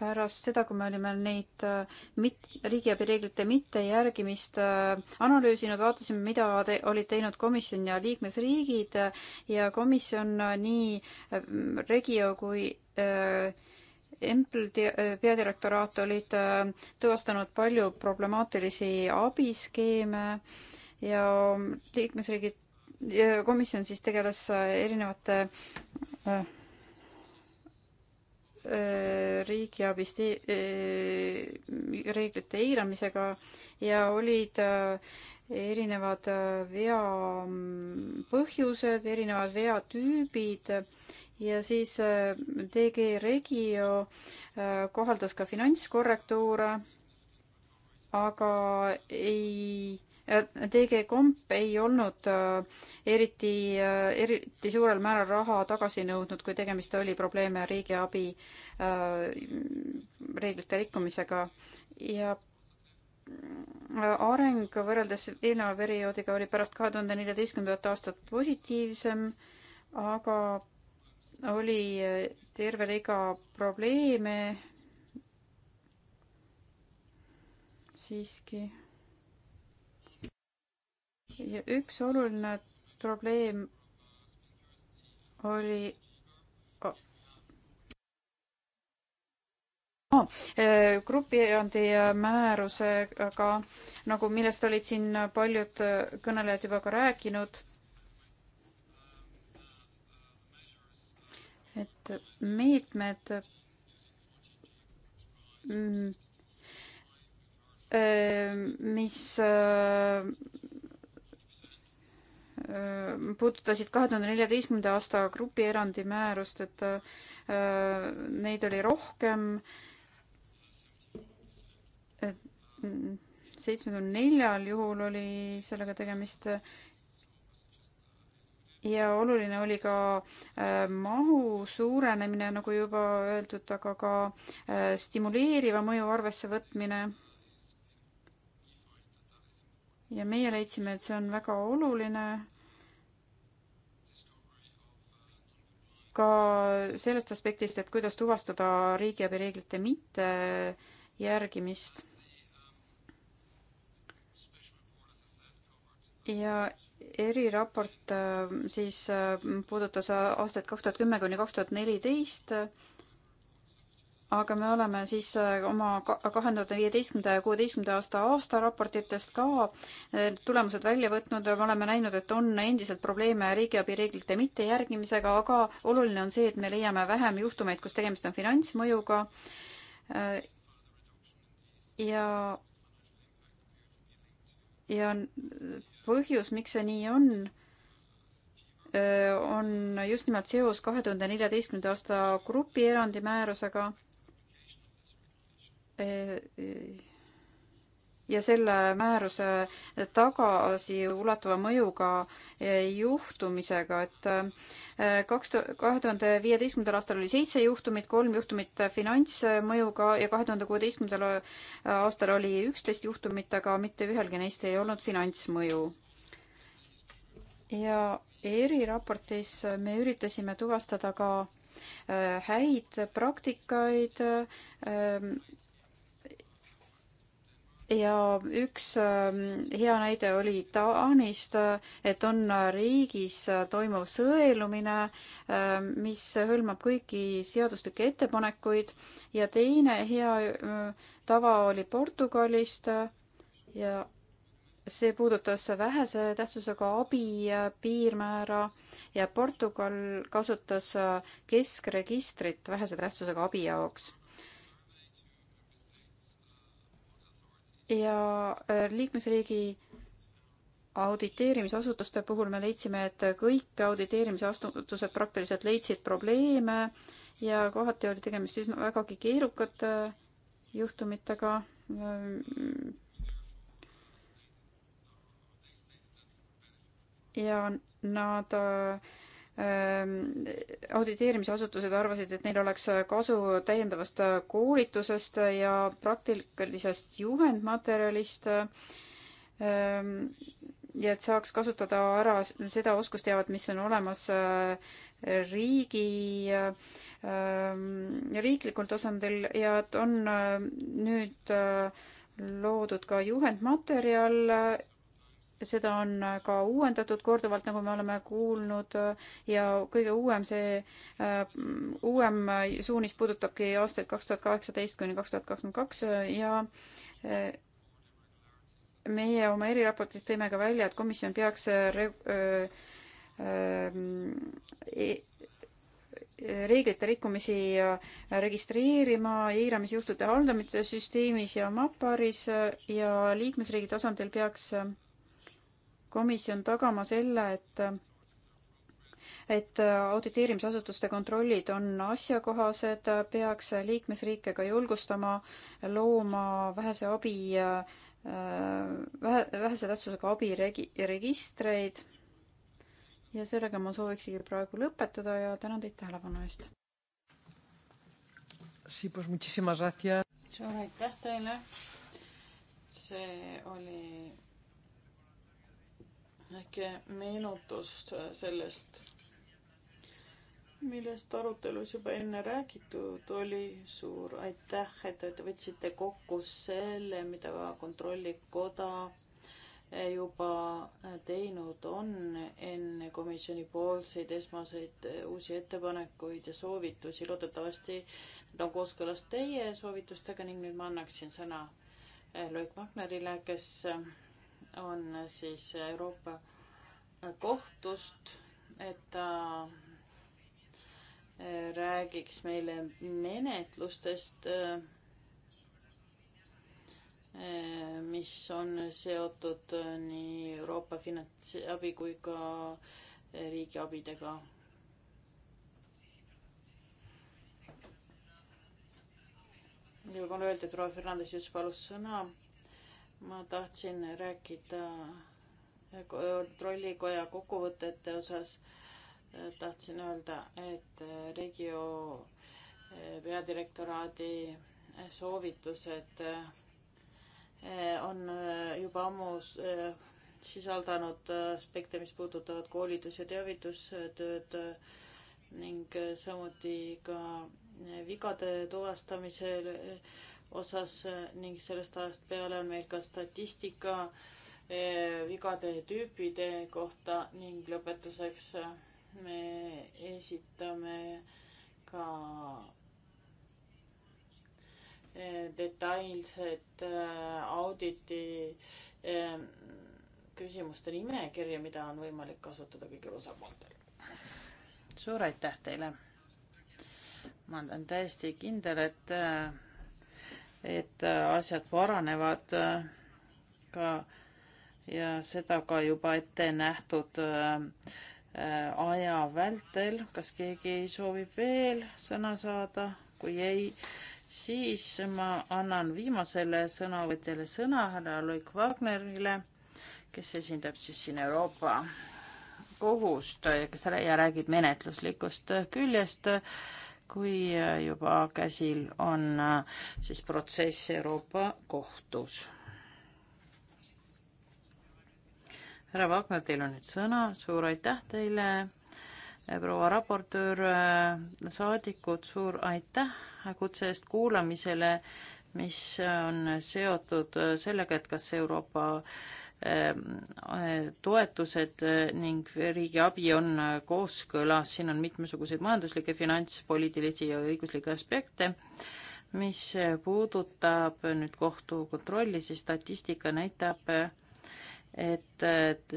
pärast seda, kui me olime neid äh, mit-, riigiabi reeglite mittejärgimist äh, analüüsinud, vaatasime, mida te, olid teinud komisjon ja liikmesriigid äh, ja komisjon nii Regio kui äh, Empl peadirektoraat olid äh, tuvastanud palju problemaatilisi abiskeeme ja liikmesriigid, komisjon siis tegeles erinevate äh, Äh, riigiabist e-, e-, reeglite eiramisega ja olid äh, erinevad äh, vea mm, põhjused, erinevad veatüübid ja siis DG Regio kohaldas ka finantskorrektuure, aga ei DG Komp ei olnud äh, eriti, äh, eriti suurel määral raha tagasi nõudnud, kui tegemist oli probleeme riigiabi äh, reeglite rikkumisega ja areng võrreldes eelneva perioodiga oli pärast kahe tuhande neljateistkümnendat aastat positiivsem, aga oli terve rida probleeme siiski ja üks oluline probleem oli Oh, eh, grupierandi eh, määrusega, nagu millest olid siin paljud eh, kõnelejad juba ka rääkinud. et meetmed mm, mis Äh, puudutasid kahe tuhande neljateistkümnenda aasta grupierandi määrust, et äh, neid oli rohkem. Mm, seitsmekümne neljal juhul oli sellega tegemist. ja oluline oli ka äh, mahu suurenemine, nagu juba öeldud, aga ka stimuleeriva mõju arvesse võtmine ja meie leidsime, et see on väga oluline ka sellest aspektist, et kuidas tuvastada riigiabi reeglite mitte järgimist. ja eriraport äh, siis äh, puudutas aastat kaks tuhat kümme kuni kaks tuhat neliteist aga me oleme siis äh, oma kahe tuhande viieteistkümnenda ja kuueteistkümnenda aasta aastaraportitest ka äh, tulemused välja võtnud ja me oleme näinud, et on endiselt probleeme riigiabi reeglite mittejärgimisega, aga oluline on see, et me leiame vähem juhtumeid, kus tegemist on finantsmõjuga. Äh, ja, ja põhjus, miks see nii on on just nimelt seos kahe tuhande neljateistkümnenda aasta grupierandi määrusega ja selle määruse tagasiulatuva mõjuga juhtumisega, et äh, kaks, kahe tuhande viieteistkümnendal aastal oli seitse juhtumit, kolm juhtumit finantsmõjuga ja kahe tuhande kuueteistkümnendal äh, aastal oli üksteist juhtumit, aga mitte ühelgi neist ei olnud finantsmõju. ja eriraportis me üritasime tuvastada ka äh, häid praktikaid ähm, ja üks ähm, hea näide oli Taanist, et on riigis toimuv sõelumine, ähm, mis hõlmab kõiki seaduslikke ettepanekuid ja teine hea äh, tava oli Portugalist ja see puudutas vähese tähtsusega abi äh, piirmäära ja Portugal kasutas äh, keskregistrit vähese tähtsusega abi jaoks ja äh, liikmesriigi auditeerimisasutuste puhul me leidsime, et kõik auditeerimisasutused praktiliselt leidsid probleeme ja kohati oli tegemist üsna vägagi keerukate äh, juhtumitega. ja nad äh, Ehm, auditeerimisasutused arvasid, et neil oleks kasu täiendavast koolitusest ja praktilisest juhendmaterjalist. Ehm, ja et saaks kasutada ära seda oskusteavet, mis on olemas eh, riigi, ehm, riiklikul tasandil ja et on eh, nüüd eh, loodud ka juhendmaterjal seda on ka uuendatud korduvalt, nagu me oleme kuulnud ja kõige uuem see äh,, uuem suunis puudutabki aastaid kaks tuhat kaheksateist kuni kaks tuhat kakskümmend kaks ja äh, meie oma eriraportis tõime ka välja, et komisjon peaks re- äh,, äh e-, e-, reeglite rikkumisi äh, registreerima eiramisjuhtude haldamise süsteemis ja MAPARis äh, ja liikmesriigi tasandil peaks äh, komisjon tagama selle, et et auditeerimisasutuste kontrollid on asjakohased, peaks liikmesriike ka julgustama looma vähese abi, vähe, vähese tähtsusega abiregi-, registreid. ja sellega ma sooviksigi praegu lõpetada ja tänan teid tähelepanu eest. suur aitäh teile. see oli väike meenutus sellest, millest arutelus juba enne räägitud oli. suur aitäh, et te võtsite kokku selle, mida Kontrollikoda eh, juba eh, teinud on enne komisjoni poolseid esmaseid eh, uusi ettepanekuid ja soovitusi. loodetavasti need on kooskõlas teie soovitustega ning nüüd ma annaksin sõna Loik Magnerile, kes on siis Euroopa kohtust, et ta räägiks meile menetlustest, mis on seotud nii Euroopa finantsabi kui ka riigiabidega. ja kui mulle öeldi, et proua Fernandes just palus sõna ma tahtsin rääkida äh, trollikoja kokkuvõtete osas. Äh, tahtsin öelda, et äh, Regio peadirektoraadi soovitused on juba ammu sisaldanud aspekte, mis puudutavad koolitus- ja teavitustööd ning samuti ka vigade tuvastamisel osas eh, ning sellest ajast peale on meil ka statistika eh, vigade tüübide kohta ning lõpetuseks eh, me esitame ka detailset auditi küsimuste nimekirja, mida on võimalik kasutada kõigil osapooltel. suur aitäh teile! ma olen täiesti kindel, et et äh, asjad paranevad äh, ka ja seda ka juba ette nähtud äh, aja vältel. kas keegi soovib veel sõna saada? kui ei, siis ma annan viimasele sõnavõtjale sõna, härra Loik Wagnerile, kes esindab siis siin Euroopa kohust, kes räägib menetluslikust küljest kui äh, juba käsil on äh, siis protsess Euroopa kohtus. härra Wagner, teil on nüüd sõna, suur aitäh teile, äh, proua raportöör, saadikud, suur aitäh kutse eest kuulamisele, mis on seotud sellega, et kas Euroopa äh, Ehm, eh, toetused eh, ning riigi abi on eh, kooskõlas, siin on mitmesuguseid majanduslikke, finantspoliitilisi ja õiguslikke aspekte, mis puudutab nüüd kohtukontrolli, siis statistika näitab, et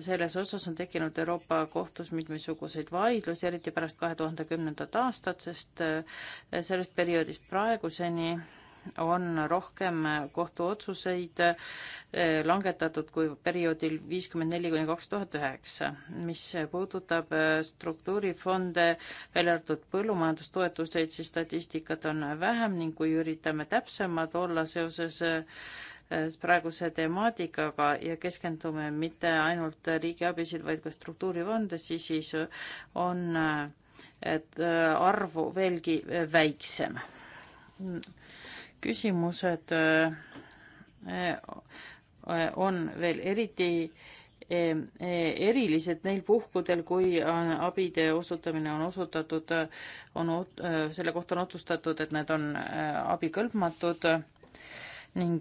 selles osas on tekkinud Euroopa Kohtus mitmesuguseid vaidlusi, eriti pärast kahe tuhande kümnendat aastat, sest sellest perioodist praeguseni on rohkem kohtuotsuseid eh, langetatud kui perioodil viiskümmend neli kuni kaks tuhat üheksa. mis puudutab eh, struktuurifonde, välja arvatud põllumajandustoetuseid, siis statistikat on vähem ning kui üritame täpsemad olla seoses eh, praeguse temaatikaga ja keskendume mitte ainult riigiabisid, vaid ka struktuurifonde, siis, siis on et arvu veelgi väiksem küsimused äh, äh, on veel eriti äh, erilised neil puhkudel, kui abide osutamine on osutatud, on, selle kohta on otsustatud, et need on abikõlbmatud ning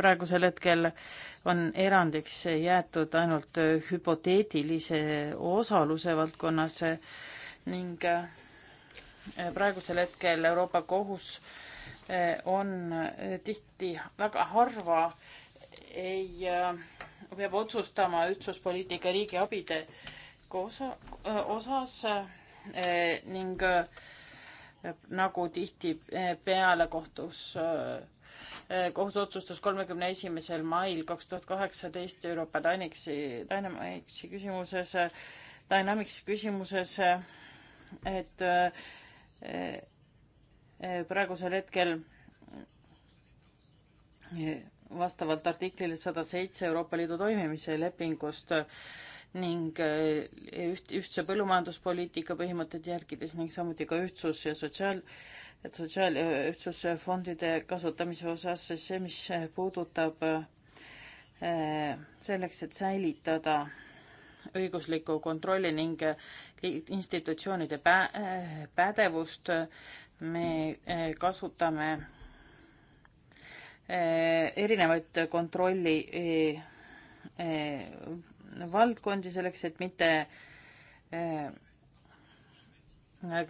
praegusel hetkel on erandiks jäetud ainult hüpoteetilise osaluse valdkonnas ning Eh, praegusel hetkel Euroopa Kohus eh, on eh, tihti väga harva ei, peab otsustama ühtsuspoliitika riigiabide osa, osas ning nagu tihtipeale kohtus kohus otsustas kolmekümne esimesel mail kaks tuhat kaheksateist Euroopa Dynamicsi, Dynamicsi küsimuses, Dynamicsi küsimuses, et Eh, eh, praegusel hetkel eh, vastavalt artiklile sada seitse Euroopa Liidu toimimise lepingust ning üht, ühtse põllumajanduspoliitika põhimõtteid järgides ning samuti ka ühtsus ja sotsiaal, sotsiaal, ühtsusfondide kasutamise osas, siis see, mis puudutab selleks, et säilitada õigusliku kontrolli ning institutsioonide pä-, äh, pädevust me äh, kasutame äh, erinevaid kontrolli valdkondi selleks, et mitte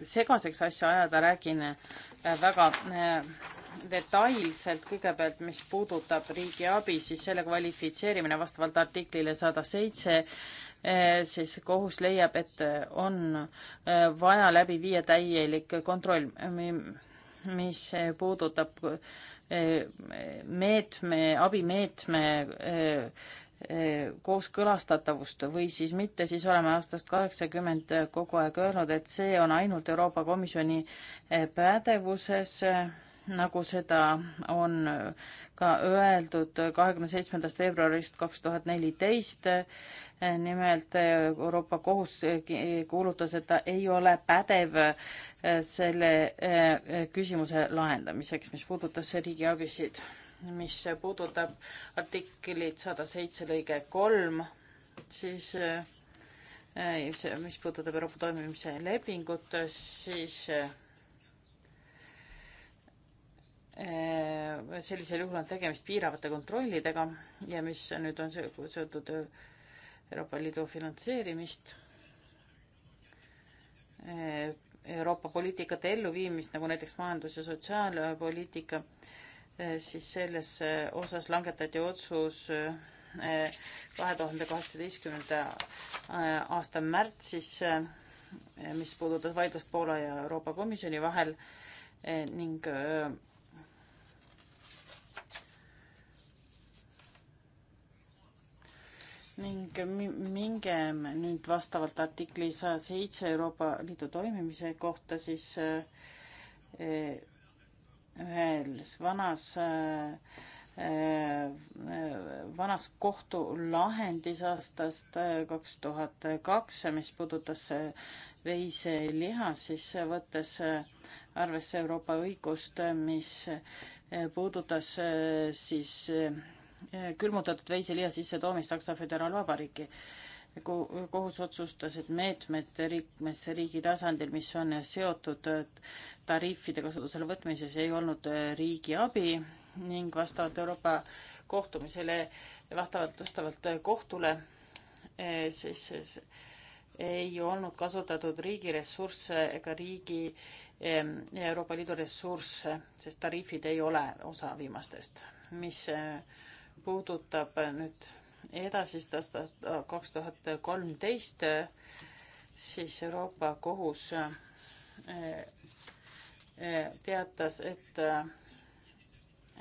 segaseks asja ajada, räägin väga detailselt kõigepealt, mis puudutab riigiabi, siis selle kvalifitseerimine vastavalt artiklile sada seitse Eh, siis kohus leiab, et eh, on eh, vaja läbi viia täielik kontroll, mis puudutab meetme, abimeetme kooskõlastatavust või siis mitte, siis oleme aastast kaheksakümmend kogu aeg öelnud, et see on ainult Euroopa Komisjoni pädevuses nagu seda on ka öeldud kahekümne seitsmendast veebruarist kaks tuhat neliteist. nimelt Euroopa Kohus kuulutas, et ta ei ole pädev selle küsimuse lahendamiseks, mis puudutas riigiabisid, mis puudutab artiklit sada seitse lõige kolm, siis mis puudutab Euroopa toimimise lepingut, siis Äh, sellisel juhul on tegemist piiravate kontrollidega ja mis nüüd on seotud Euroopa Liidu finantseerimist, äh, Euroopa poliitikate elluviimist, nagu näiteks majandus- ja sotsiaalpoliitika, äh, siis selles osas langetati otsus kahe tuhande kaheksateistkümnenda aasta märtsis, mis puudutas vaidlust Poola ja Euroopa Komisjoni vahel ning ning mingem nüüd vastavalt artikli saja seitse Euroopa Liidu toimimise kohta siis eh, eh, ühes vanas eh, vanas kohtulahendis aastast kaks tuhat kaks, mis puudutas veiseliha, siis võttes arvesse Euroopa õigust, mis puudutas siis külmutatud veiseliha sissetoomist Saksa Föderaalvabariiki. kohus otsustas, et meetmed liikmesriigi tasandil, mis on seotud tariifide kasutusele võtmises, ei olnud riigi abi ning vastavalt Euroopa kohtumisele, vastavalt, vastavalt kohtule eh, siis, siis ei olnud kasutatud riigi ressursse ega riigi Euroopa Liidu ressursse, sest tariifid ei ole osa viimastest, mis eh, puudutab nüüd edasist aastat äh, kaks tuhat kolmteist, siis Euroopa Kohus äh, äh, teatas, et,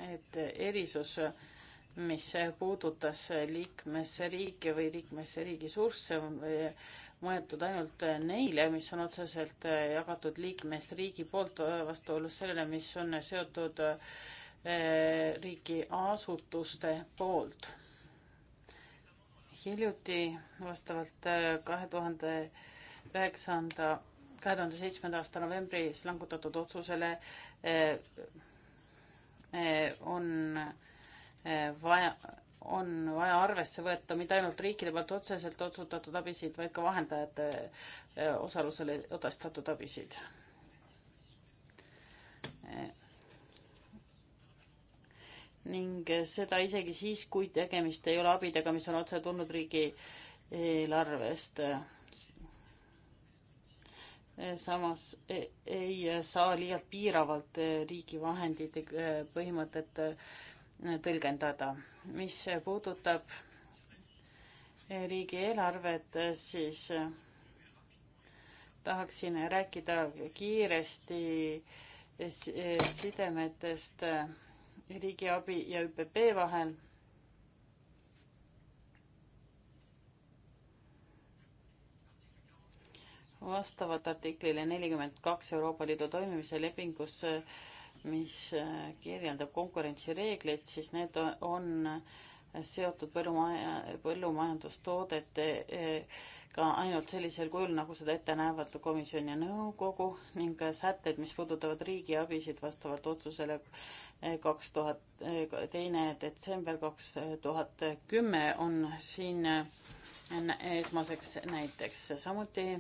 et erisus, mis puudutas liikmesriike või liikmesriigi sursse, on mõeldud ainult neile, mis on otseselt jagatud liikmesriigi poolt vastuolus sellele, mis on seotud Eh, riigi asutuste poolt. hiljuti vastavalt eh, kahe tuhande üheksanda, kahe tuhande seitsmenda aasta novembris langutatud otsusele eh, on vaja, on vaja arvesse võtta mitte ainult riikide poolt otseselt otsustatud abisid, vaid ka vahendajate osalusel otestatud abisid ning seda isegi siis, kui tegemist ei ole abidega, mis on otse tulnud riigieelarvest. samas e-, ei saa liialt piiravalt riigi vahendite põhimõtet tõlgendada. mis puudutab riigieelarvet, siis tahaksin rääkida kiiresti sidemetest riigiabi ja ÜPP vahel. vastavalt artiklile nelikümmend kaks Euroopa Liidu toimimise lepingus, mis äh, kirjeldab konkurentsireegleid, siis need on, on seotud põllumaja, põllumajandustoodetega eh, ainult sellisel kujul, nagu seda ette näevad komisjon ja nõukogu ning sätted, mis puudutavad riigiabisid vastavalt otsusele eh, kaks tuhat, eh, teine detsember kaks tuhat kümme on siin esmaseks näiteks. samuti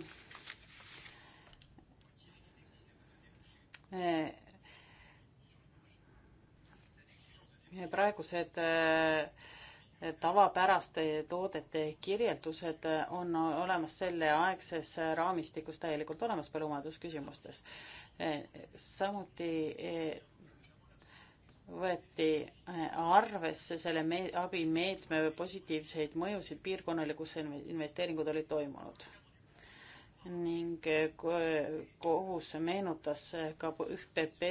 praegused tavapäraste toodete kirjeldused on olemas selleaegses raamistikus täielikult olemas põllumajandusküsimustes. samuti eh, võeti arvesse selle me-, abimeetme positiivseid mõjusid piirkonnale, kus investeeringud olid toimunud. ning eh, kohus meenutas ka ÜPP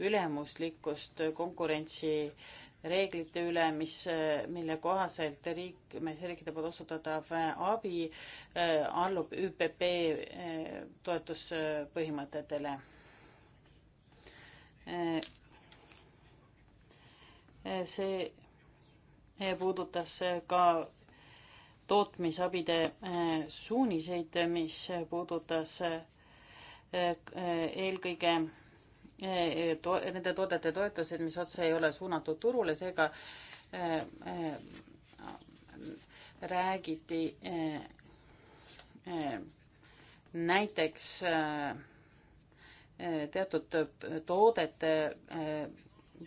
ülemuslikkust konkurentsi äh, reeglite üle, mis, mille kohaselt riik, riikide poolt osutatav äh, abi äh, allub ÜPP äh, toetuspõhimõtetele. see puudutas ka tootmisabide suuniseid, mis puudutas eelkõige E, e, to-, nende toodete toetused, mis otse ei ole suunatud turule, seega äh, äh, räägiti äh, näiteks teatud toodete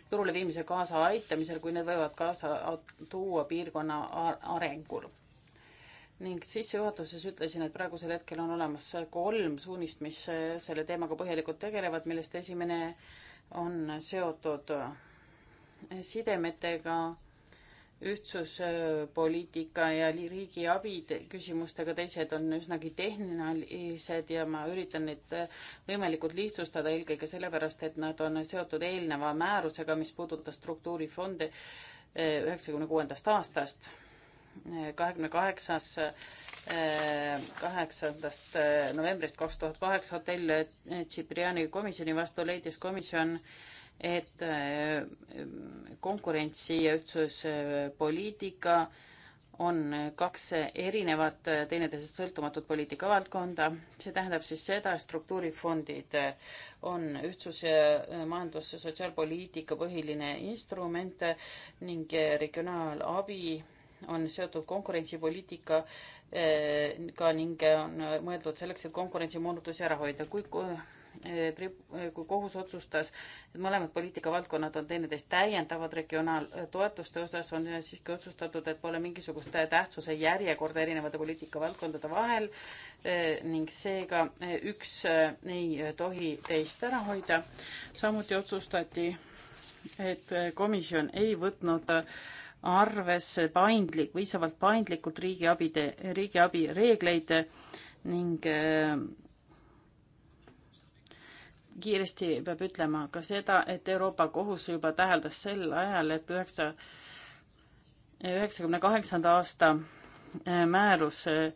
turule viimise kaasaaitamisel, kui need võivad kaasa tuua piirkonna arengul ning sissejuhatuses ütlesin, et praegusel hetkel on olemas kolm suunist, mis äh, selle teemaga põhjalikult tegelevad, millest esimene on seotud sidemetega, ühtsuspoliitika ja riigi abi küsimustega, teised on üsnagi tehnilised ja ma üritan neid äh, võimalikult lihtsustada eelkõige sellepärast, et nad on seotud eelneva määrusega, mis puudutas struktuurifonde äh, üheksakümne kuuendast aastast kahekümne kaheksas, eh, kaheksandast eh, novembrist kaks tuhat kaheksa hotell Tsipriani komisjoni vastu leidis komisjon, et eh, konkurentsi ja ühtsuspoliitika on kaks erinevat teineteisest sõltumatut poliitikavaldkonda. see tähendab siis seda, struktuurifondid on ühtsus- ja majandus- ja sotsiaalpoliitika põhiline instrument ning regionaalabi on seotud konkurentsipoliitikaga eh, ning on mõeldud selleks, et konkurentsimoonutusi ära hoida. kui eh, kui kohus otsustas, et mõlemad poliitikavaldkonnad on teineteist täiendavad regionaaltoetuste osas, on siiski otsustatud, et pole mingisugust tähtsuse järjekorda erinevate poliitikavaldkondade vahel eh, ning seega üks ei tohi teist ära hoida. samuti otsustati, et komisjon ei võtnud arvesse paindlik, piisavalt paindlikult riigiabide, riigiabi reegleid ning äh, kiiresti peab ütlema ka seda, et Euroopa Kohus juba täheldas sel ajal, et üheksa, üheksakümne kaheksanda aasta äh, määrus äh,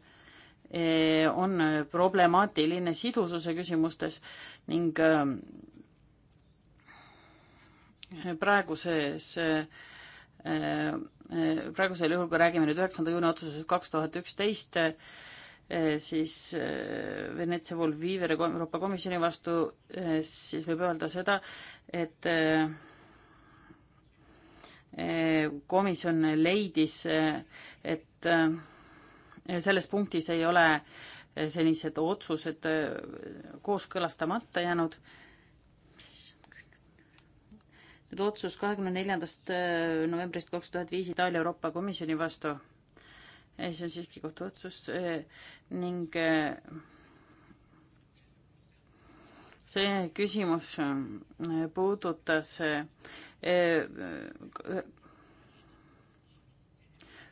on problemaatiline sidususe küsimustes ning praeguses Äh, äh, praegusel juhul, kui räägime nüüd üheksanda juuni otsusest kaks tuhat üksteist, äh, siis Venetsia Volvivere Euroopa Komisjoni vastu, siis võib öelda seda, et komisjon leidis, et selles punktis ei ole senised otsused kooskõlastamata jäänud nüüd otsus kahekümne neljandast äh, novembrist kaks tuhat viis Itaalia Euroopa Komisjoni vastu. ei, see on siiski kohtuotsus äh, ning äh, see küsimus puudutas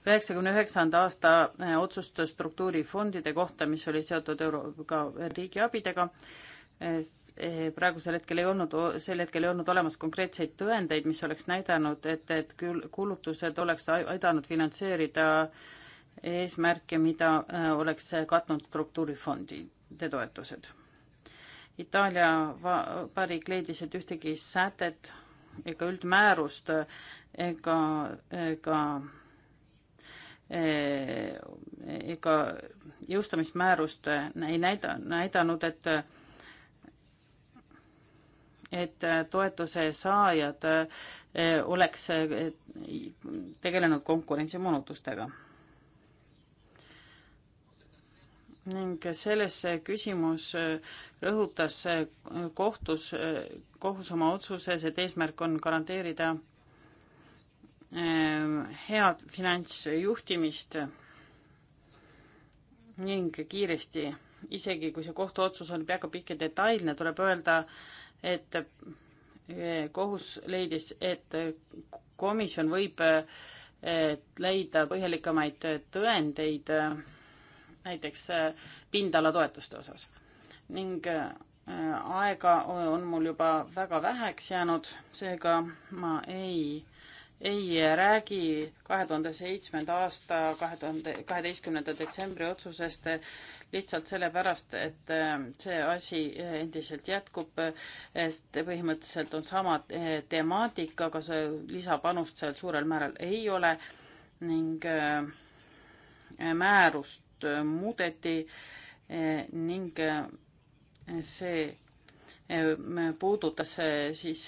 üheksakümne üheksanda aasta otsust struktuurifondide kohta, mis oli seotud euroga riigiabidega. Riigi Eh, praegusel hetkel ei olnud, sel hetkel ei olnud olemas konkreetseid tõendeid, mis oleks näidanud, et, et küll kulutused oleks aidanud finantseerida eesmärke, mida äh, oleks katnud struktuurifondide toetused. Itaalia vabariik leidis, et ühtegi sätet ega üldmäärust ega, ega äh, ega jõustamismäärust ei näida, näidanud, et et äh, toetuse saajad äh, oleks äh, tegelenud konkurentsimoonutustega. ning selles küsimus rõhutas kohtus, kohus oma otsuses, et eesmärk on garanteerida head finantsjuhtimist ning kiiresti, isegi kui see kohtuotsus on väga pikk ja detailne, tuleb öelda, et eh, kohus leidis, et komisjon võib eh, leida põhjalikemaid tõendeid eh, näiteks pindalatoetuste osas. ning aega on mul juba väga väheks jäänud, seega ma ei ei räägi kahe tuhande seitsmenda aasta kahe tuhande kaheteistkümnenda detsembri otsusest eh, lihtsalt sellepärast, et eh, see asi eh, endiselt jätkub, sest põhimõtteliselt on sama temaatika, aga see lisapanust seal suurel määral ei ole ning määrust muudeti ning see puudutas siis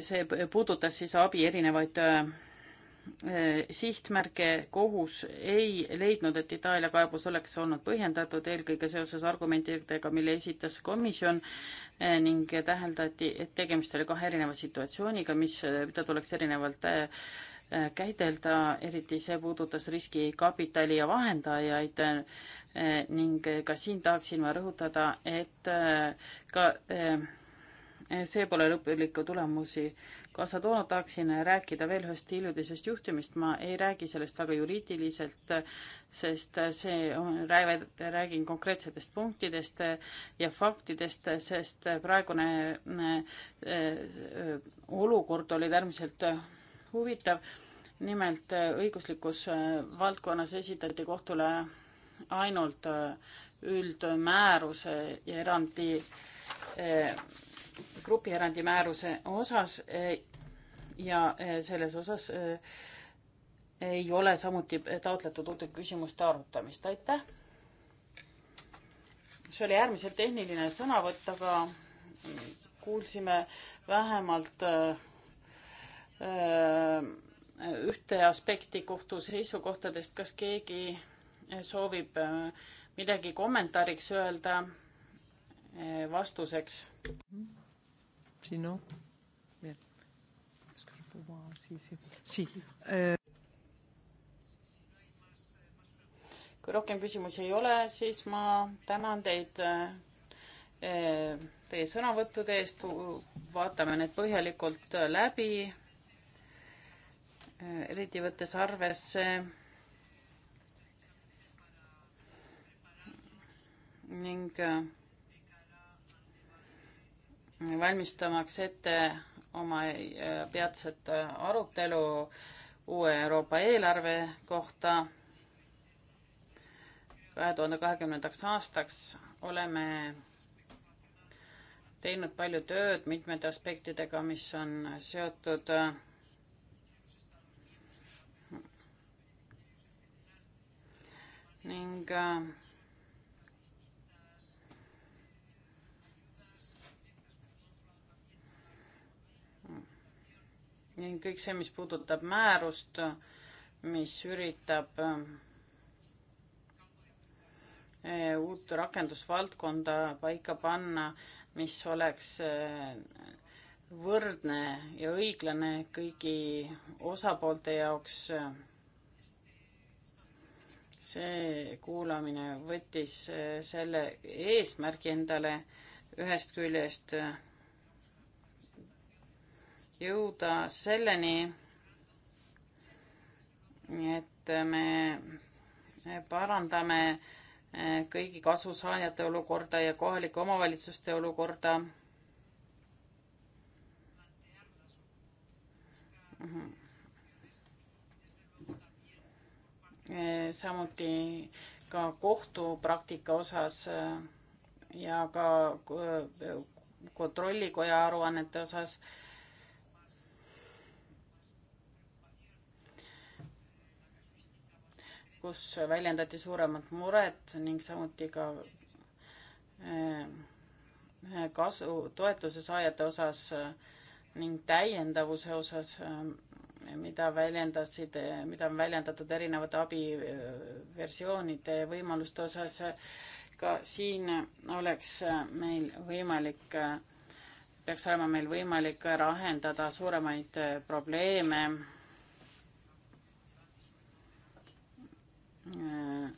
see puudutas siis abi erinevaid äh, äh, sihtmärke kohus ei leidnud, et Itaalia kaebus oleks olnud põhjendatud, eelkõige seoses argumentidega, mille esitas komisjon äh, ning täheldati, et tegemist oli kahe erineva situatsiooniga, mis, mida tuleks erinevalt käidelda, eriti see puudutas riskikapitali ja vahendajaid ning ka siin tahaksin ma rõhutada, et ka Eh, see pole lõplikke tulemusi kaasa toonud, tahaksin rääkida veel ühest hiljutisest juhtumist, ma ei räägi sellest väga juriidiliselt, sest see on, räägin konkreetsetest punktidest ja faktidest, sest praegune eh, olukord oli äärmiselt huvitav. nimelt õiguslikus eh, valdkonnas esitati kohtule ainult üldmääruse ja erandi grupierandi määruse osas eh, ja eh, selles osas eh, ei ole samuti taotletud uute küsimuste arutamist, aitäh. see oli äärmiselt tehniline sõnavõtt, aga kuulsime vähemalt ühte aspekti kohtu seisukohtadest, kas keegi soovib midagi kommentaariks öelda vastuseks? Mhm. Sinon Bien. Est-ce que je peux voir si c'est... Si. Euh... kui rohkem küsimusi ei ole, siis ma tänan teid eh, eh, teie sõnavõttude eest. vaatame need põhjalikult läbi. Eh, eriti võttes arvesse ning valmistamaks ette oma äh, peatset äh, arutelu uue Euroopa eelarve kohta. kahe tuhande kahekümnendaks aastaks oleme teinud palju tööd mitmete aspektidega, mis on seotud äh, ning ning kõik see, mis puudutab määrust, mis üritab eh, uut rakendusvaldkonda paika panna, mis oleks eh, võrdne ja õiglane kõigi osapoolte jaoks. see kuulamine võttis eh, selle eesmärgi endale ühest küljest jõuda selleni, et me parandame eh, kõigi kasusaajate olukorda ja kohalike omavalitsuste olukorda. Mhm. Eh, samuti ka kohtupraktika osas eh, ja ka kontrollikoja aruannete osas kus väljendati suuremat muret ning samuti ka eh, kasu, toetuse saajate osas eh, ning täiendavuse osas, eh, mida väljendasid, mida on väljendatud erinevate abiversioonide võimaluste osas, ka siin oleks meil võimalik, peaks olema meil võimalik lahendada suuremaid probleeme Äh,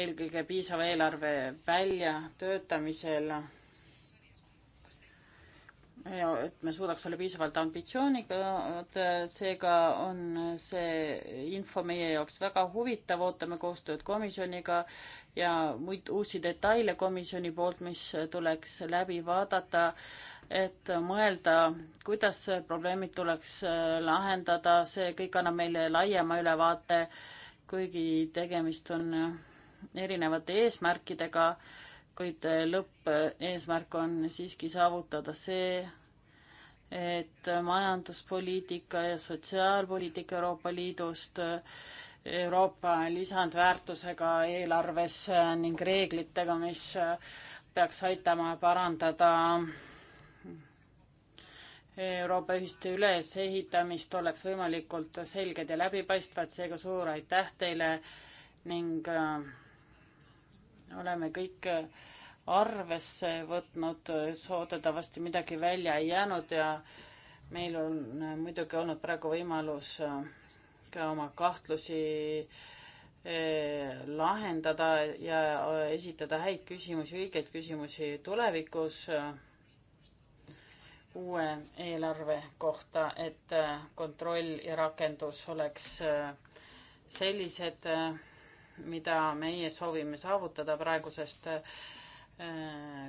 eelkõige piisava eelarve väljatöötamisel. et me suudaks olla piisavalt ambitsioonikad, seega on see info meie jaoks väga huvitav, ootame koostööd komisjoniga ja muid uusi detaile komisjoni poolt, mis tuleks läbi vaadata, et mõelda, kuidas probleemid tuleks lahendada, see kõik annab meile laiema ülevaate äh, kuigi tegemist on äh, erinevate eesmärkidega, kuid äh, lõppeesmärk on siiski saavutada see, et äh, majanduspoliitika ja sotsiaalpoliitika Euroopa Liidust Euroopa lisandväärtusega eelarves ning reeglitega, mis peaks aitama parandada Euroopa ühiste ülesehitamist oleks võimalikult selged ja läbipaistvad, seega suur aitäh teile ning äh, oleme kõik arvesse võtnud, soodetavasti midagi välja ei jäänud ja meil on äh, muidugi olnud praegu võimalus äh, ka oma kahtlusi lahendada ja esitada häid küsimusi, õigeid küsimusi tulevikus uue eelarve kohta, et äh, kontroll ja rakendus oleks äh, sellised, äh, mida meie soovime saavutada praegusest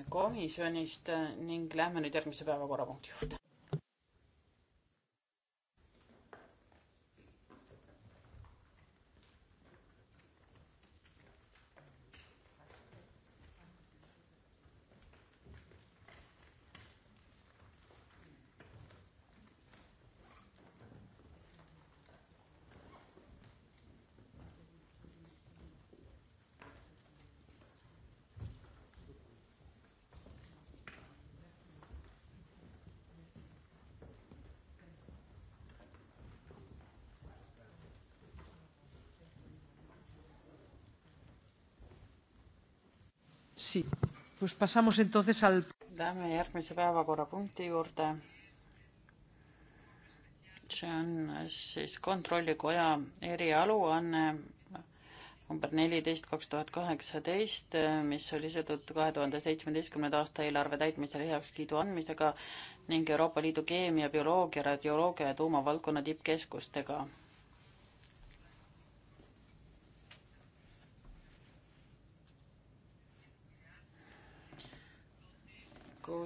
komisjonist ning lähme nüüd järgmise päevakorrapunkti juurde. Sí. Pues pasamos entonces al... Lähme järgmise päevakorrapunkti juurde. see on siis Kontrollikoja erialuanne number neliteist kaks tuhat kaheksateist, mis oli seotud kahe tuhande seitsmeteistkümnenda aasta eelarve täitmisele heakskiidu andmisega ning Euroopa Liidu keemia, bioloogia, radioloogia ja tuumavaldkonna tippkeskustega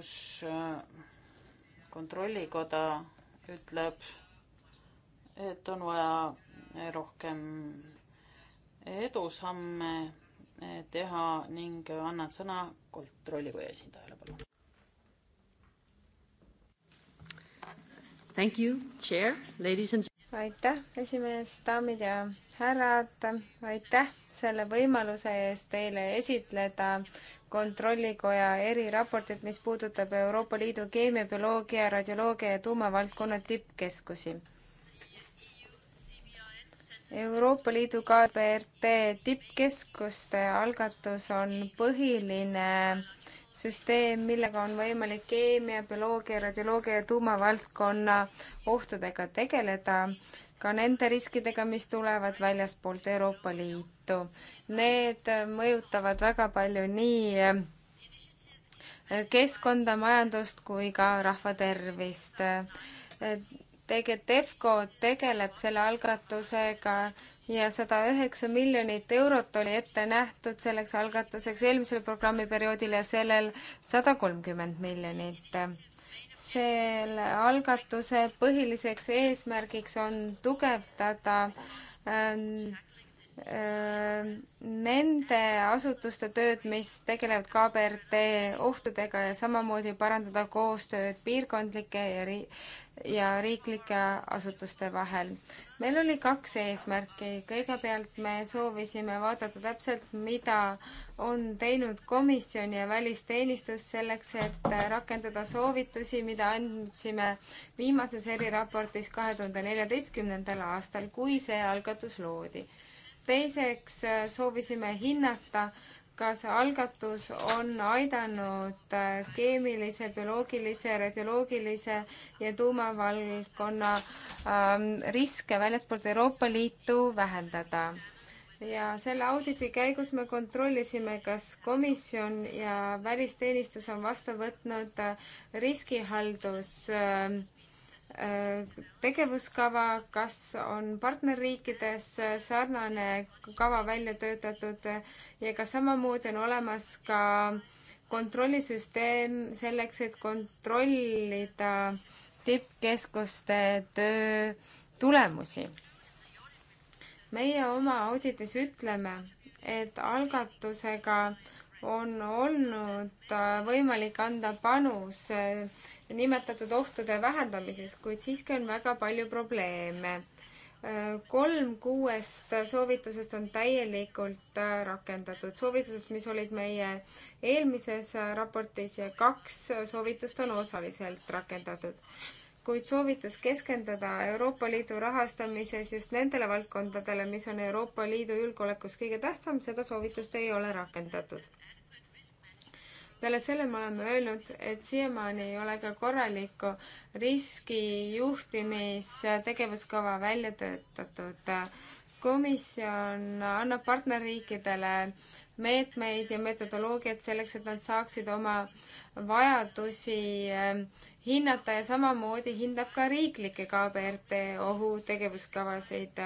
kus äh, kontrollikoda ütleb, et on vaja rohkem edusamme äh, teha ning annan sõna kontrollikoja esindajale, palun. Thank you, chair, ladies and aitäh, esimees, daamid ja härrad, aitäh selle võimaluse eest teile esitleda kontrollikoja eriraportit, mis puudutab Euroopa Liidu keemia, bioloogia, radioloogia ja tuumavaldkonna tippkeskusi. Euroopa Liidu KBRT tippkeskuste algatus on põhiline süsteem, millega on võimalik keemia, bioloogia, radioloogia ja tuumavaldkonna ohtudega tegeleda ka nende riskidega, mis tulevad väljaspoolt Euroopa Liitu. Need mõjutavad väga palju nii eh, keskkonda, majandust kui ka rahva tervist. TGTFCO tegeleb selle algatusega ja sada üheksa miljonit eurot oli ette nähtud selleks algatuseks eelmisel programmiperioodil ja sellel sada kolmkümmend miljonit selle algatuse põhiliseks eesmärgiks on tugevdada ähm, ähm, nende asutuste tööd, mis tegelevad KBRT ohtudega ja samamoodi parandada koostööd piirkondlike ja ri- ja riiklike asutuste vahel meil oli kaks eesmärki, kõigepealt me soovisime vaadata täpselt, mida on teinud komisjon ja välisteenistus selleks, et rakendada soovitusi, mida andsime viimases eriraportis kahe tuhande neljateistkümnendal aastal, kui see algatus loodi. teiseks soovisime hinnata, ka see algatus on aidanud äh, keemilise, bioloogilise, radioloogilise ja tuumavaldkonna ähm, riske väljaspoolt Euroopa Liitu vähendada. ja selle auditi käigus me kontrollisime, kas komisjon ja välisteenistus on vastu võtnud äh, riskihaldus äh, Äh, tegevuskava, kas on partnerriikides sarnane kava välja töötatud ja ka samamoodi on olemas ka kontrollisüsteem selleks, et kontrollida tippkeskuste töö tulemusi. meie oma auditis ütleme, et algatusega äh, on olnud äh, võimalik anda panus nimetatud ohtude vähendamises, kuid siiski on väga palju probleeme. Äh, kolm kuuest soovitusest on täielikult äh, rakendatud, soovitusest, mis olid meie eelmises raportis ja kaks soovitust on osaliselt rakendatud kuid soovitus keskenduda Euroopa Liidu rahastamises just nendele valdkondadele, mis on Euroopa Liidu julgeolekus kõige tähtsam, seda soovitust ei ole rakendatud peale selle me oleme öelnud, et siiamaani ei ole ka korralikku riskijuhtimistegevuskava välja töötatud. komisjon annab partnerriikidele meetmeid ja metodoloogiat selleks, et nad saaksid oma vajadusi ehm, hinnata ja samamoodi hindab ka riiklikke KBRT ohutegevuskavasid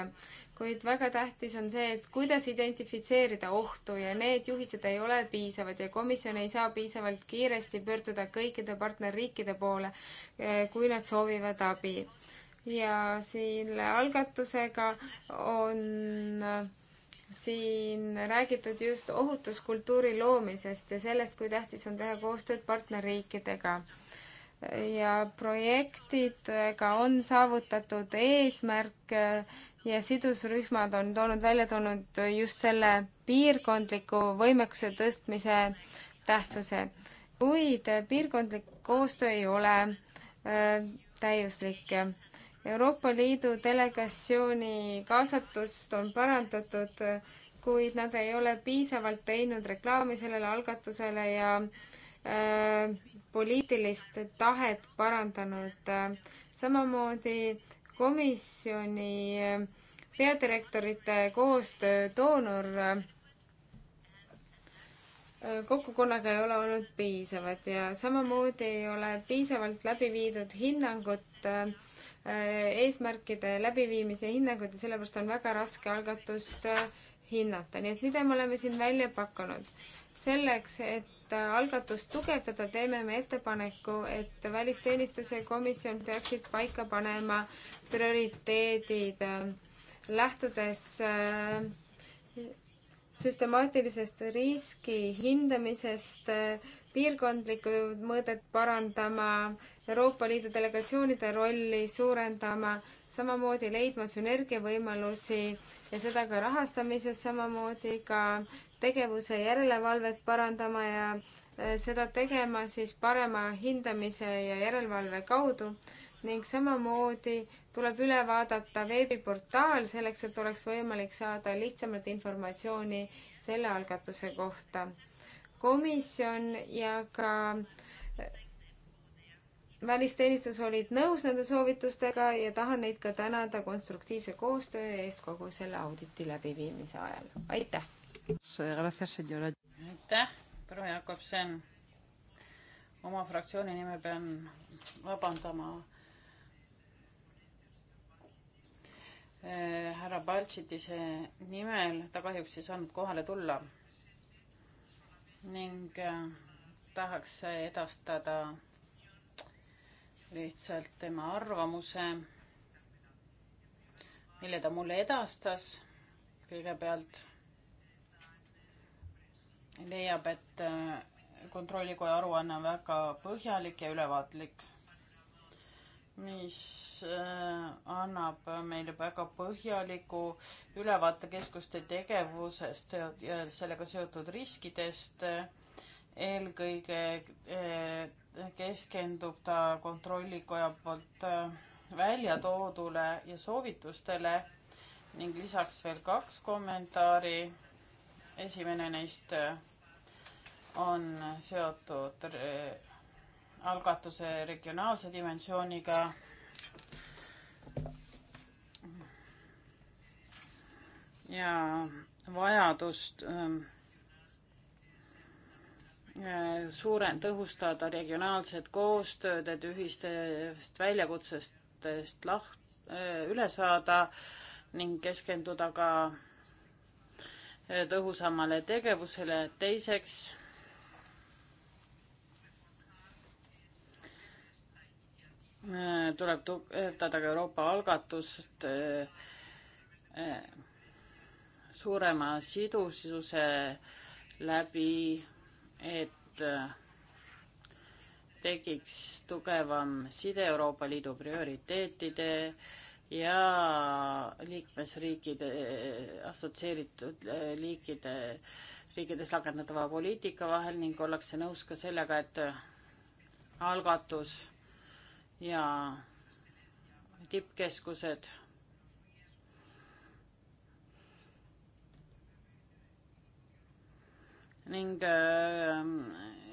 kuid väga tähtis on see, et kuidas identifitseerida ohtu ja need juhised ei ole piisavad ja komisjon ei saa piisavalt kiiresti pöörduda kõikide partnerriikide poole, eh, kui nad soovivad abi. ja selle algatusega on eh, siin räägitud just ohutuskultuuri loomisest ja sellest, kui tähtis on teha koostööd partnerriikidega. ja projektidega on saavutatud eesmärk eh, ja sidusrühmad on toonud välja toonud just selle piirkondliku võimekuse tõstmise tähtsuse, kuid piirkondlik koostöö ei ole äh, täiuslik. Euroopa Liidu delegatsiooni kaasatust on parandatud, kuid nad ei ole piisavalt teinud reklaami sellele algatusele ja äh, poliitilist tahet parandanud äh,. samamoodi komisjoni peadirektorite koostöö doonor äh, kogukonnaga ei ole olnud piisavad ja samamoodi ei ole piisavalt läbi viidud hinnangut, äh, eesmärkide läbiviimise hinnangut ja sellepärast on väga raske algatust äh, hinnata, nii et mida me oleme siin välja pakkunud? selleks, et Äh, algatust tugevdada, teeme me ettepaneku, et välisteenistuse komisjon peaksid paika panema prioriteedid, äh, lähtudes äh, süstemaatilisest riski hindamisest, piirkondlikku mõõdet parandama, Euroopa Liidu delegatsioonide rolli suurendama samamoodi leidma sünergiavõimalusi ja seda ka rahastamises, samamoodi ka tegevuse järelevalvet parandama ja äh, seda tegema siis parema hindamise ja järelevalve kaudu ning samamoodi tuleb üle vaadata veebiportaal selleks, et oleks võimalik saada lihtsamalt informatsiooni selle algatuse kohta. komisjon ja ka äh, välisteenistus olid nõus nende soovitustega ja tahan neid ka tänada konstruktiivse koostöö eest kogu selle auditi läbiviimise ajal. aitäh! aitäh, proua Jakobsen! oma fraktsiooni nimel pean vabandama eh, härra Baltšitise nimel, ta kahjuks ei saanud kohale tulla ning eh, tahaks edastada lihtsalt tema arvamuse, mille ta mulle edastas. kõigepealt leiab, et äh, kontrollikoja aruanne on väga põhjalik ja ülevaatlik, mis äh, annab meile väga põhjaliku ülevaate keskuste tegevusest ja sellega seotud riskidest äh, eelkõige eh, keskendub ta kontrollikoja poolt eh, välja toodule ja soovitustele ning lisaks veel kaks kommentaari. esimene neist eh, on seotud algatuse regionaalse dimensiooniga ja vajadust ähm, suure, tõhustada regionaalset koostööd, et ühistest väljakutsetest laht-, äh, üle saada ning keskenduda ka äh, tõhusamale tegevusele. teiseks, äh, tuleb tugevdada ka Euroopa algatust suurema sidususe läbi et äh, tekiks tugevam side Euroopa Liidu prioriteetide ja liikmesriikide, assotsieeritud äh, liikide, riikides rakendatava poliitika vahel ning ollakse nõus ka sellega, et äh, algatus ja tippkeskused ning äh,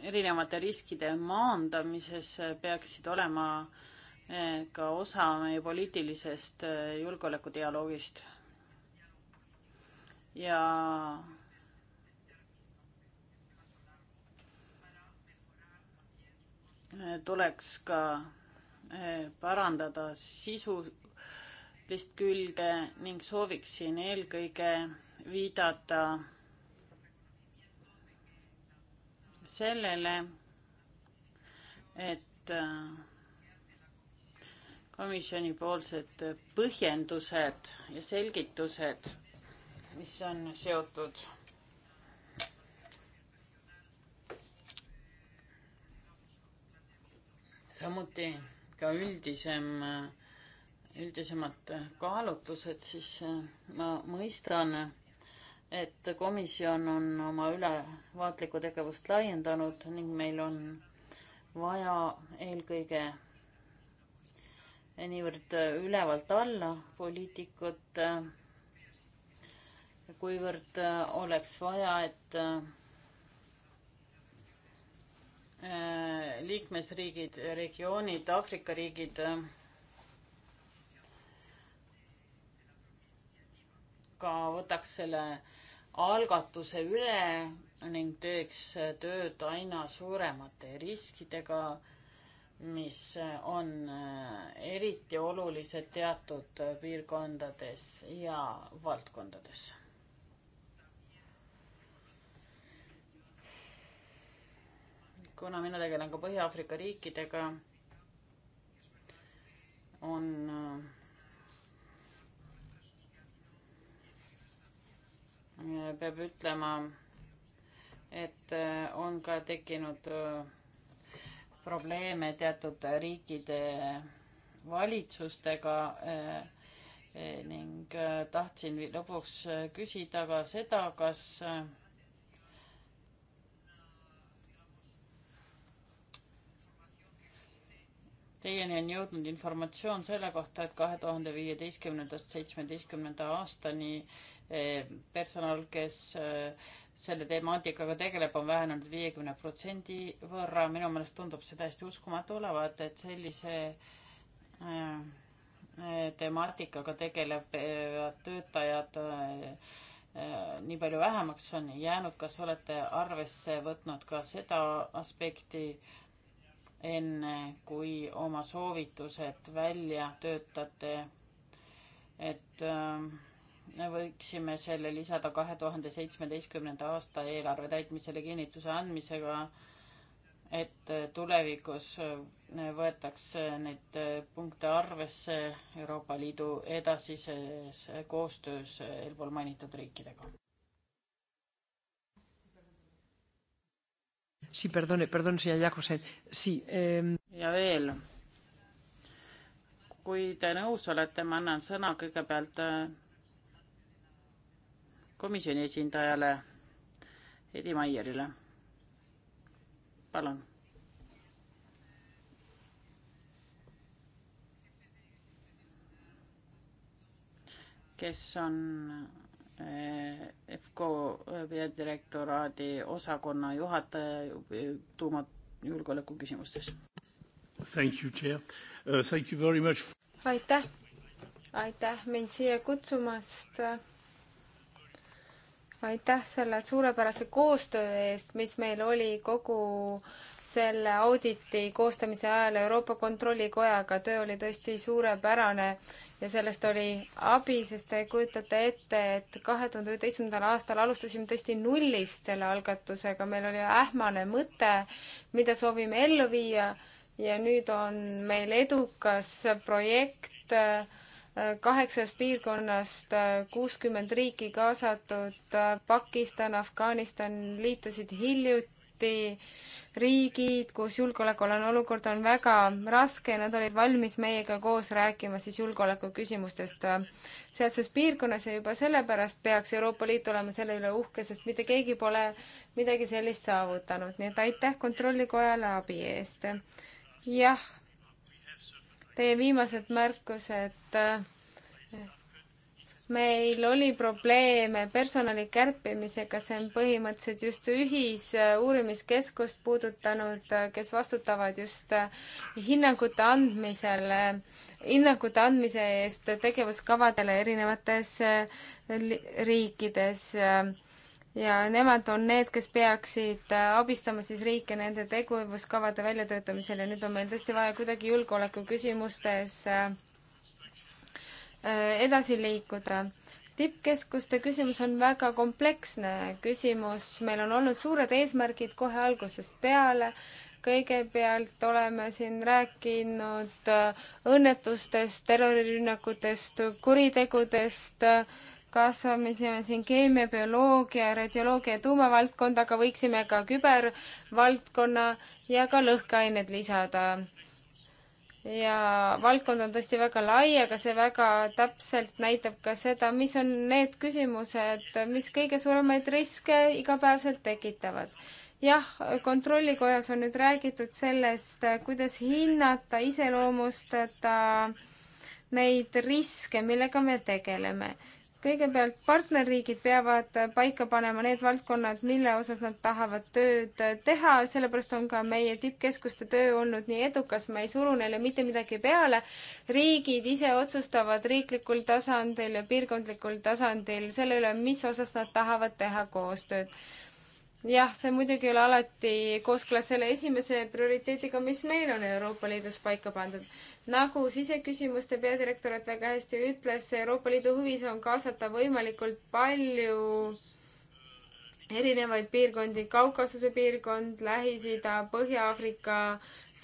erinevate riskide maandamises äh, peaksid olema äh, ka osa meie poliitilisest julgeolekudialoogist. ja tuleks ka parandada sisulist külge ning sooviksin eelkõige viidata sellele, et äh, komisjonipoolsed põhjendused ja selgitused, mis on seotud samuti ka üldisem, üldisemad kaalutlused, siis äh, ma mõistan et komisjon on oma ülevaatlikku tegevust laiendanud ning meil on vaja eelkõige niivõrd ülevalt alla poliitikut, kuivõrd oleks vaja, et äh, liikmesriigid, regioonid, Aafrika riigid ka võtaks selle äh, algatuse üle ning teeks tööd aina suuremate riskidega, mis on äh, eriti olulised teatud piirkondades ja valdkondades. kuna mina tegelen ka Põhja-Aafrika riikidega, on äh, peab ütlema, et äh, on ka tekkinud äh, probleeme teatud riikide valitsustega äh, ning tahtsin lõpuks küsida ka seda, kas Teieni on jõudnud informatsioon selle kohta, et kahe tuhande viieteistkümnendast seitsmeteistkümnenda aastani Eh, personal, kes eh, selle temaatikaga tegeleb, on vähenenud viiekümne protsendi võrra. minu meelest tundub see täiesti uskumatu olevat, et sellise eh, temaatikaga tegelevad töötajad nii palju vähemaks on jäänud. kas olete arvesse võtnud ka seda aspekti, enne kui oma soovitused välja töötate? et äh, võiksime selle lisada kahe tuhande seitsmeteistkümnenda aasta eelarve täitmisele kinnituse andmisega, et tulevikus võetakse neid punkte arvesse Euroopa Liidu edasises koostöös eelpool mainitud riikidega. Sí, perdone, perdone, siia Jakobsen. Sí, eh... ja veel kui te nõus olete, ma annan sõna kõigepealt komisjoni esindajale Edi Maierile. palun. kes on eh, EFCO eh, peadirektoraadi osakonna juhataja tuumajulgeoleku küsimustes. Thank you, chair uh,. Thank you very much. aitäh, aitäh mind siia kutsumast aitäh selle suurepärase koostöö eest, mis meil oli kogu selle auditi koostamise ajal Euroopa Kontrollikojaga, töö oli tõesti suurepärane ja sellest oli abi, sest te kujutate ette, et kahe tuhande üheteistkümnendal aastal alustasime tõesti nullist selle algatusega, meil oli ähmane mõte, mida soovime ellu viia ja nüüd on meil edukas projekt äh, kaheksast piirkonnast kuuskümmend riiki kaasatud, Pakistan, Afganistan liitusid hiljuti, riigid, kus julgeolekualane olukord on väga raske ja nad olid valmis meiega koos rääkima siis julgeolekuküsimustest sealses piirkonnas ja juba sellepärast peaks Euroopa Liit olema selle üle uhke, sest mitte keegi pole midagi sellist saavutanud, nii et aitäh Kontrollikojale abi eest. jah teie viimased märkused. meil oli probleeme personali kärpimisega, see on põhimõtteliselt just ühisuurimiskeskust äh, puudutanud, äh, kes vastutavad just äh, hinnangute andmisele, hinnangute andmise eest tegevuskavadele erinevates riikides ja nemad on need, kes peaksid äh, abistama siis riike nende tegevuskavade väljatöötamisel ja nüüd on meil tõesti vaja kuidagi julgeoleku küsimustes äh, äh, edasi liikuda. tippkeskuste küsimus on väga kompleksne küsimus, meil on olnud suured eesmärgid kohe algusest peale, kõigepealt oleme siin rääkinud õnnetustest, terrorirünnakutest, kuritegudest äh,, kasvamisime siin keemia, bioloogia, radioloogia ja tuumavaldkond, aga võiksime ka kübervaldkonna ja ka lõhkeained lisada. ja valdkond on tõesti väga lai, aga see väga täpselt näitab ka seda, mis on need küsimused, mis kõige suuremaid riske igapäevaselt tekitavad jah, kontrollikojas on nüüd räägitud sellest, kuidas hinnata, iseloomustada neid riske, millega me tegeleme kõigepealt partnerriigid peavad paika panema need valdkonnad, mille osas nad tahavad tööd teha, sellepärast on ka meie tippkeskuste töö olnud nii edukas, ma ei suru neile mitte midagi peale. riigid ise otsustavad riiklikul tasandil ja piirkondlikul tasandil selle üle, mis osas nad tahavad teha koostööd jah, see muidugi ei ole alati kooskõlas selle esimese prioriteediga, mis meil on Euroopa Liidus paika pandud. nagu siseküsimuste peadirektorat väga hästi ütles, Euroopa Liidu huvis on kaasata võimalikult palju erinevaid piirkondi, Kaukasuse piirkond, Lähis-Ida, Põhja-Aafrika,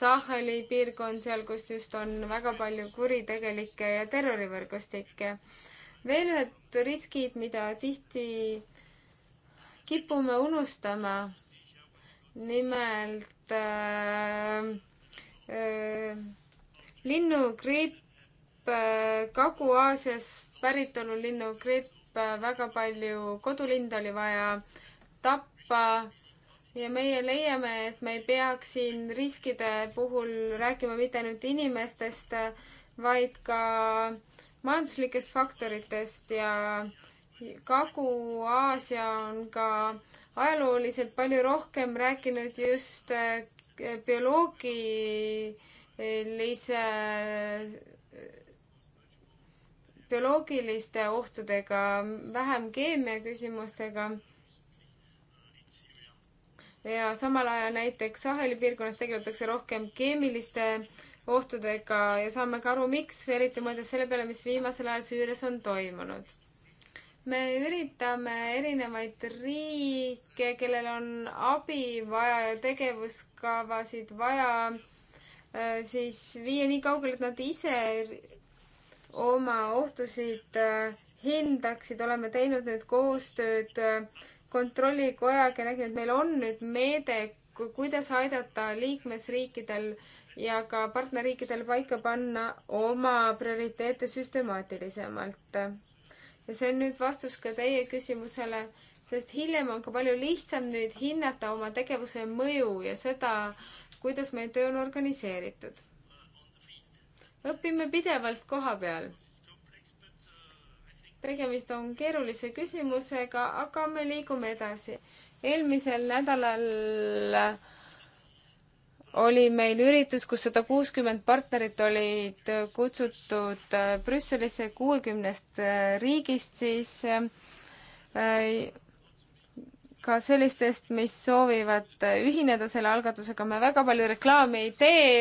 Saheli piirkond, seal, kus just on väga palju kuritegelikke ja terrorivõrgustikke. veel ühed riskid, mida tihti kipume unustama. nimelt äh, äh, linnugripp äh,, Kagu-Aasias päritolu linnugripp, äh, väga palju kodulinde oli vaja tappa ja meie leiame, et me ei peaks siin riskide puhul rääkima mitte ainult inimestest, vaid ka majanduslikest faktoritest ja äh, Kagu-Aasia on ka ajalooliselt palju rohkem rääkinud just eh, bioloogilise, bioloogiliste ohtudega, vähem keemia küsimustega. ja samal ajal näiteks Saheli piirkonnas tegeletakse rohkem keemiliste ohtudega ja saame ka aru, miks, eriti mõeldes selle peale, mis viimasel ajal Süürias on toimunud me üritame erinevaid riike, kellel on abi vaja ja tegevuskavasid vaja, äh, siis viia nii kaugele, et nad ise oma ohtusid äh, hindaksid, oleme teinud nüüd koostööd äh, kontrollikojaga ja nägime, et meil on nüüd meede, kuidas aidata liikmesriikidel ja ka partnerriikidel paika panna oma prioriteete süstemaatilisemalt ja see on nüüd vastus ka teie küsimusele, sest hiljem on ka palju lihtsam nüüd hinnata oma tegevuse mõju ja seda, kuidas meie töö on organiseeritud. õpime pidevalt koha peal. tegemist on keerulise küsimusega, aga me liigume edasi. eelmisel nädalal oli meil üritus, kus sada kuuskümmend partnerit olid kutsutud äh, Brüsselisse kuuekümnest äh, riigist siis äh, ka sellistest, mis soovivad ühineda selle algatusega, me väga palju reklaami ei tee,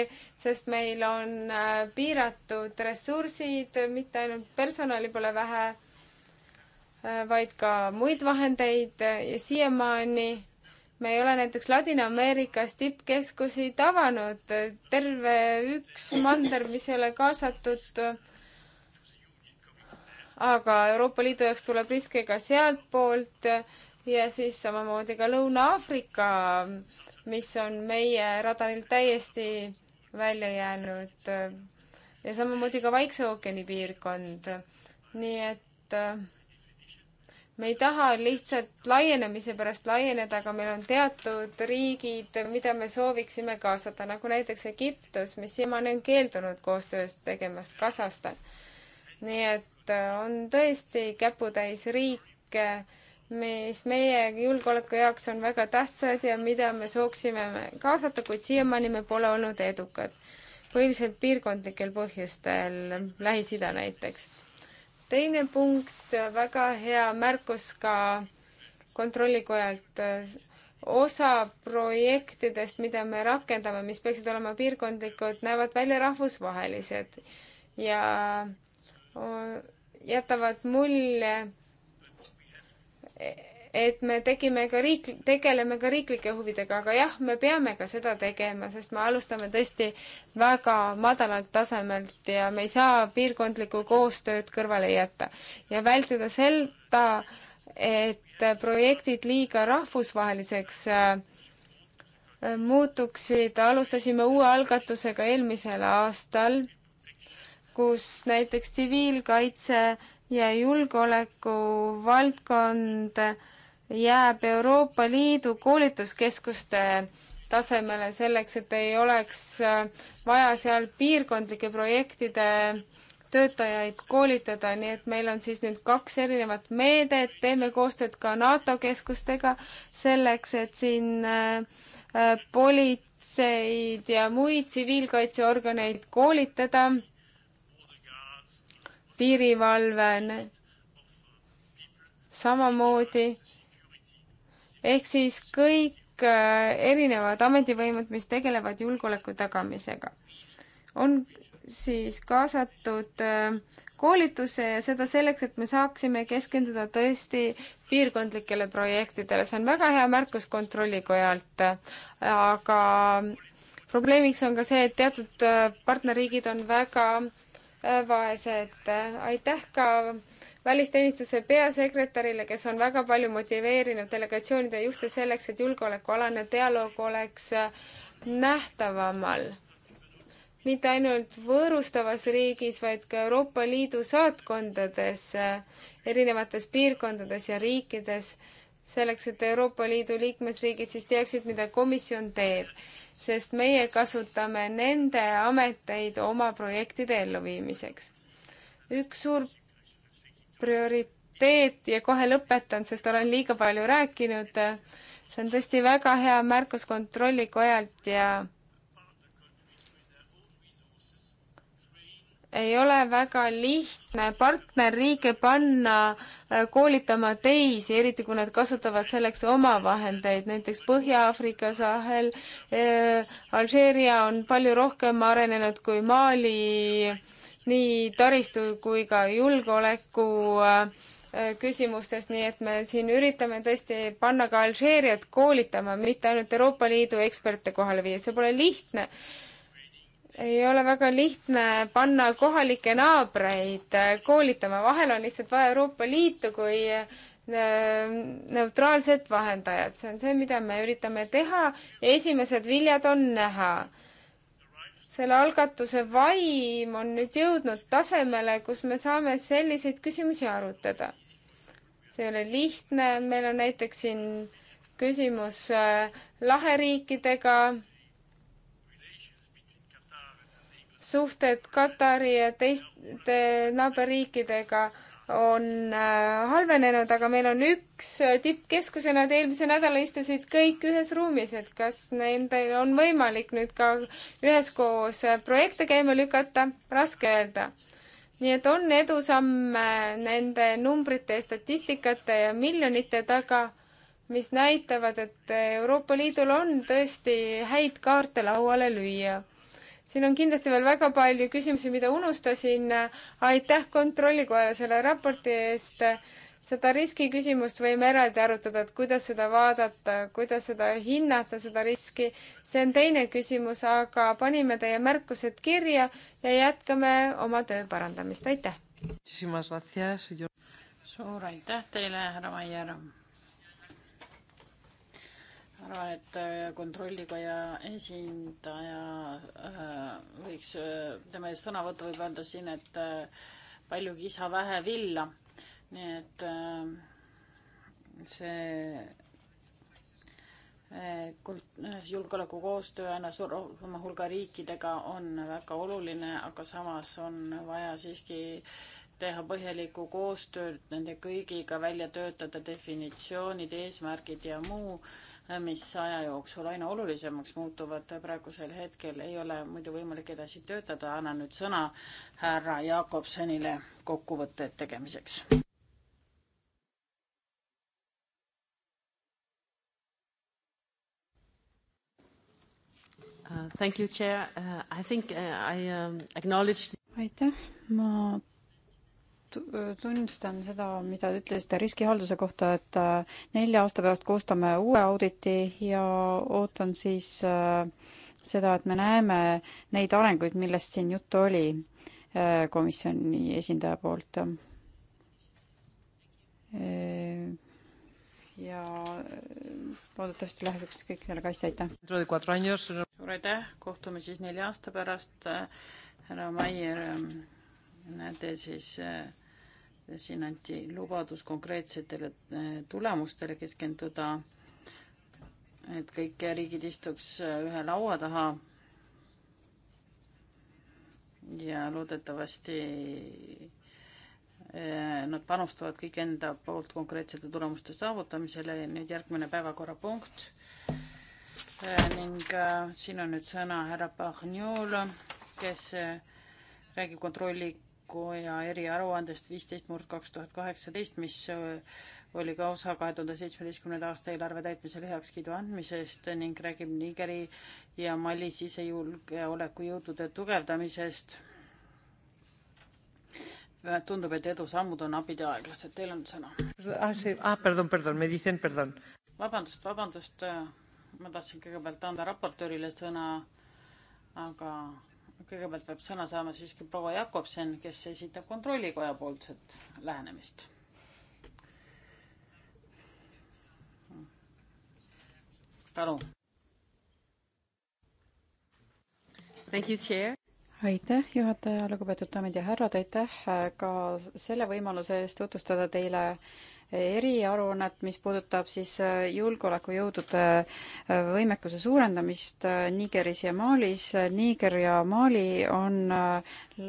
sest meil on piiratud ressursid, mitte ainult personali pole vähe, vaid ka muid vahendeid ja siiamaani me ei ole näiteks Ladina-Ameerikas tippkeskusi tavanud, terve üks mander, mis ei ole kaasatud. aga Euroopa Liidu jaoks tuleb riske ka sealtpoolt ja siis samamoodi ka Lõuna-Aafrika, mis on meie radarilt täiesti välja jäänud. ja samamoodi ka Vaikse ookeani piirkond. nii et äh, me ei taha lihtsalt laienemise pärast laieneda, aga meil on teatud riigid, mida me sooviksime kaasata, nagu näiteks Egiptus, mis siiamaani on keeldunud koostöös tegemast Kasahstan. nii et äh, on tõesti käputäis riike, mis meie julgeoleku jaoks on väga tähtsad ja mida me sooviksime kaasata, kuid siiamaani me pole olnud edukad. põhiliselt piirkondlikel põhjustel, Lähis-Ida näiteks teine punkt, väga hea märkus ka kontrollikojalt. osa projektidest, mida me rakendame, mis peaksid olema piirkondlikud, näevad välja rahvusvahelised ja jätavad mulje et me tegime ka riik, tegeleme ka riiklike huvidega, aga jah, me peame ka seda tegema, sest me alustame tõesti väga madalalt tasemelt ja me ei saa piirkondlikku koostööd kõrvale jätta ja vältida seda, et projektid liiga rahvusvaheliseks äh, muutuksid, alustasime uue algatusega eelmisel aastal, kus näiteks tsiviilkaitse ja julgeoleku valdkond jääb Euroopa Liidu koolituskeskuste tasemele selleks, et ei oleks äh, vaja seal piirkondlike projektide töötajaid koolitada, nii et meil on siis nüüd kaks erinevat meedet, teeme koostööd ka NATO keskustega selleks, et siin äh, äh, politseid ja muid tsiviilkaitseorganeid koolitada, piirivalve samamoodi ehk siis kõik äh, erinevad ametivõimud, mis tegelevad julgeoleku tagamisega. on siis kaasatud äh, koolituse ja seda selleks, et me saaksime keskenduda tõesti piirkondlikele projektidele, see on väga hea märkus Kontrollikojalt, äh, aga probleemiks on ka see, et teatud partnerriigid on väga vaesed. aitäh ka välisteenistuse peasekretärile, kes on väga palju motiveerinud delegatsioonide juhte selleks, et julgeolekualane dialoog oleks äh, nähtavamal. mitte ainult võõrustavas riigis, vaid ka Euroopa Liidu saatkondades, äh, erinevates piirkondades ja riikides, selleks, et Euroopa Liidu liikmesriigid siis teaksid, mida komisjon teeb. sest meie kasutame nende ameteid oma projektide elluviimiseks. üks suur prioriteet ja kohe lõpetan, sest olen liiga palju rääkinud. see on tõesti väga hea märkus Kontrollikojalt ja ei ole väga lihtne partnerriike panna äh, koolitama teisi, eriti kui nad kasutavad selleks omavahendeid, näiteks Põhja-Aafrika sahel äh,, Alžeeria on palju rohkem arenenud kui Mali äh, nii taristu kui ka julgeoleku äh, küsimustes, nii et me siin üritame tõesti panna ka Alžeeriat koolitama, mitte ainult Euroopa Liidu eksperte kohale viia, see pole lihtne. ei ole väga lihtne panna kohalikke naabreid äh, koolitama, vahel on lihtsalt vaja Euroopa Liitu kui äh, neutraalset vahendajat, see on see, mida me üritame teha ja esimesed viljad on näha selle algatuse vaim on nüüd jõudnud tasemele, kus me saame selliseid küsimusi arutada. see ei ole lihtne, meil on näiteks siin küsimus äh, laheriikidega, suhted Katari ja teiste naaberriikidega on äh, halvenenud, aga meil on üks äh, tippkeskus ja nad eelmise nädala istusid kõik ühes ruumis, et kas nendel on võimalik nüüd ka üheskoos äh, projekte käima lükata, raske öelda. nii et on edusamme nende numbrite ja statistikate ja miljonite taga, mis näitavad, et Euroopa Liidul on tõesti häid kaarte lauale lüüa siin on kindlasti veel väga palju küsimusi, mida unustasin. aitäh Kontrollikojale selle raporti eest. seda riskiküsimust võime eraldi arutada, et kuidas seda vaadata, kuidas seda hinnata, seda riski. see on teine küsimus, aga panime teie märkused kirja ja jätkame oma töö parandamist. aitäh! suur aitäh teile, härra Maier! arvan, et äh, kontrollikoja esindaja äh, võiks, äh, tema sõnavõttu võib öelda siin, et palju kisa, vähe villa. nii et see kult-, julgeolekukoostöö aina suurema hulga riikidega on väga oluline, aga samas on vaja siiski teha põhjalikku koostööd nende kõigiga, välja töötada definitsioonid, eesmärgid ja muu, mis aja jooksul aina olulisemaks muutuvad. praegusel hetkel ei ole muidu võimalik edasi töötada. annan nüüd sõna härra Jakobsonile kokkuvõtte tegemiseks. Uh, thank you, Chair. Uh, I think uh, I um, acknowledge aitäh, ma Äh, tunnistan seda, mida te ütlesite riskihalduse kohta, et äh, nelja aasta pärast koostame uue auditi ja ootan siis äh, seda, et me näeme neid arenguid, millest siin juttu oli komisjoni esindaja poolt. ja loodetavasti läheb üks kõik sellega hästi, aitäh! Eh, suur aitäh, kohtume siis nelja aasta pärast, härra Maier ähm, näete siis äh, siin anti lubadus konkreetsetele eh, tulemustele keskenduda, et kõik riigid istuks eh, ühe laua taha. ja loodetavasti eh, nad panustavad kõik enda poolt konkreetsete tulemuste saavutamisele. nüüd järgmine päevakorrapunkt. ning siin on nüüd sõna härra Pahnjul, kes räägib kontrolli koja eriaruandest viisteist murd kaks tuhat kaheksateist, mis äh, oli ka osa kahe tuhande seitsmeteistkümnenda aasta eelarve täitmisele heakskiidu andmisest ning räägib Nigeri ja Mali sisejulgeolekujõudude tugevdamisest. tundub, et edusammud on abid ja aeglased, teil on sõna. Ah, ah, vabandust, vabandust, ma tahtsin kõigepealt anda raportöörile sõna, aga kõigepealt peab sõna saama siiski proua Jakobsen, kes esitab kontrollikoja poolset lähenemist. palun. aitäh, juhataja, lugupeetud daamid ja härrad, aitäh ka selle võimaluse eest tutvustada teile eriaruannet, mis puudutab siis äh, julgeolekujõudude äh, võimekuse suurendamist äh, Nigeris ja Malis. Niger ja Mali on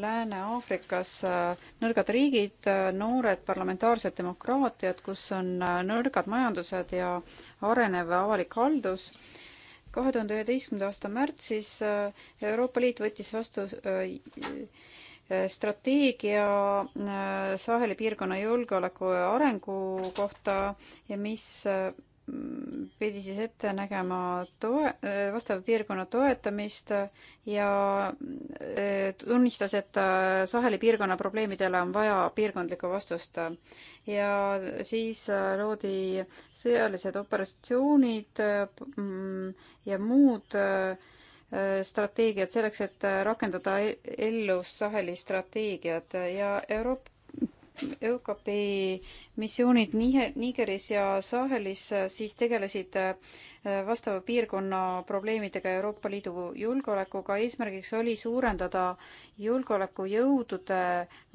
Lääne-Aafrikas nõrgad riigid, noored parlamentaarsed demokraatiad, kus on nõrgad majandused ja arenev avalik haldus kahe tuhande üheteistkümnenda aasta märtsis Euroopa Liit võttis vastu strateegia äh, Saheli piirkonna julgeoleku ja arengu kohta ja mis mm, pidi siis ette nägema toe, äh, vastava piirkonna toetamist ja äh, tunnistas, et Saheli piirkonna probleemidele on vaja piirkondlikku vastust. ja siis loodi sõjalised operatsioonid mm, ja muud äh, strateegiat selleks, et rakendada ellu Saheli strateegiat ja Euroopa ÖKP missioonid Nigeris ja Sahelis siis tegelesid vastava piirkonna probleemidega Euroopa Liidu julgeolekuga. eesmärgiks oli suurendada julgeolekujõudude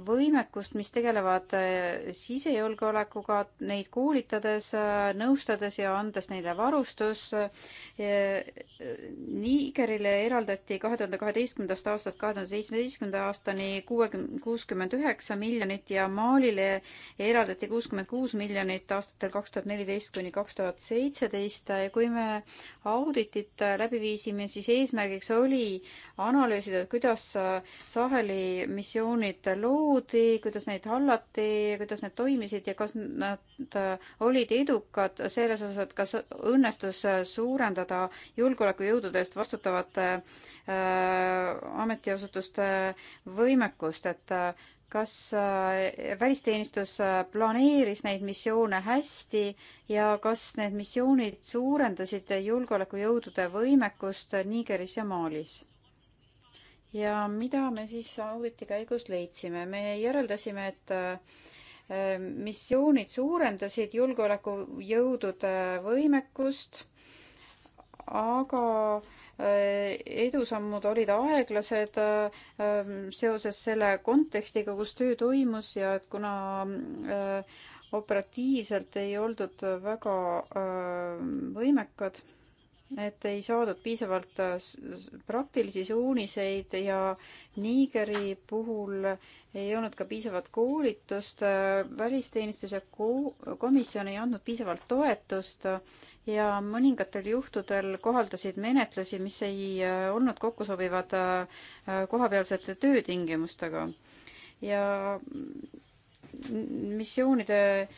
võimekust, mis tegelevad eh, sisejulgeolekuga, neid koolitades, eh, nõustades ja andes neile varustus. Eh, Nigerile eraldati kahe tuhande kaheteistkümnendast aastast kahe tuhande seitsmeteistkümnenda aastani kuuekümne, kuuskümmend üheksa miljonit ja Malile eraldati kuuskümmend kuus miljonit aastatel kaks tuhat neliteist kuni kaks tuhat seitseteist. kui me me auditit äh, läbi viisime, siis eesmärgiks oli analüüsida, kuidas äh, Saheli missioonid loodi, kuidas neid hallati, kuidas need toimisid ja kas nad äh, olid edukad selles osas, et kas õnnestus suurendada julgeolekujõudude eest vastutavate äh, ametiasutuste võimekust, et äh, kas äh, välisteenistus äh, planeeris neid missioone hästi ja kas need missioonid suurendasid julgeolekujõudude võimekust Nigeris ja Malis? ja mida me siis auditi käigus leidsime? me järeldasime, et äh, missioonid suurendasid julgeolekujõudude võimekust, aga äh, Äh, edusammud olid aeglased äh, seoses selle kontekstiga, kus töö toimus ja et kuna äh, operatiivselt ei oldud väga võimekad et ei saadud piisavalt äh, praktilisi suuniseid ja Nigeri puhul ei olnud ka piisavat koolitust, äh, välisteenistus ja komisjon ei andnud piisavalt toetust ja mõningatel juhtudel kohaldasid menetlusi, mis ei äh, olnud kokkusobivad kohapealsete töötingimustega. ja missioonide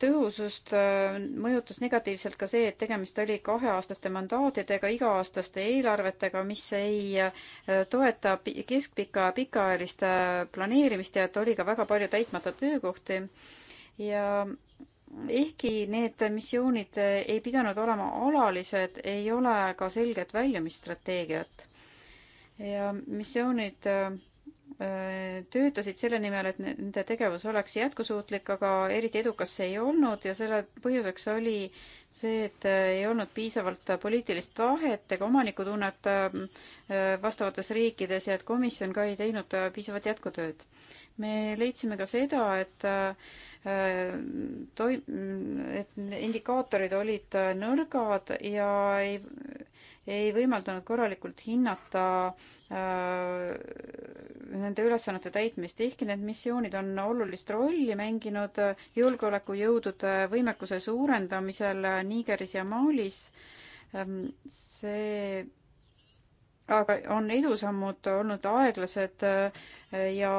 tõhusust äh, mõjutas negatiivselt ka see, et tegemist oli kaheaastaste mandaatidega, iga-aastaste eelarvetega, mis ei äh, toeta keskpika ja pikaajalist äh, planeerimist ja et oli ka väga palju täitmata töökohti. ja ehkki need missioonid ei pidanud olema alalised, ei ole ka selget väljumisstrateegiat. ja missioonid töötasid selle nimel, et nende tegevus oleks jätkusuutlik, aga eriti edukas see ei olnud ja selle põhjuseks oli see, et äh, ei olnud piisavalt äh, poliitilist tahet ega omanikutunnet ähm, äh, vastavates riikides ja et komisjon ka ei teinud piisavat jätkutööd. me leidsime ka seda, et toi-, mm, et indikaatorid olid nõrgad ja ei ei võimaldanud korralikult hinnata äh, nende ülesannete täitmist, ehkki need missioonid on olulist rolli mänginud julgeolekujõudude võimekuse suurendamisel Nigeris ja Malis ähm,. see aga on edusammud olnud aeglased äh, ja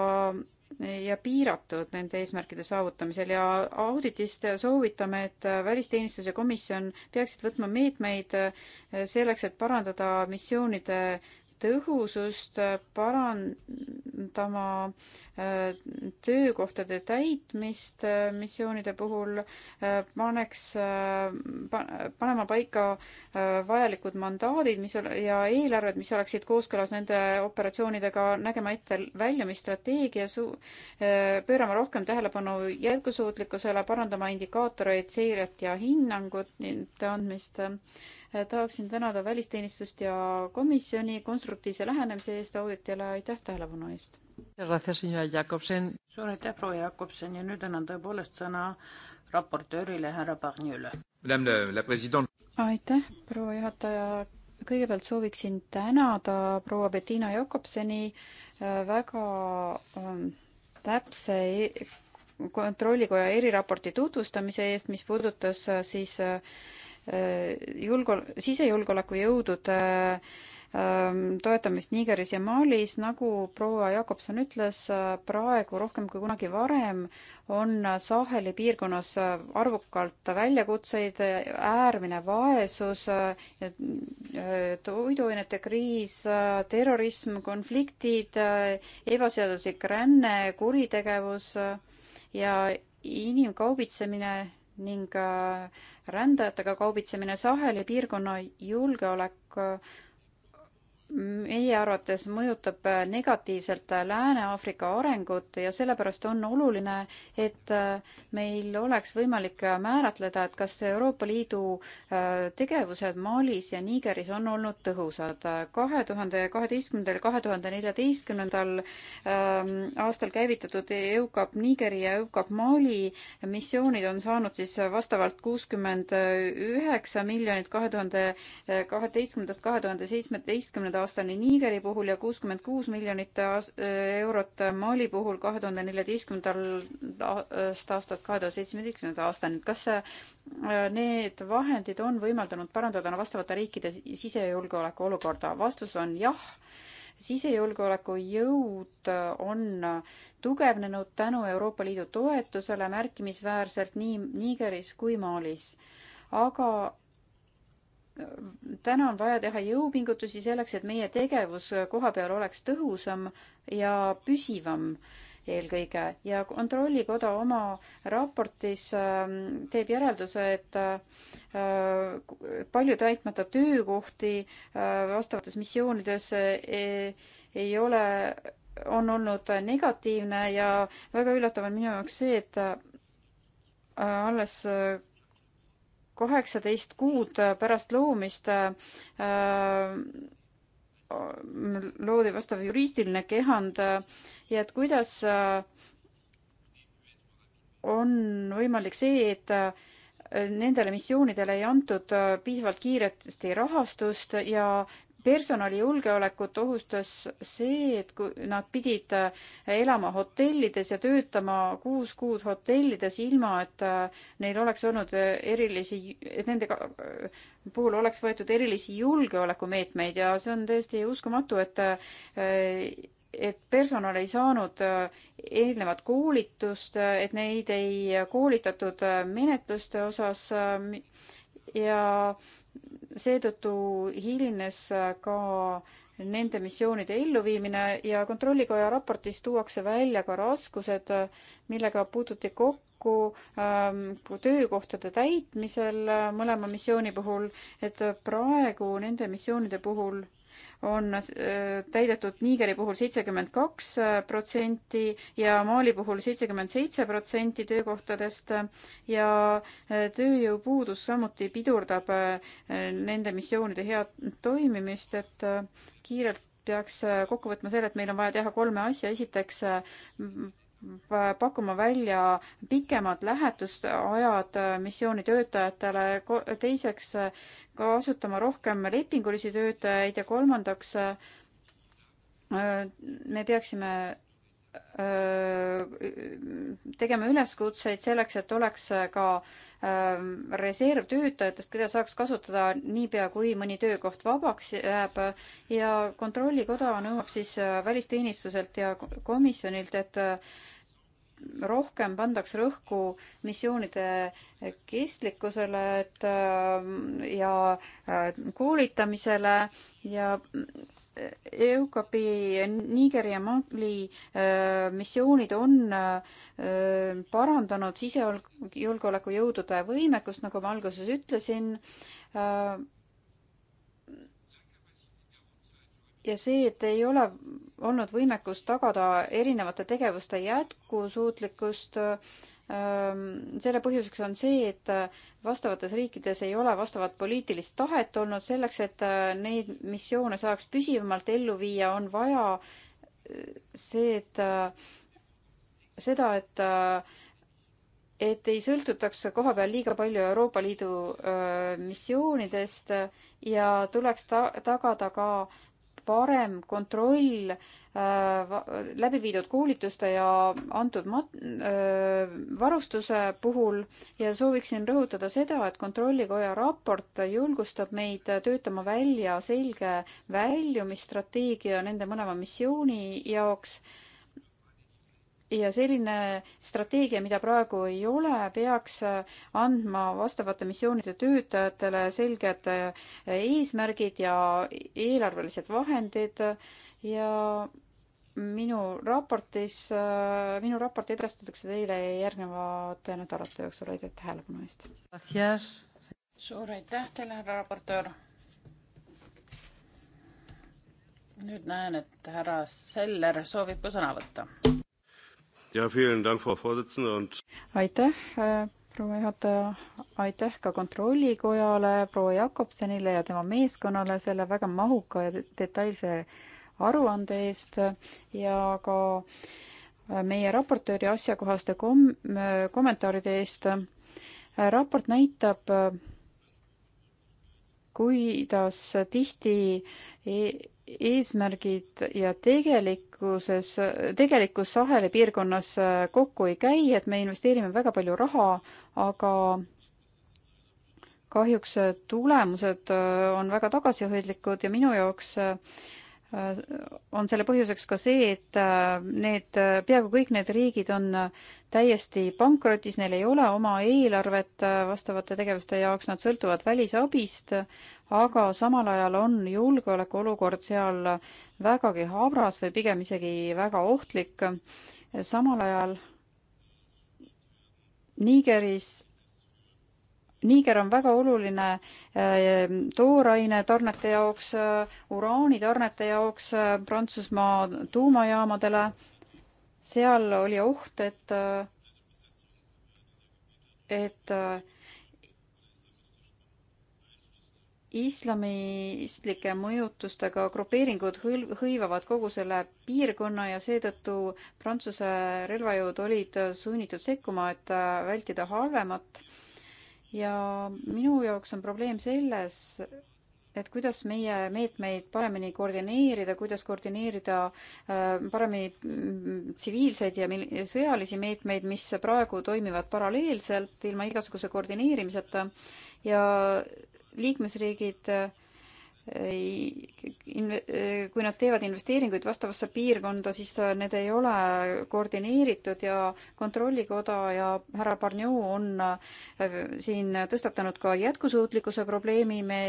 ja piiratud nende eesmärkide saavutamisel ja auditist soovitame, et välisteenistus ja komisjon peaksid võtma meetmeid selleks, et parandada missioonide tõhusust äh, parandama äh, töökohtade täitmist äh, missioonide puhul, paneks, panema paika vajalikud mandaadid, mis ole, ja eelarved, mis oleksid kooskõlas nende operatsioonidega, nägema ette väljumisstrateegia, pöörama rohkem tähelepanu jätkusuutlikkusele, parandama indikaatoreid, seiret ja hinnangut, andmist Eh, tahaksin tänada välisteenistust ja komisjoni konstruktiivse lähenemise eest auditile, aitäh tähelepanu eest! suur aitäh, proua Jakobsen ja nüüd annan tõepoolest sõna raportöörile härra Barniule. aitäh, proua juhataja, kõigepealt sooviksin tänada proua Bettina Jakobseni eh, väga ähm, täpse e-, kontrollikoja eriraporti tutvustamise eest, mis puudutas äh, siis äh, Äh, julgeol-, sisejulgeolekujõudude äh, toetamist Nigeris ja Malis, nagu proua Jakobson ütles, äh, praegu rohkem kui kunagi varem on Saheli piirkonnas äh, arvukalt väljakutseid, äärmine vaesus, toiduainete kriis, terrorism, konfliktid, ebaseaduslik ränne, kuritegevus ja inimkaubitsemine ning äh, rändajatega kaubitsemine Saheli piirkonna julgeolek meie arvates mõjutab äh, negatiivselt äh, Lääne-Aafrika arengut ja sellepärast on oluline, et äh, meil oleks võimalik määratleda, et kas Euroopa Liidu tegevused Malis ja Nigeris on olnud tõhusad. kahe tuhande kaheteistkümnendal, kahe tuhande neljateistkümnendal ähm, aastal käivitatud EUCAP Nigeri ja EUCAP Mali missioonid on saanud siis vastavalt kuuskümmend üheksa miljonit kahe tuhande kaheteistkümnendast kahe tuhande seitsmeteistkümnenda aastani Nigeri puhul ja kuuskümmend kuus miljonit eurot Mali puhul kahe tuhande neljateistkümnendast aastast kahe tuhande seitsmeteistkümnenda aastani. kas äh, need vahendid on võimaldanud parandada vastavate riikide sisejulgeoleku olukorda? vastus on jah. sisejulgeoleku jõud äh, on tugevnenud tänu Euroopa Liidu toetusele märkimisväärselt nii Nigeris kui Malis. aga täna on vaja teha jõupingutusi selleks, et meie tegevus kohapeal oleks tõhusam ja püsivam eelkõige ja Kontrollikoda oma raportis ähm, teeb järelduse, et äh, palju täitmata töökohti äh, vastavates missioonides äh, e, ei ole, on olnud negatiivne ja väga üllatav on minu jaoks see, et alles kaheksateist kuud pärast loomist äh, loodi vastav juriidiline kehand ja et kuidas äh, on võimalik see, et äh, nendele missioonidele ei antud piisavalt kiiresti rahastust ja personalijulgeolekut ohustas see, et kui nad pidid äh, elama hotellides ja töötama kuus kuud hotellides, ilma et äh, neil oleks olnud äh, erilisi, et nende puhul oleks võetud erilisi julgeolekumeetmeid ja see on tõesti uskumatu, et et personal ei saanud eelnevat koolitust, et neid ei koolitatud menetluste osas ja seetõttu hilines ka nende missioonide elluviimine ja Kontrollikoja raportis tuuakse välja ka raskused, millega puututi kokku ähm, töökohtade täitmisel mõlema missiooni puhul, et praegu nende missioonide puhul on äh, täidetud Nigeri puhul seitsekümmend kaks äh, protsenti ja Mali puhul seitsekümmend seitse protsenti töökohtadest äh, ja tööjõupuudus samuti pidurdab nende missioonide head toimimist, et kiirelt peaks kokku võtma selle, et meil on vaja teha kolme asja, esiteks pakkuma välja pikemad lähetusajad äh, missiooni töötajatele, teiseks äh, kasutama rohkem lepingulisi töötajaid ja kolmandaks äh, me peaksime tegema üleskutseid selleks, et oleks ka reservtöötajatest, keda saaks kasutada niipea, kui mõni töökoht vabaks jääb ja Kontrollikoda nõuab siis välisteenistuselt ja komisjonilt, et rohkem pandaks rõhku missioonide kestlikkusele, et äh, ja äh, koolitamisele ja äh, EUCAP-i Nigeri ja Mali missioonid on parandanud sisejulgeolekujõudude võimekust, nagu ma alguses ütlesin ja see, et ei ole olnud võimekust tagada erinevate tegevuste jätkusuutlikkust, ähm, selle põhjuseks on see, et äh, vastavates riikides ei ole vastavat poliitilist tahet olnud selleks, et äh, neid missioone saaks püsivamalt ellu viia, on vaja äh, see, et seda, et et ei sõltutaks koha peal liiga palju Euroopa Liidu öö, missioonidest ja tuleks ta tagada ka parem kontroll äh, läbi viidud koolituste ja antud mat-, äh, varustuse puhul ja sooviksin rõhutada seda, et Kontrollikoja raport julgustab meid töötama välja selge väljumisstrateegia nende mõlema missiooni jaoks äh, ja selline strateegia, mida praegu ei ole, peaks andma vastavate missioonide töötajatele selged eesmärgid ja eelarvelised vahendid ja minu raportis, minu raport edastatakse teile järgnevate nädalate jooksul, aitäh tähelepanu eest! suur aitäh teile, härra raportöör! nüüd näen, et härra Seller soovib ka sõna võtta aitäh, äh, proua juhataja, aitäh ka Kontrollikojale, proua Jakobsenile ja tema meeskonnale selle väga mahuka ja detailse aruande eest ja ka äh, meie raportööri asjakohaste kom-, äh, kommentaaride eest. raport näitab, kuidas tihti e-, eesmärgid ja tegelikkuses, tegelikkus Saheli piirkonnas äh, kokku ei käi, et me investeerime väga palju raha, aga kahjuks äh, tulemused äh, on väga tagasihoidlikud ja minu jaoks äh, Äh, on selle põhjuseks ka see, et äh, need, äh, peaaegu kõik need riigid on täiesti pankrotis, neil ei ole oma eelarvet vastavate tegevuste jaoks, nad sõltuvad välisabist, aga samal ajal on julgeolekuolukord seal vägagi habras või pigem isegi väga ohtlik. samal ajal Nigeris Niiger on väga oluline äh, tooraine tarnete jaoks, äh, uraani tarnete jaoks äh, Prantsusmaa tuumajaamadele. seal oli oht, et, et islamistlike mõjutustega grupeeringud hõl-, hõivavad kogu selle piirkonna ja seetõttu Prantsuse relvajõud olid sunnitud sekkuma, et vältida halvemat ja minu jaoks on probleem selles, et kuidas meie meetmeid paremini koordineerida, kuidas koordineerida äh, paremini mm, tsiviilseid ja sõjalisi meetmeid, mis praegu toimivad paralleelselt ilma igasuguse koordineerimiseta ja liikmesriigid äh, kui nad teevad investeeringuid vastavasse piirkonda, siis äh, need ei ole koordineeritud ja Kontrollikoda ja härra Barnjou on äh, siin tõstatanud ka jätkusuutlikkuse probleemi, me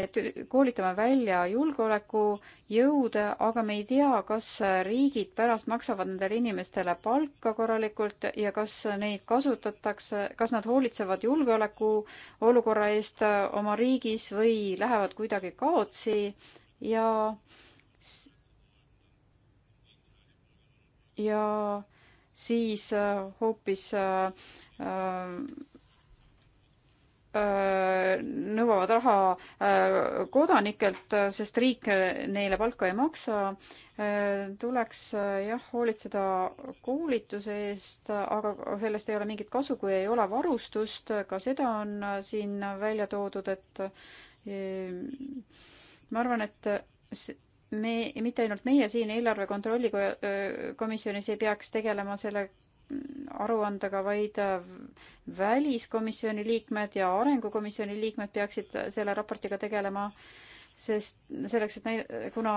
koolitame välja julgeolekujõude, aga me ei tea, kas riigid pärast maksavad nendele inimestele palka korralikult ja kas neid kasutatakse, kas nad hoolitsevad julgeolekuolukorra eest äh, oma riigis või lähevad kuidagi kaotsi edasi ja ja siis äh, hoopis äh, äh, äh, nõuavad raha kodanikelt, sest riik neile palka ei maksa. tuleks jah, hoolitseda koolituse eest, aga sellest ei ole mingit kasu, kui ei ole varustust, ka seda on siin välja toodud, et ma arvan, et me, mitte ainult meie siin eelarve kontrolli komisjonis ei peaks tegelema selle aruandega, vaid äh, väliskomisjoni liikmed ja arengukomisjoni liikmed peaksid selle raportiga tegelema, sest selleks, et näi-, kuna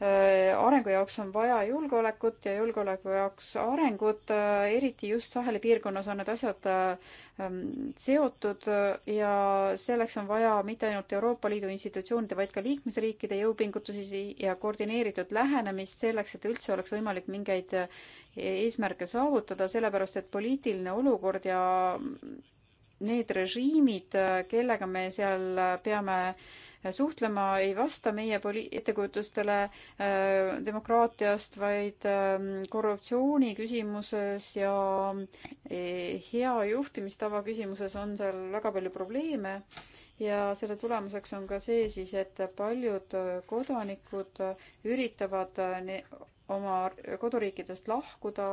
Äh, arengu jaoks on vaja julgeolekut ja julgeoleku jaoks arengut, äh, eriti just Saheli piirkonnas on need asjad äh, ähm, seotud ja selleks on vaja mitte ainult Euroopa Liidu institutsioonide, vaid ka liikmesriikide jõupingutusi ja koordineeritud lähenemist selleks, et üldse oleks võimalik mingeid eesmärke saavutada, sellepärast et poliitiline olukord ja mm, need režiimid, kellega me seal peame äh, suhtlema, ei vasta meie poli-, ettekujutustele äh, demokraatiast, vaid ähm, korruptsiooni küsimuses ja äh, hea juhtimistava küsimuses on seal väga palju probleeme ja selle tulemuseks on ka see siis, et paljud kodanikud üritavad oma koduriikidest lahkuda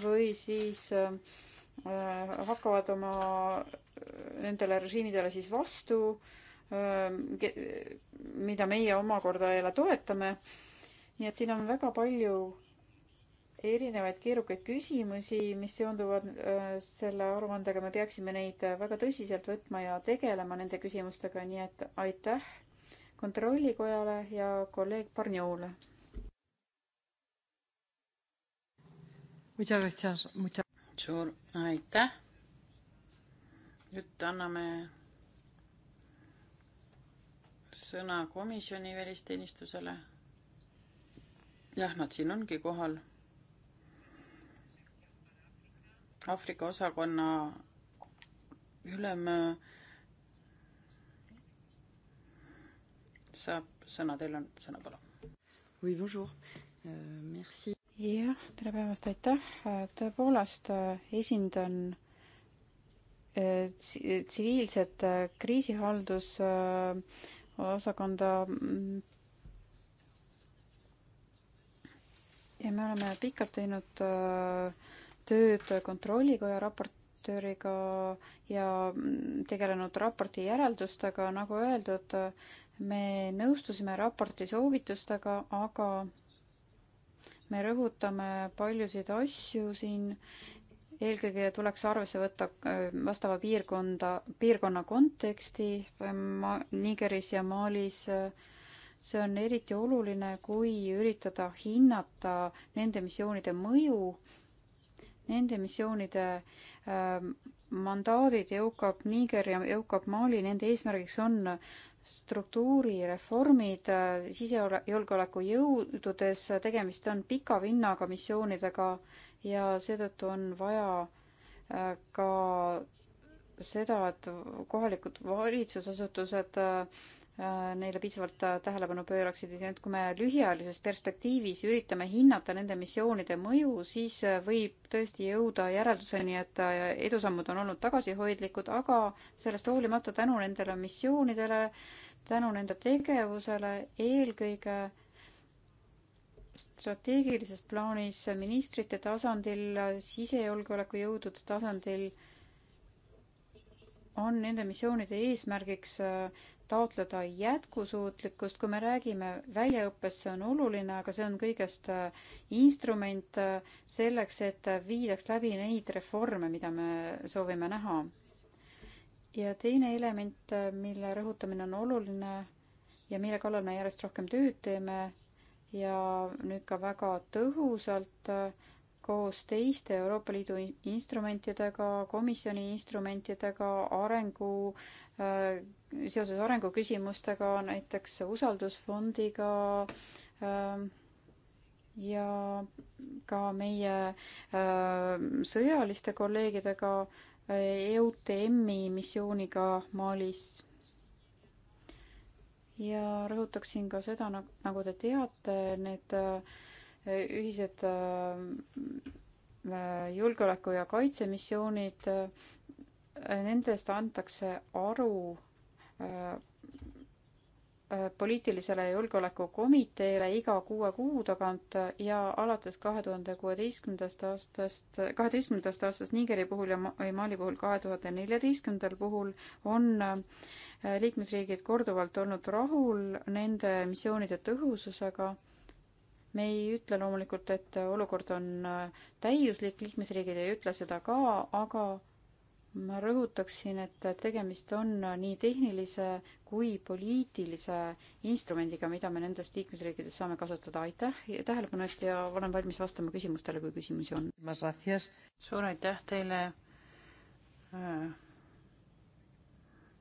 või siis äh, hakkavad oma nendele režiimidele siis vastu mida meie omakorda jälle toetame. nii et siin on väga palju erinevaid keerukaid küsimusi, mis seonduvad selle aruandega, me peaksime neid väga tõsiselt võtma ja tegelema nende küsimustega, nii et aitäh kontrollikojale ja kolleeg Barnjoule. suur aitäh. nüüd anname sõna komisjoni välisteenistusele. jah, nad siin ongi kohal. Aafrika osakonna ülem saab sõna, teil on sõna, palun. Oui, bonjour uh,. Merci. jah, tere päevast, aitäh. tõepoolest äh, esindan äh, äh, tsiviilset kriisihaldus äh, osakonda. ja me oleme pikalt teinud äh, tööd kontrollikoja raportööriga ja mm, tegelenud raporti järeldustega, nagu öeldud, me nõustusime raporti soovitustega, aga me rõhutame paljusid asju siin eelkõige tuleks arvesse võtta äh, vastava piirkonda, piirkonna konteksti ähm, ma-, Nigeris ja Malis. Äh, see on eriti oluline, kui üritada hinnata nende missioonide mõju, nende missioonide äh, mandaadid EUCAP Niger ja EUCAP Mali, nende eesmärgiks on struktuurireformid äh, sisejulgeoleku jõududes, tegemist on pika vinnaga missioonidega ja seetõttu on vaja äh, ka seda, et kohalikud valitsusasutused äh, äh, neile piisavalt tähelepanu pööraksid, et kui me lühiajalises perspektiivis üritame hinnata nende missioonide mõju, siis võib tõesti jõuda järelduseni, et edusammud on olnud tagasihoidlikud, aga sellest hoolimata tänu nendele missioonidele, tänu nende tegevusele eelkõige äh, strateegilises plaanis ministrite tasandil, sisejulgeolekujõudude tasandil on nende missioonide eesmärgiks äh, taotleda jätkusuutlikkust, kui me räägime väljaõppest, see on oluline, aga see on kõigest äh, instrument äh, selleks, et viidaks läbi neid reforme, mida me soovime näha. ja teine element, mille rõhutamine on oluline ja mille kallal me järjest rohkem tööd teeme ja nüüd ka väga tõhusalt äh, koos teiste Euroopa Liidu instrumentidega, komisjoni instrumentidega, arengu, äh, seoses arenguküsimustega, näiteks usaldusfondiga ähm, ja ka meie ähm, sõjaliste kolleegidega äh, EUTM-i missiooniga Malis ja rõhutaksin ka seda, nagu te teate, need äh, ühised äh, julgeoleku- ja kaitsemissioonid, äh, nendest antakse aru Äh, poliitilisele julgeolekukomiteele iga kuue kuu tagant ja alates kahe tuhande kuueteistkümnendast aastast, kaheteistkümnendast aastast Nigeri puhul ja Mali puhul kahe tuhande neljateistkümnendal puhul on äh, liikmesriigid korduvalt olnud rahul nende missioonide tõhususega. me ei ütle loomulikult, et olukord on äh, täiuslik, liikmesriigid ei ütle seda ka, aga ma rõhutaksin, et tegemist on nii tehnilise kui poliitilise instrumendiga, mida me nendes liikmesriikides saame kasutada. aitäh tähelepanu eest ja olen valmis vastama küsimustele, kui küsimusi on. suur aitäh teile. Äh,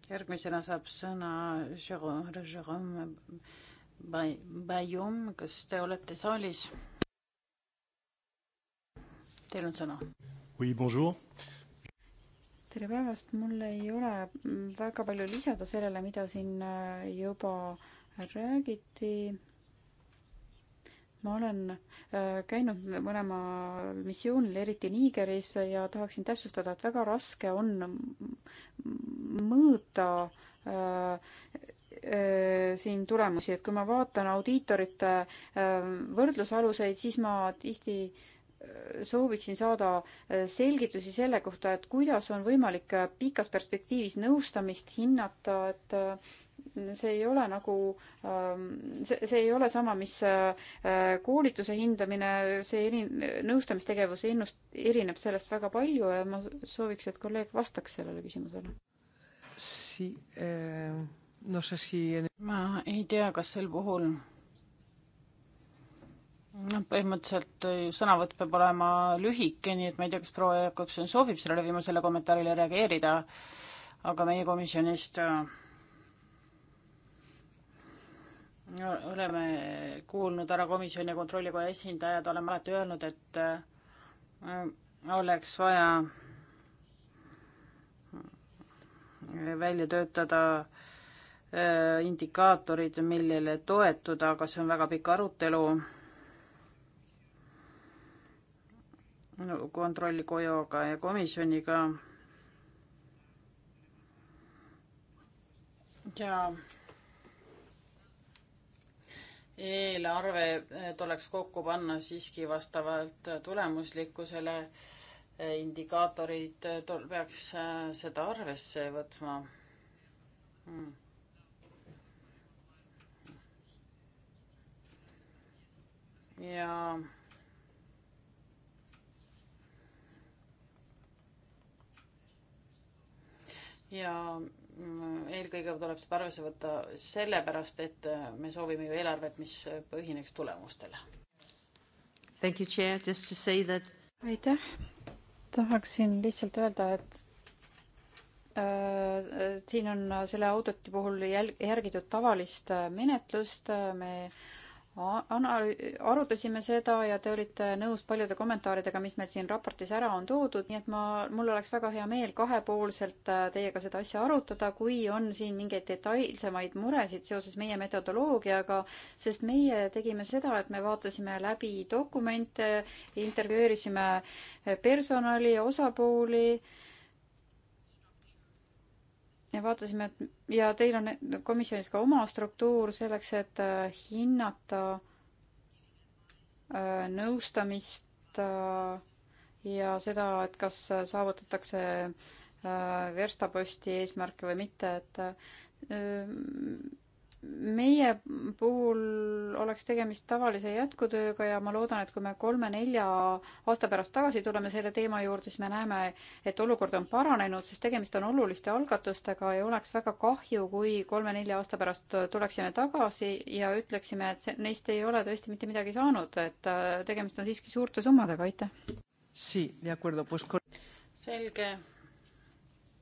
järgmisena saab sõna Jerome, Jerome Bayum, kas te olete saalis? Teil on sõna. Oui, bonjour. Euh, tere päevast, mul ei ole väga palju lisada sellele, mida siin äh, juba räägiti ma olen äh, käinud mõlema missioonil, eriti Nigeris ja tahaksin täpsustada, et väga raske on mõõta äh, siin tulemusi, et kui ma vaatan audiitorite võrdlusaluseid, siis ma tihti äh, sooviksin saada äh, selgitusi selle kohta, et kuidas on võimalik äh, pikas perspektiivis nõustamist hinnata, et äh, see ei ole nagu, ähm, see, see ei ole sama, mis koolituse hindamine, see eri, nõustamistegevus ennust-, erineb sellest väga palju ja ma sooviks, et kolleeg vastaks sellele küsimusele. Si- äh,, no see siin ma ei tea, kas sel puhul noh, põhimõtteliselt äh, sõnavõtt peab olema lühike, nii et ma ei tea, kas proua Jakobson soovib sellele viimasele kommentaarile reageerida, aga meie komisjonist äh, oleme kuulnud ära komisjoni ja kontrollikoja esindajad, oleme alati öelnud, et äh, oleks vaja välja töötada indikaatorid, millele toetuda, aga see on väga pikk arutelu kontrollikojaga ja komisjoniga. ja eelarve eh, tuleks kokku panna siiski vastavalt tulemuslikkusele. Eh, indikaatorid eh, peaks seda arvesse võtma hmm.. ja ja mm, eelkõige tuleb seda arvesse võtta sellepärast, et äh, me soovime ju eelarvet, mis põhineks tulemustele. Thank you, chair, just to say that. aitäh, tahaksin lihtsalt öelda, et äh, äh siin on selle auditi puhul jälg-, järgitud tavalist äh, menetlust, me äh, analüü-, arutasime seda ja te olite nõus paljude kommentaaridega, mis meil siin raportis ära on toodud, nii et ma, mul oleks väga hea meel kahepoolselt äh, teiega seda asja arutada, kui on siin mingeid detailsemaid muresid seoses meie metodoloogiaga, sest meie tegime seda, et me vaatasime läbi dokumente, intervjueerisime äh, personali ja osapooli ja vaatasime, et ja teil on komisjonis ka oma struktuur selleks, et äh, hinnata äh, nõustamist äh, ja seda, et kas saavutatakse verstaposti eesmärke või mitte, et meie puhul oleks tegemist tavalise jätkutööga ja ma loodan, et kui me kolme-nelja aasta pärast tagasi tuleme selle teema juurde, siis me näeme, et olukord on paranenud, sest tegemist on oluliste algatustega ja oleks väga kahju, kui kolme-nelja aasta pärast tuleksime tagasi ja ütleksime, et neist ei ole tõesti mitte midagi saanud, et äh, tegemist on siiski suurte summadega, aitäh. Sí, de acuerdo, pues con... Selge.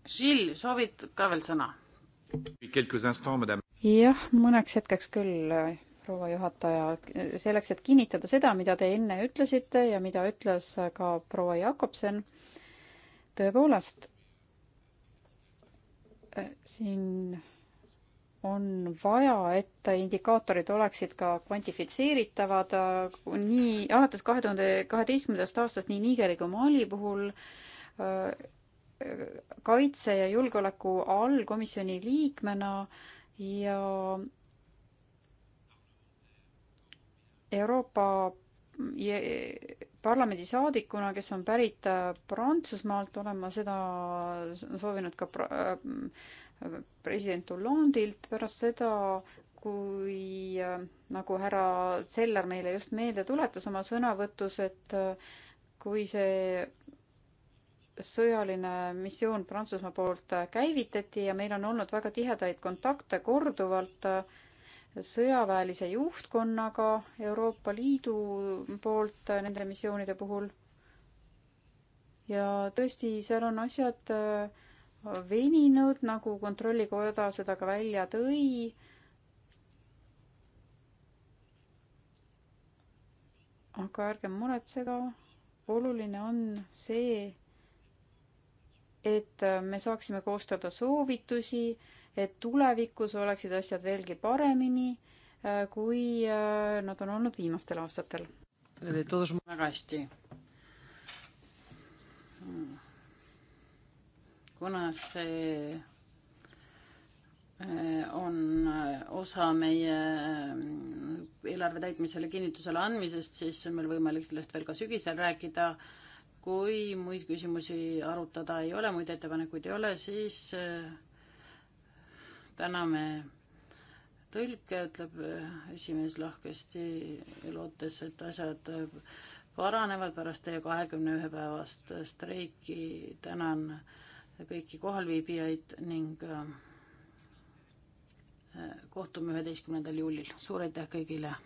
Gilles, soovid ka veel sõna? jah, mõneks hetkeks küll, äh, proua juhataja, selleks, et kinnitada seda, mida te enne ütlesite ja mida ütles ka proua Jakobsen, tõepoolest, äh, siin on vaja, et indikaatorid oleksid ka kvantifitseeritavad äh, nii alates kahe tuhande kaheteistkümnendast aastast nii Nigeri kui Mali puhul kaitse- ja julgeoleku allkomisjoni liikmena äh, ja Euroopa parlamendi saadikuna, kes on pärit äh, Prantsusmaalt, olen ma seda soovinud ka äh, president Hollandilt pärast seda, kui äh, nagu härra Seller meile just meelde tuletas oma sõnavõtus, et kui see sõjaline missioon Prantsusmaa poolt käivitati ja meil on olnud väga tihedaid kontakte korduvalt äh, sõjaväelise juhtkonnaga Euroopa Liidu poolt nende missioonide puhul. ja tõesti, seal on asjad äh, veninud, nagu Kontrollikoda seda ka välja tõi. aga ärgem muretsege, oluline on see, et äh, me saaksime koostada soovitusi, et tulevikus oleksid asjad veelgi paremini, äh, kui äh, nad on olnud viimastel aastatel. tundus mulle väga hästi. kuna see on osa meie mm, eelarve täitmisele kinnitusele andmisest, siis on meil võimalik sellest veel ka sügisel rääkida kui muid küsimusi arutada ei ole, muid ettepanekuid ei ole, siis äh, täname tõlke, ütleb äh, esimees lahkesti, lootes, et asjad äh, paranevad pärast teie kahekümne ühe päevast streiki. tänan kõiki kohalviibijaid ning kohtume üheteistkümnendal juulil. suur aitäh kõigile!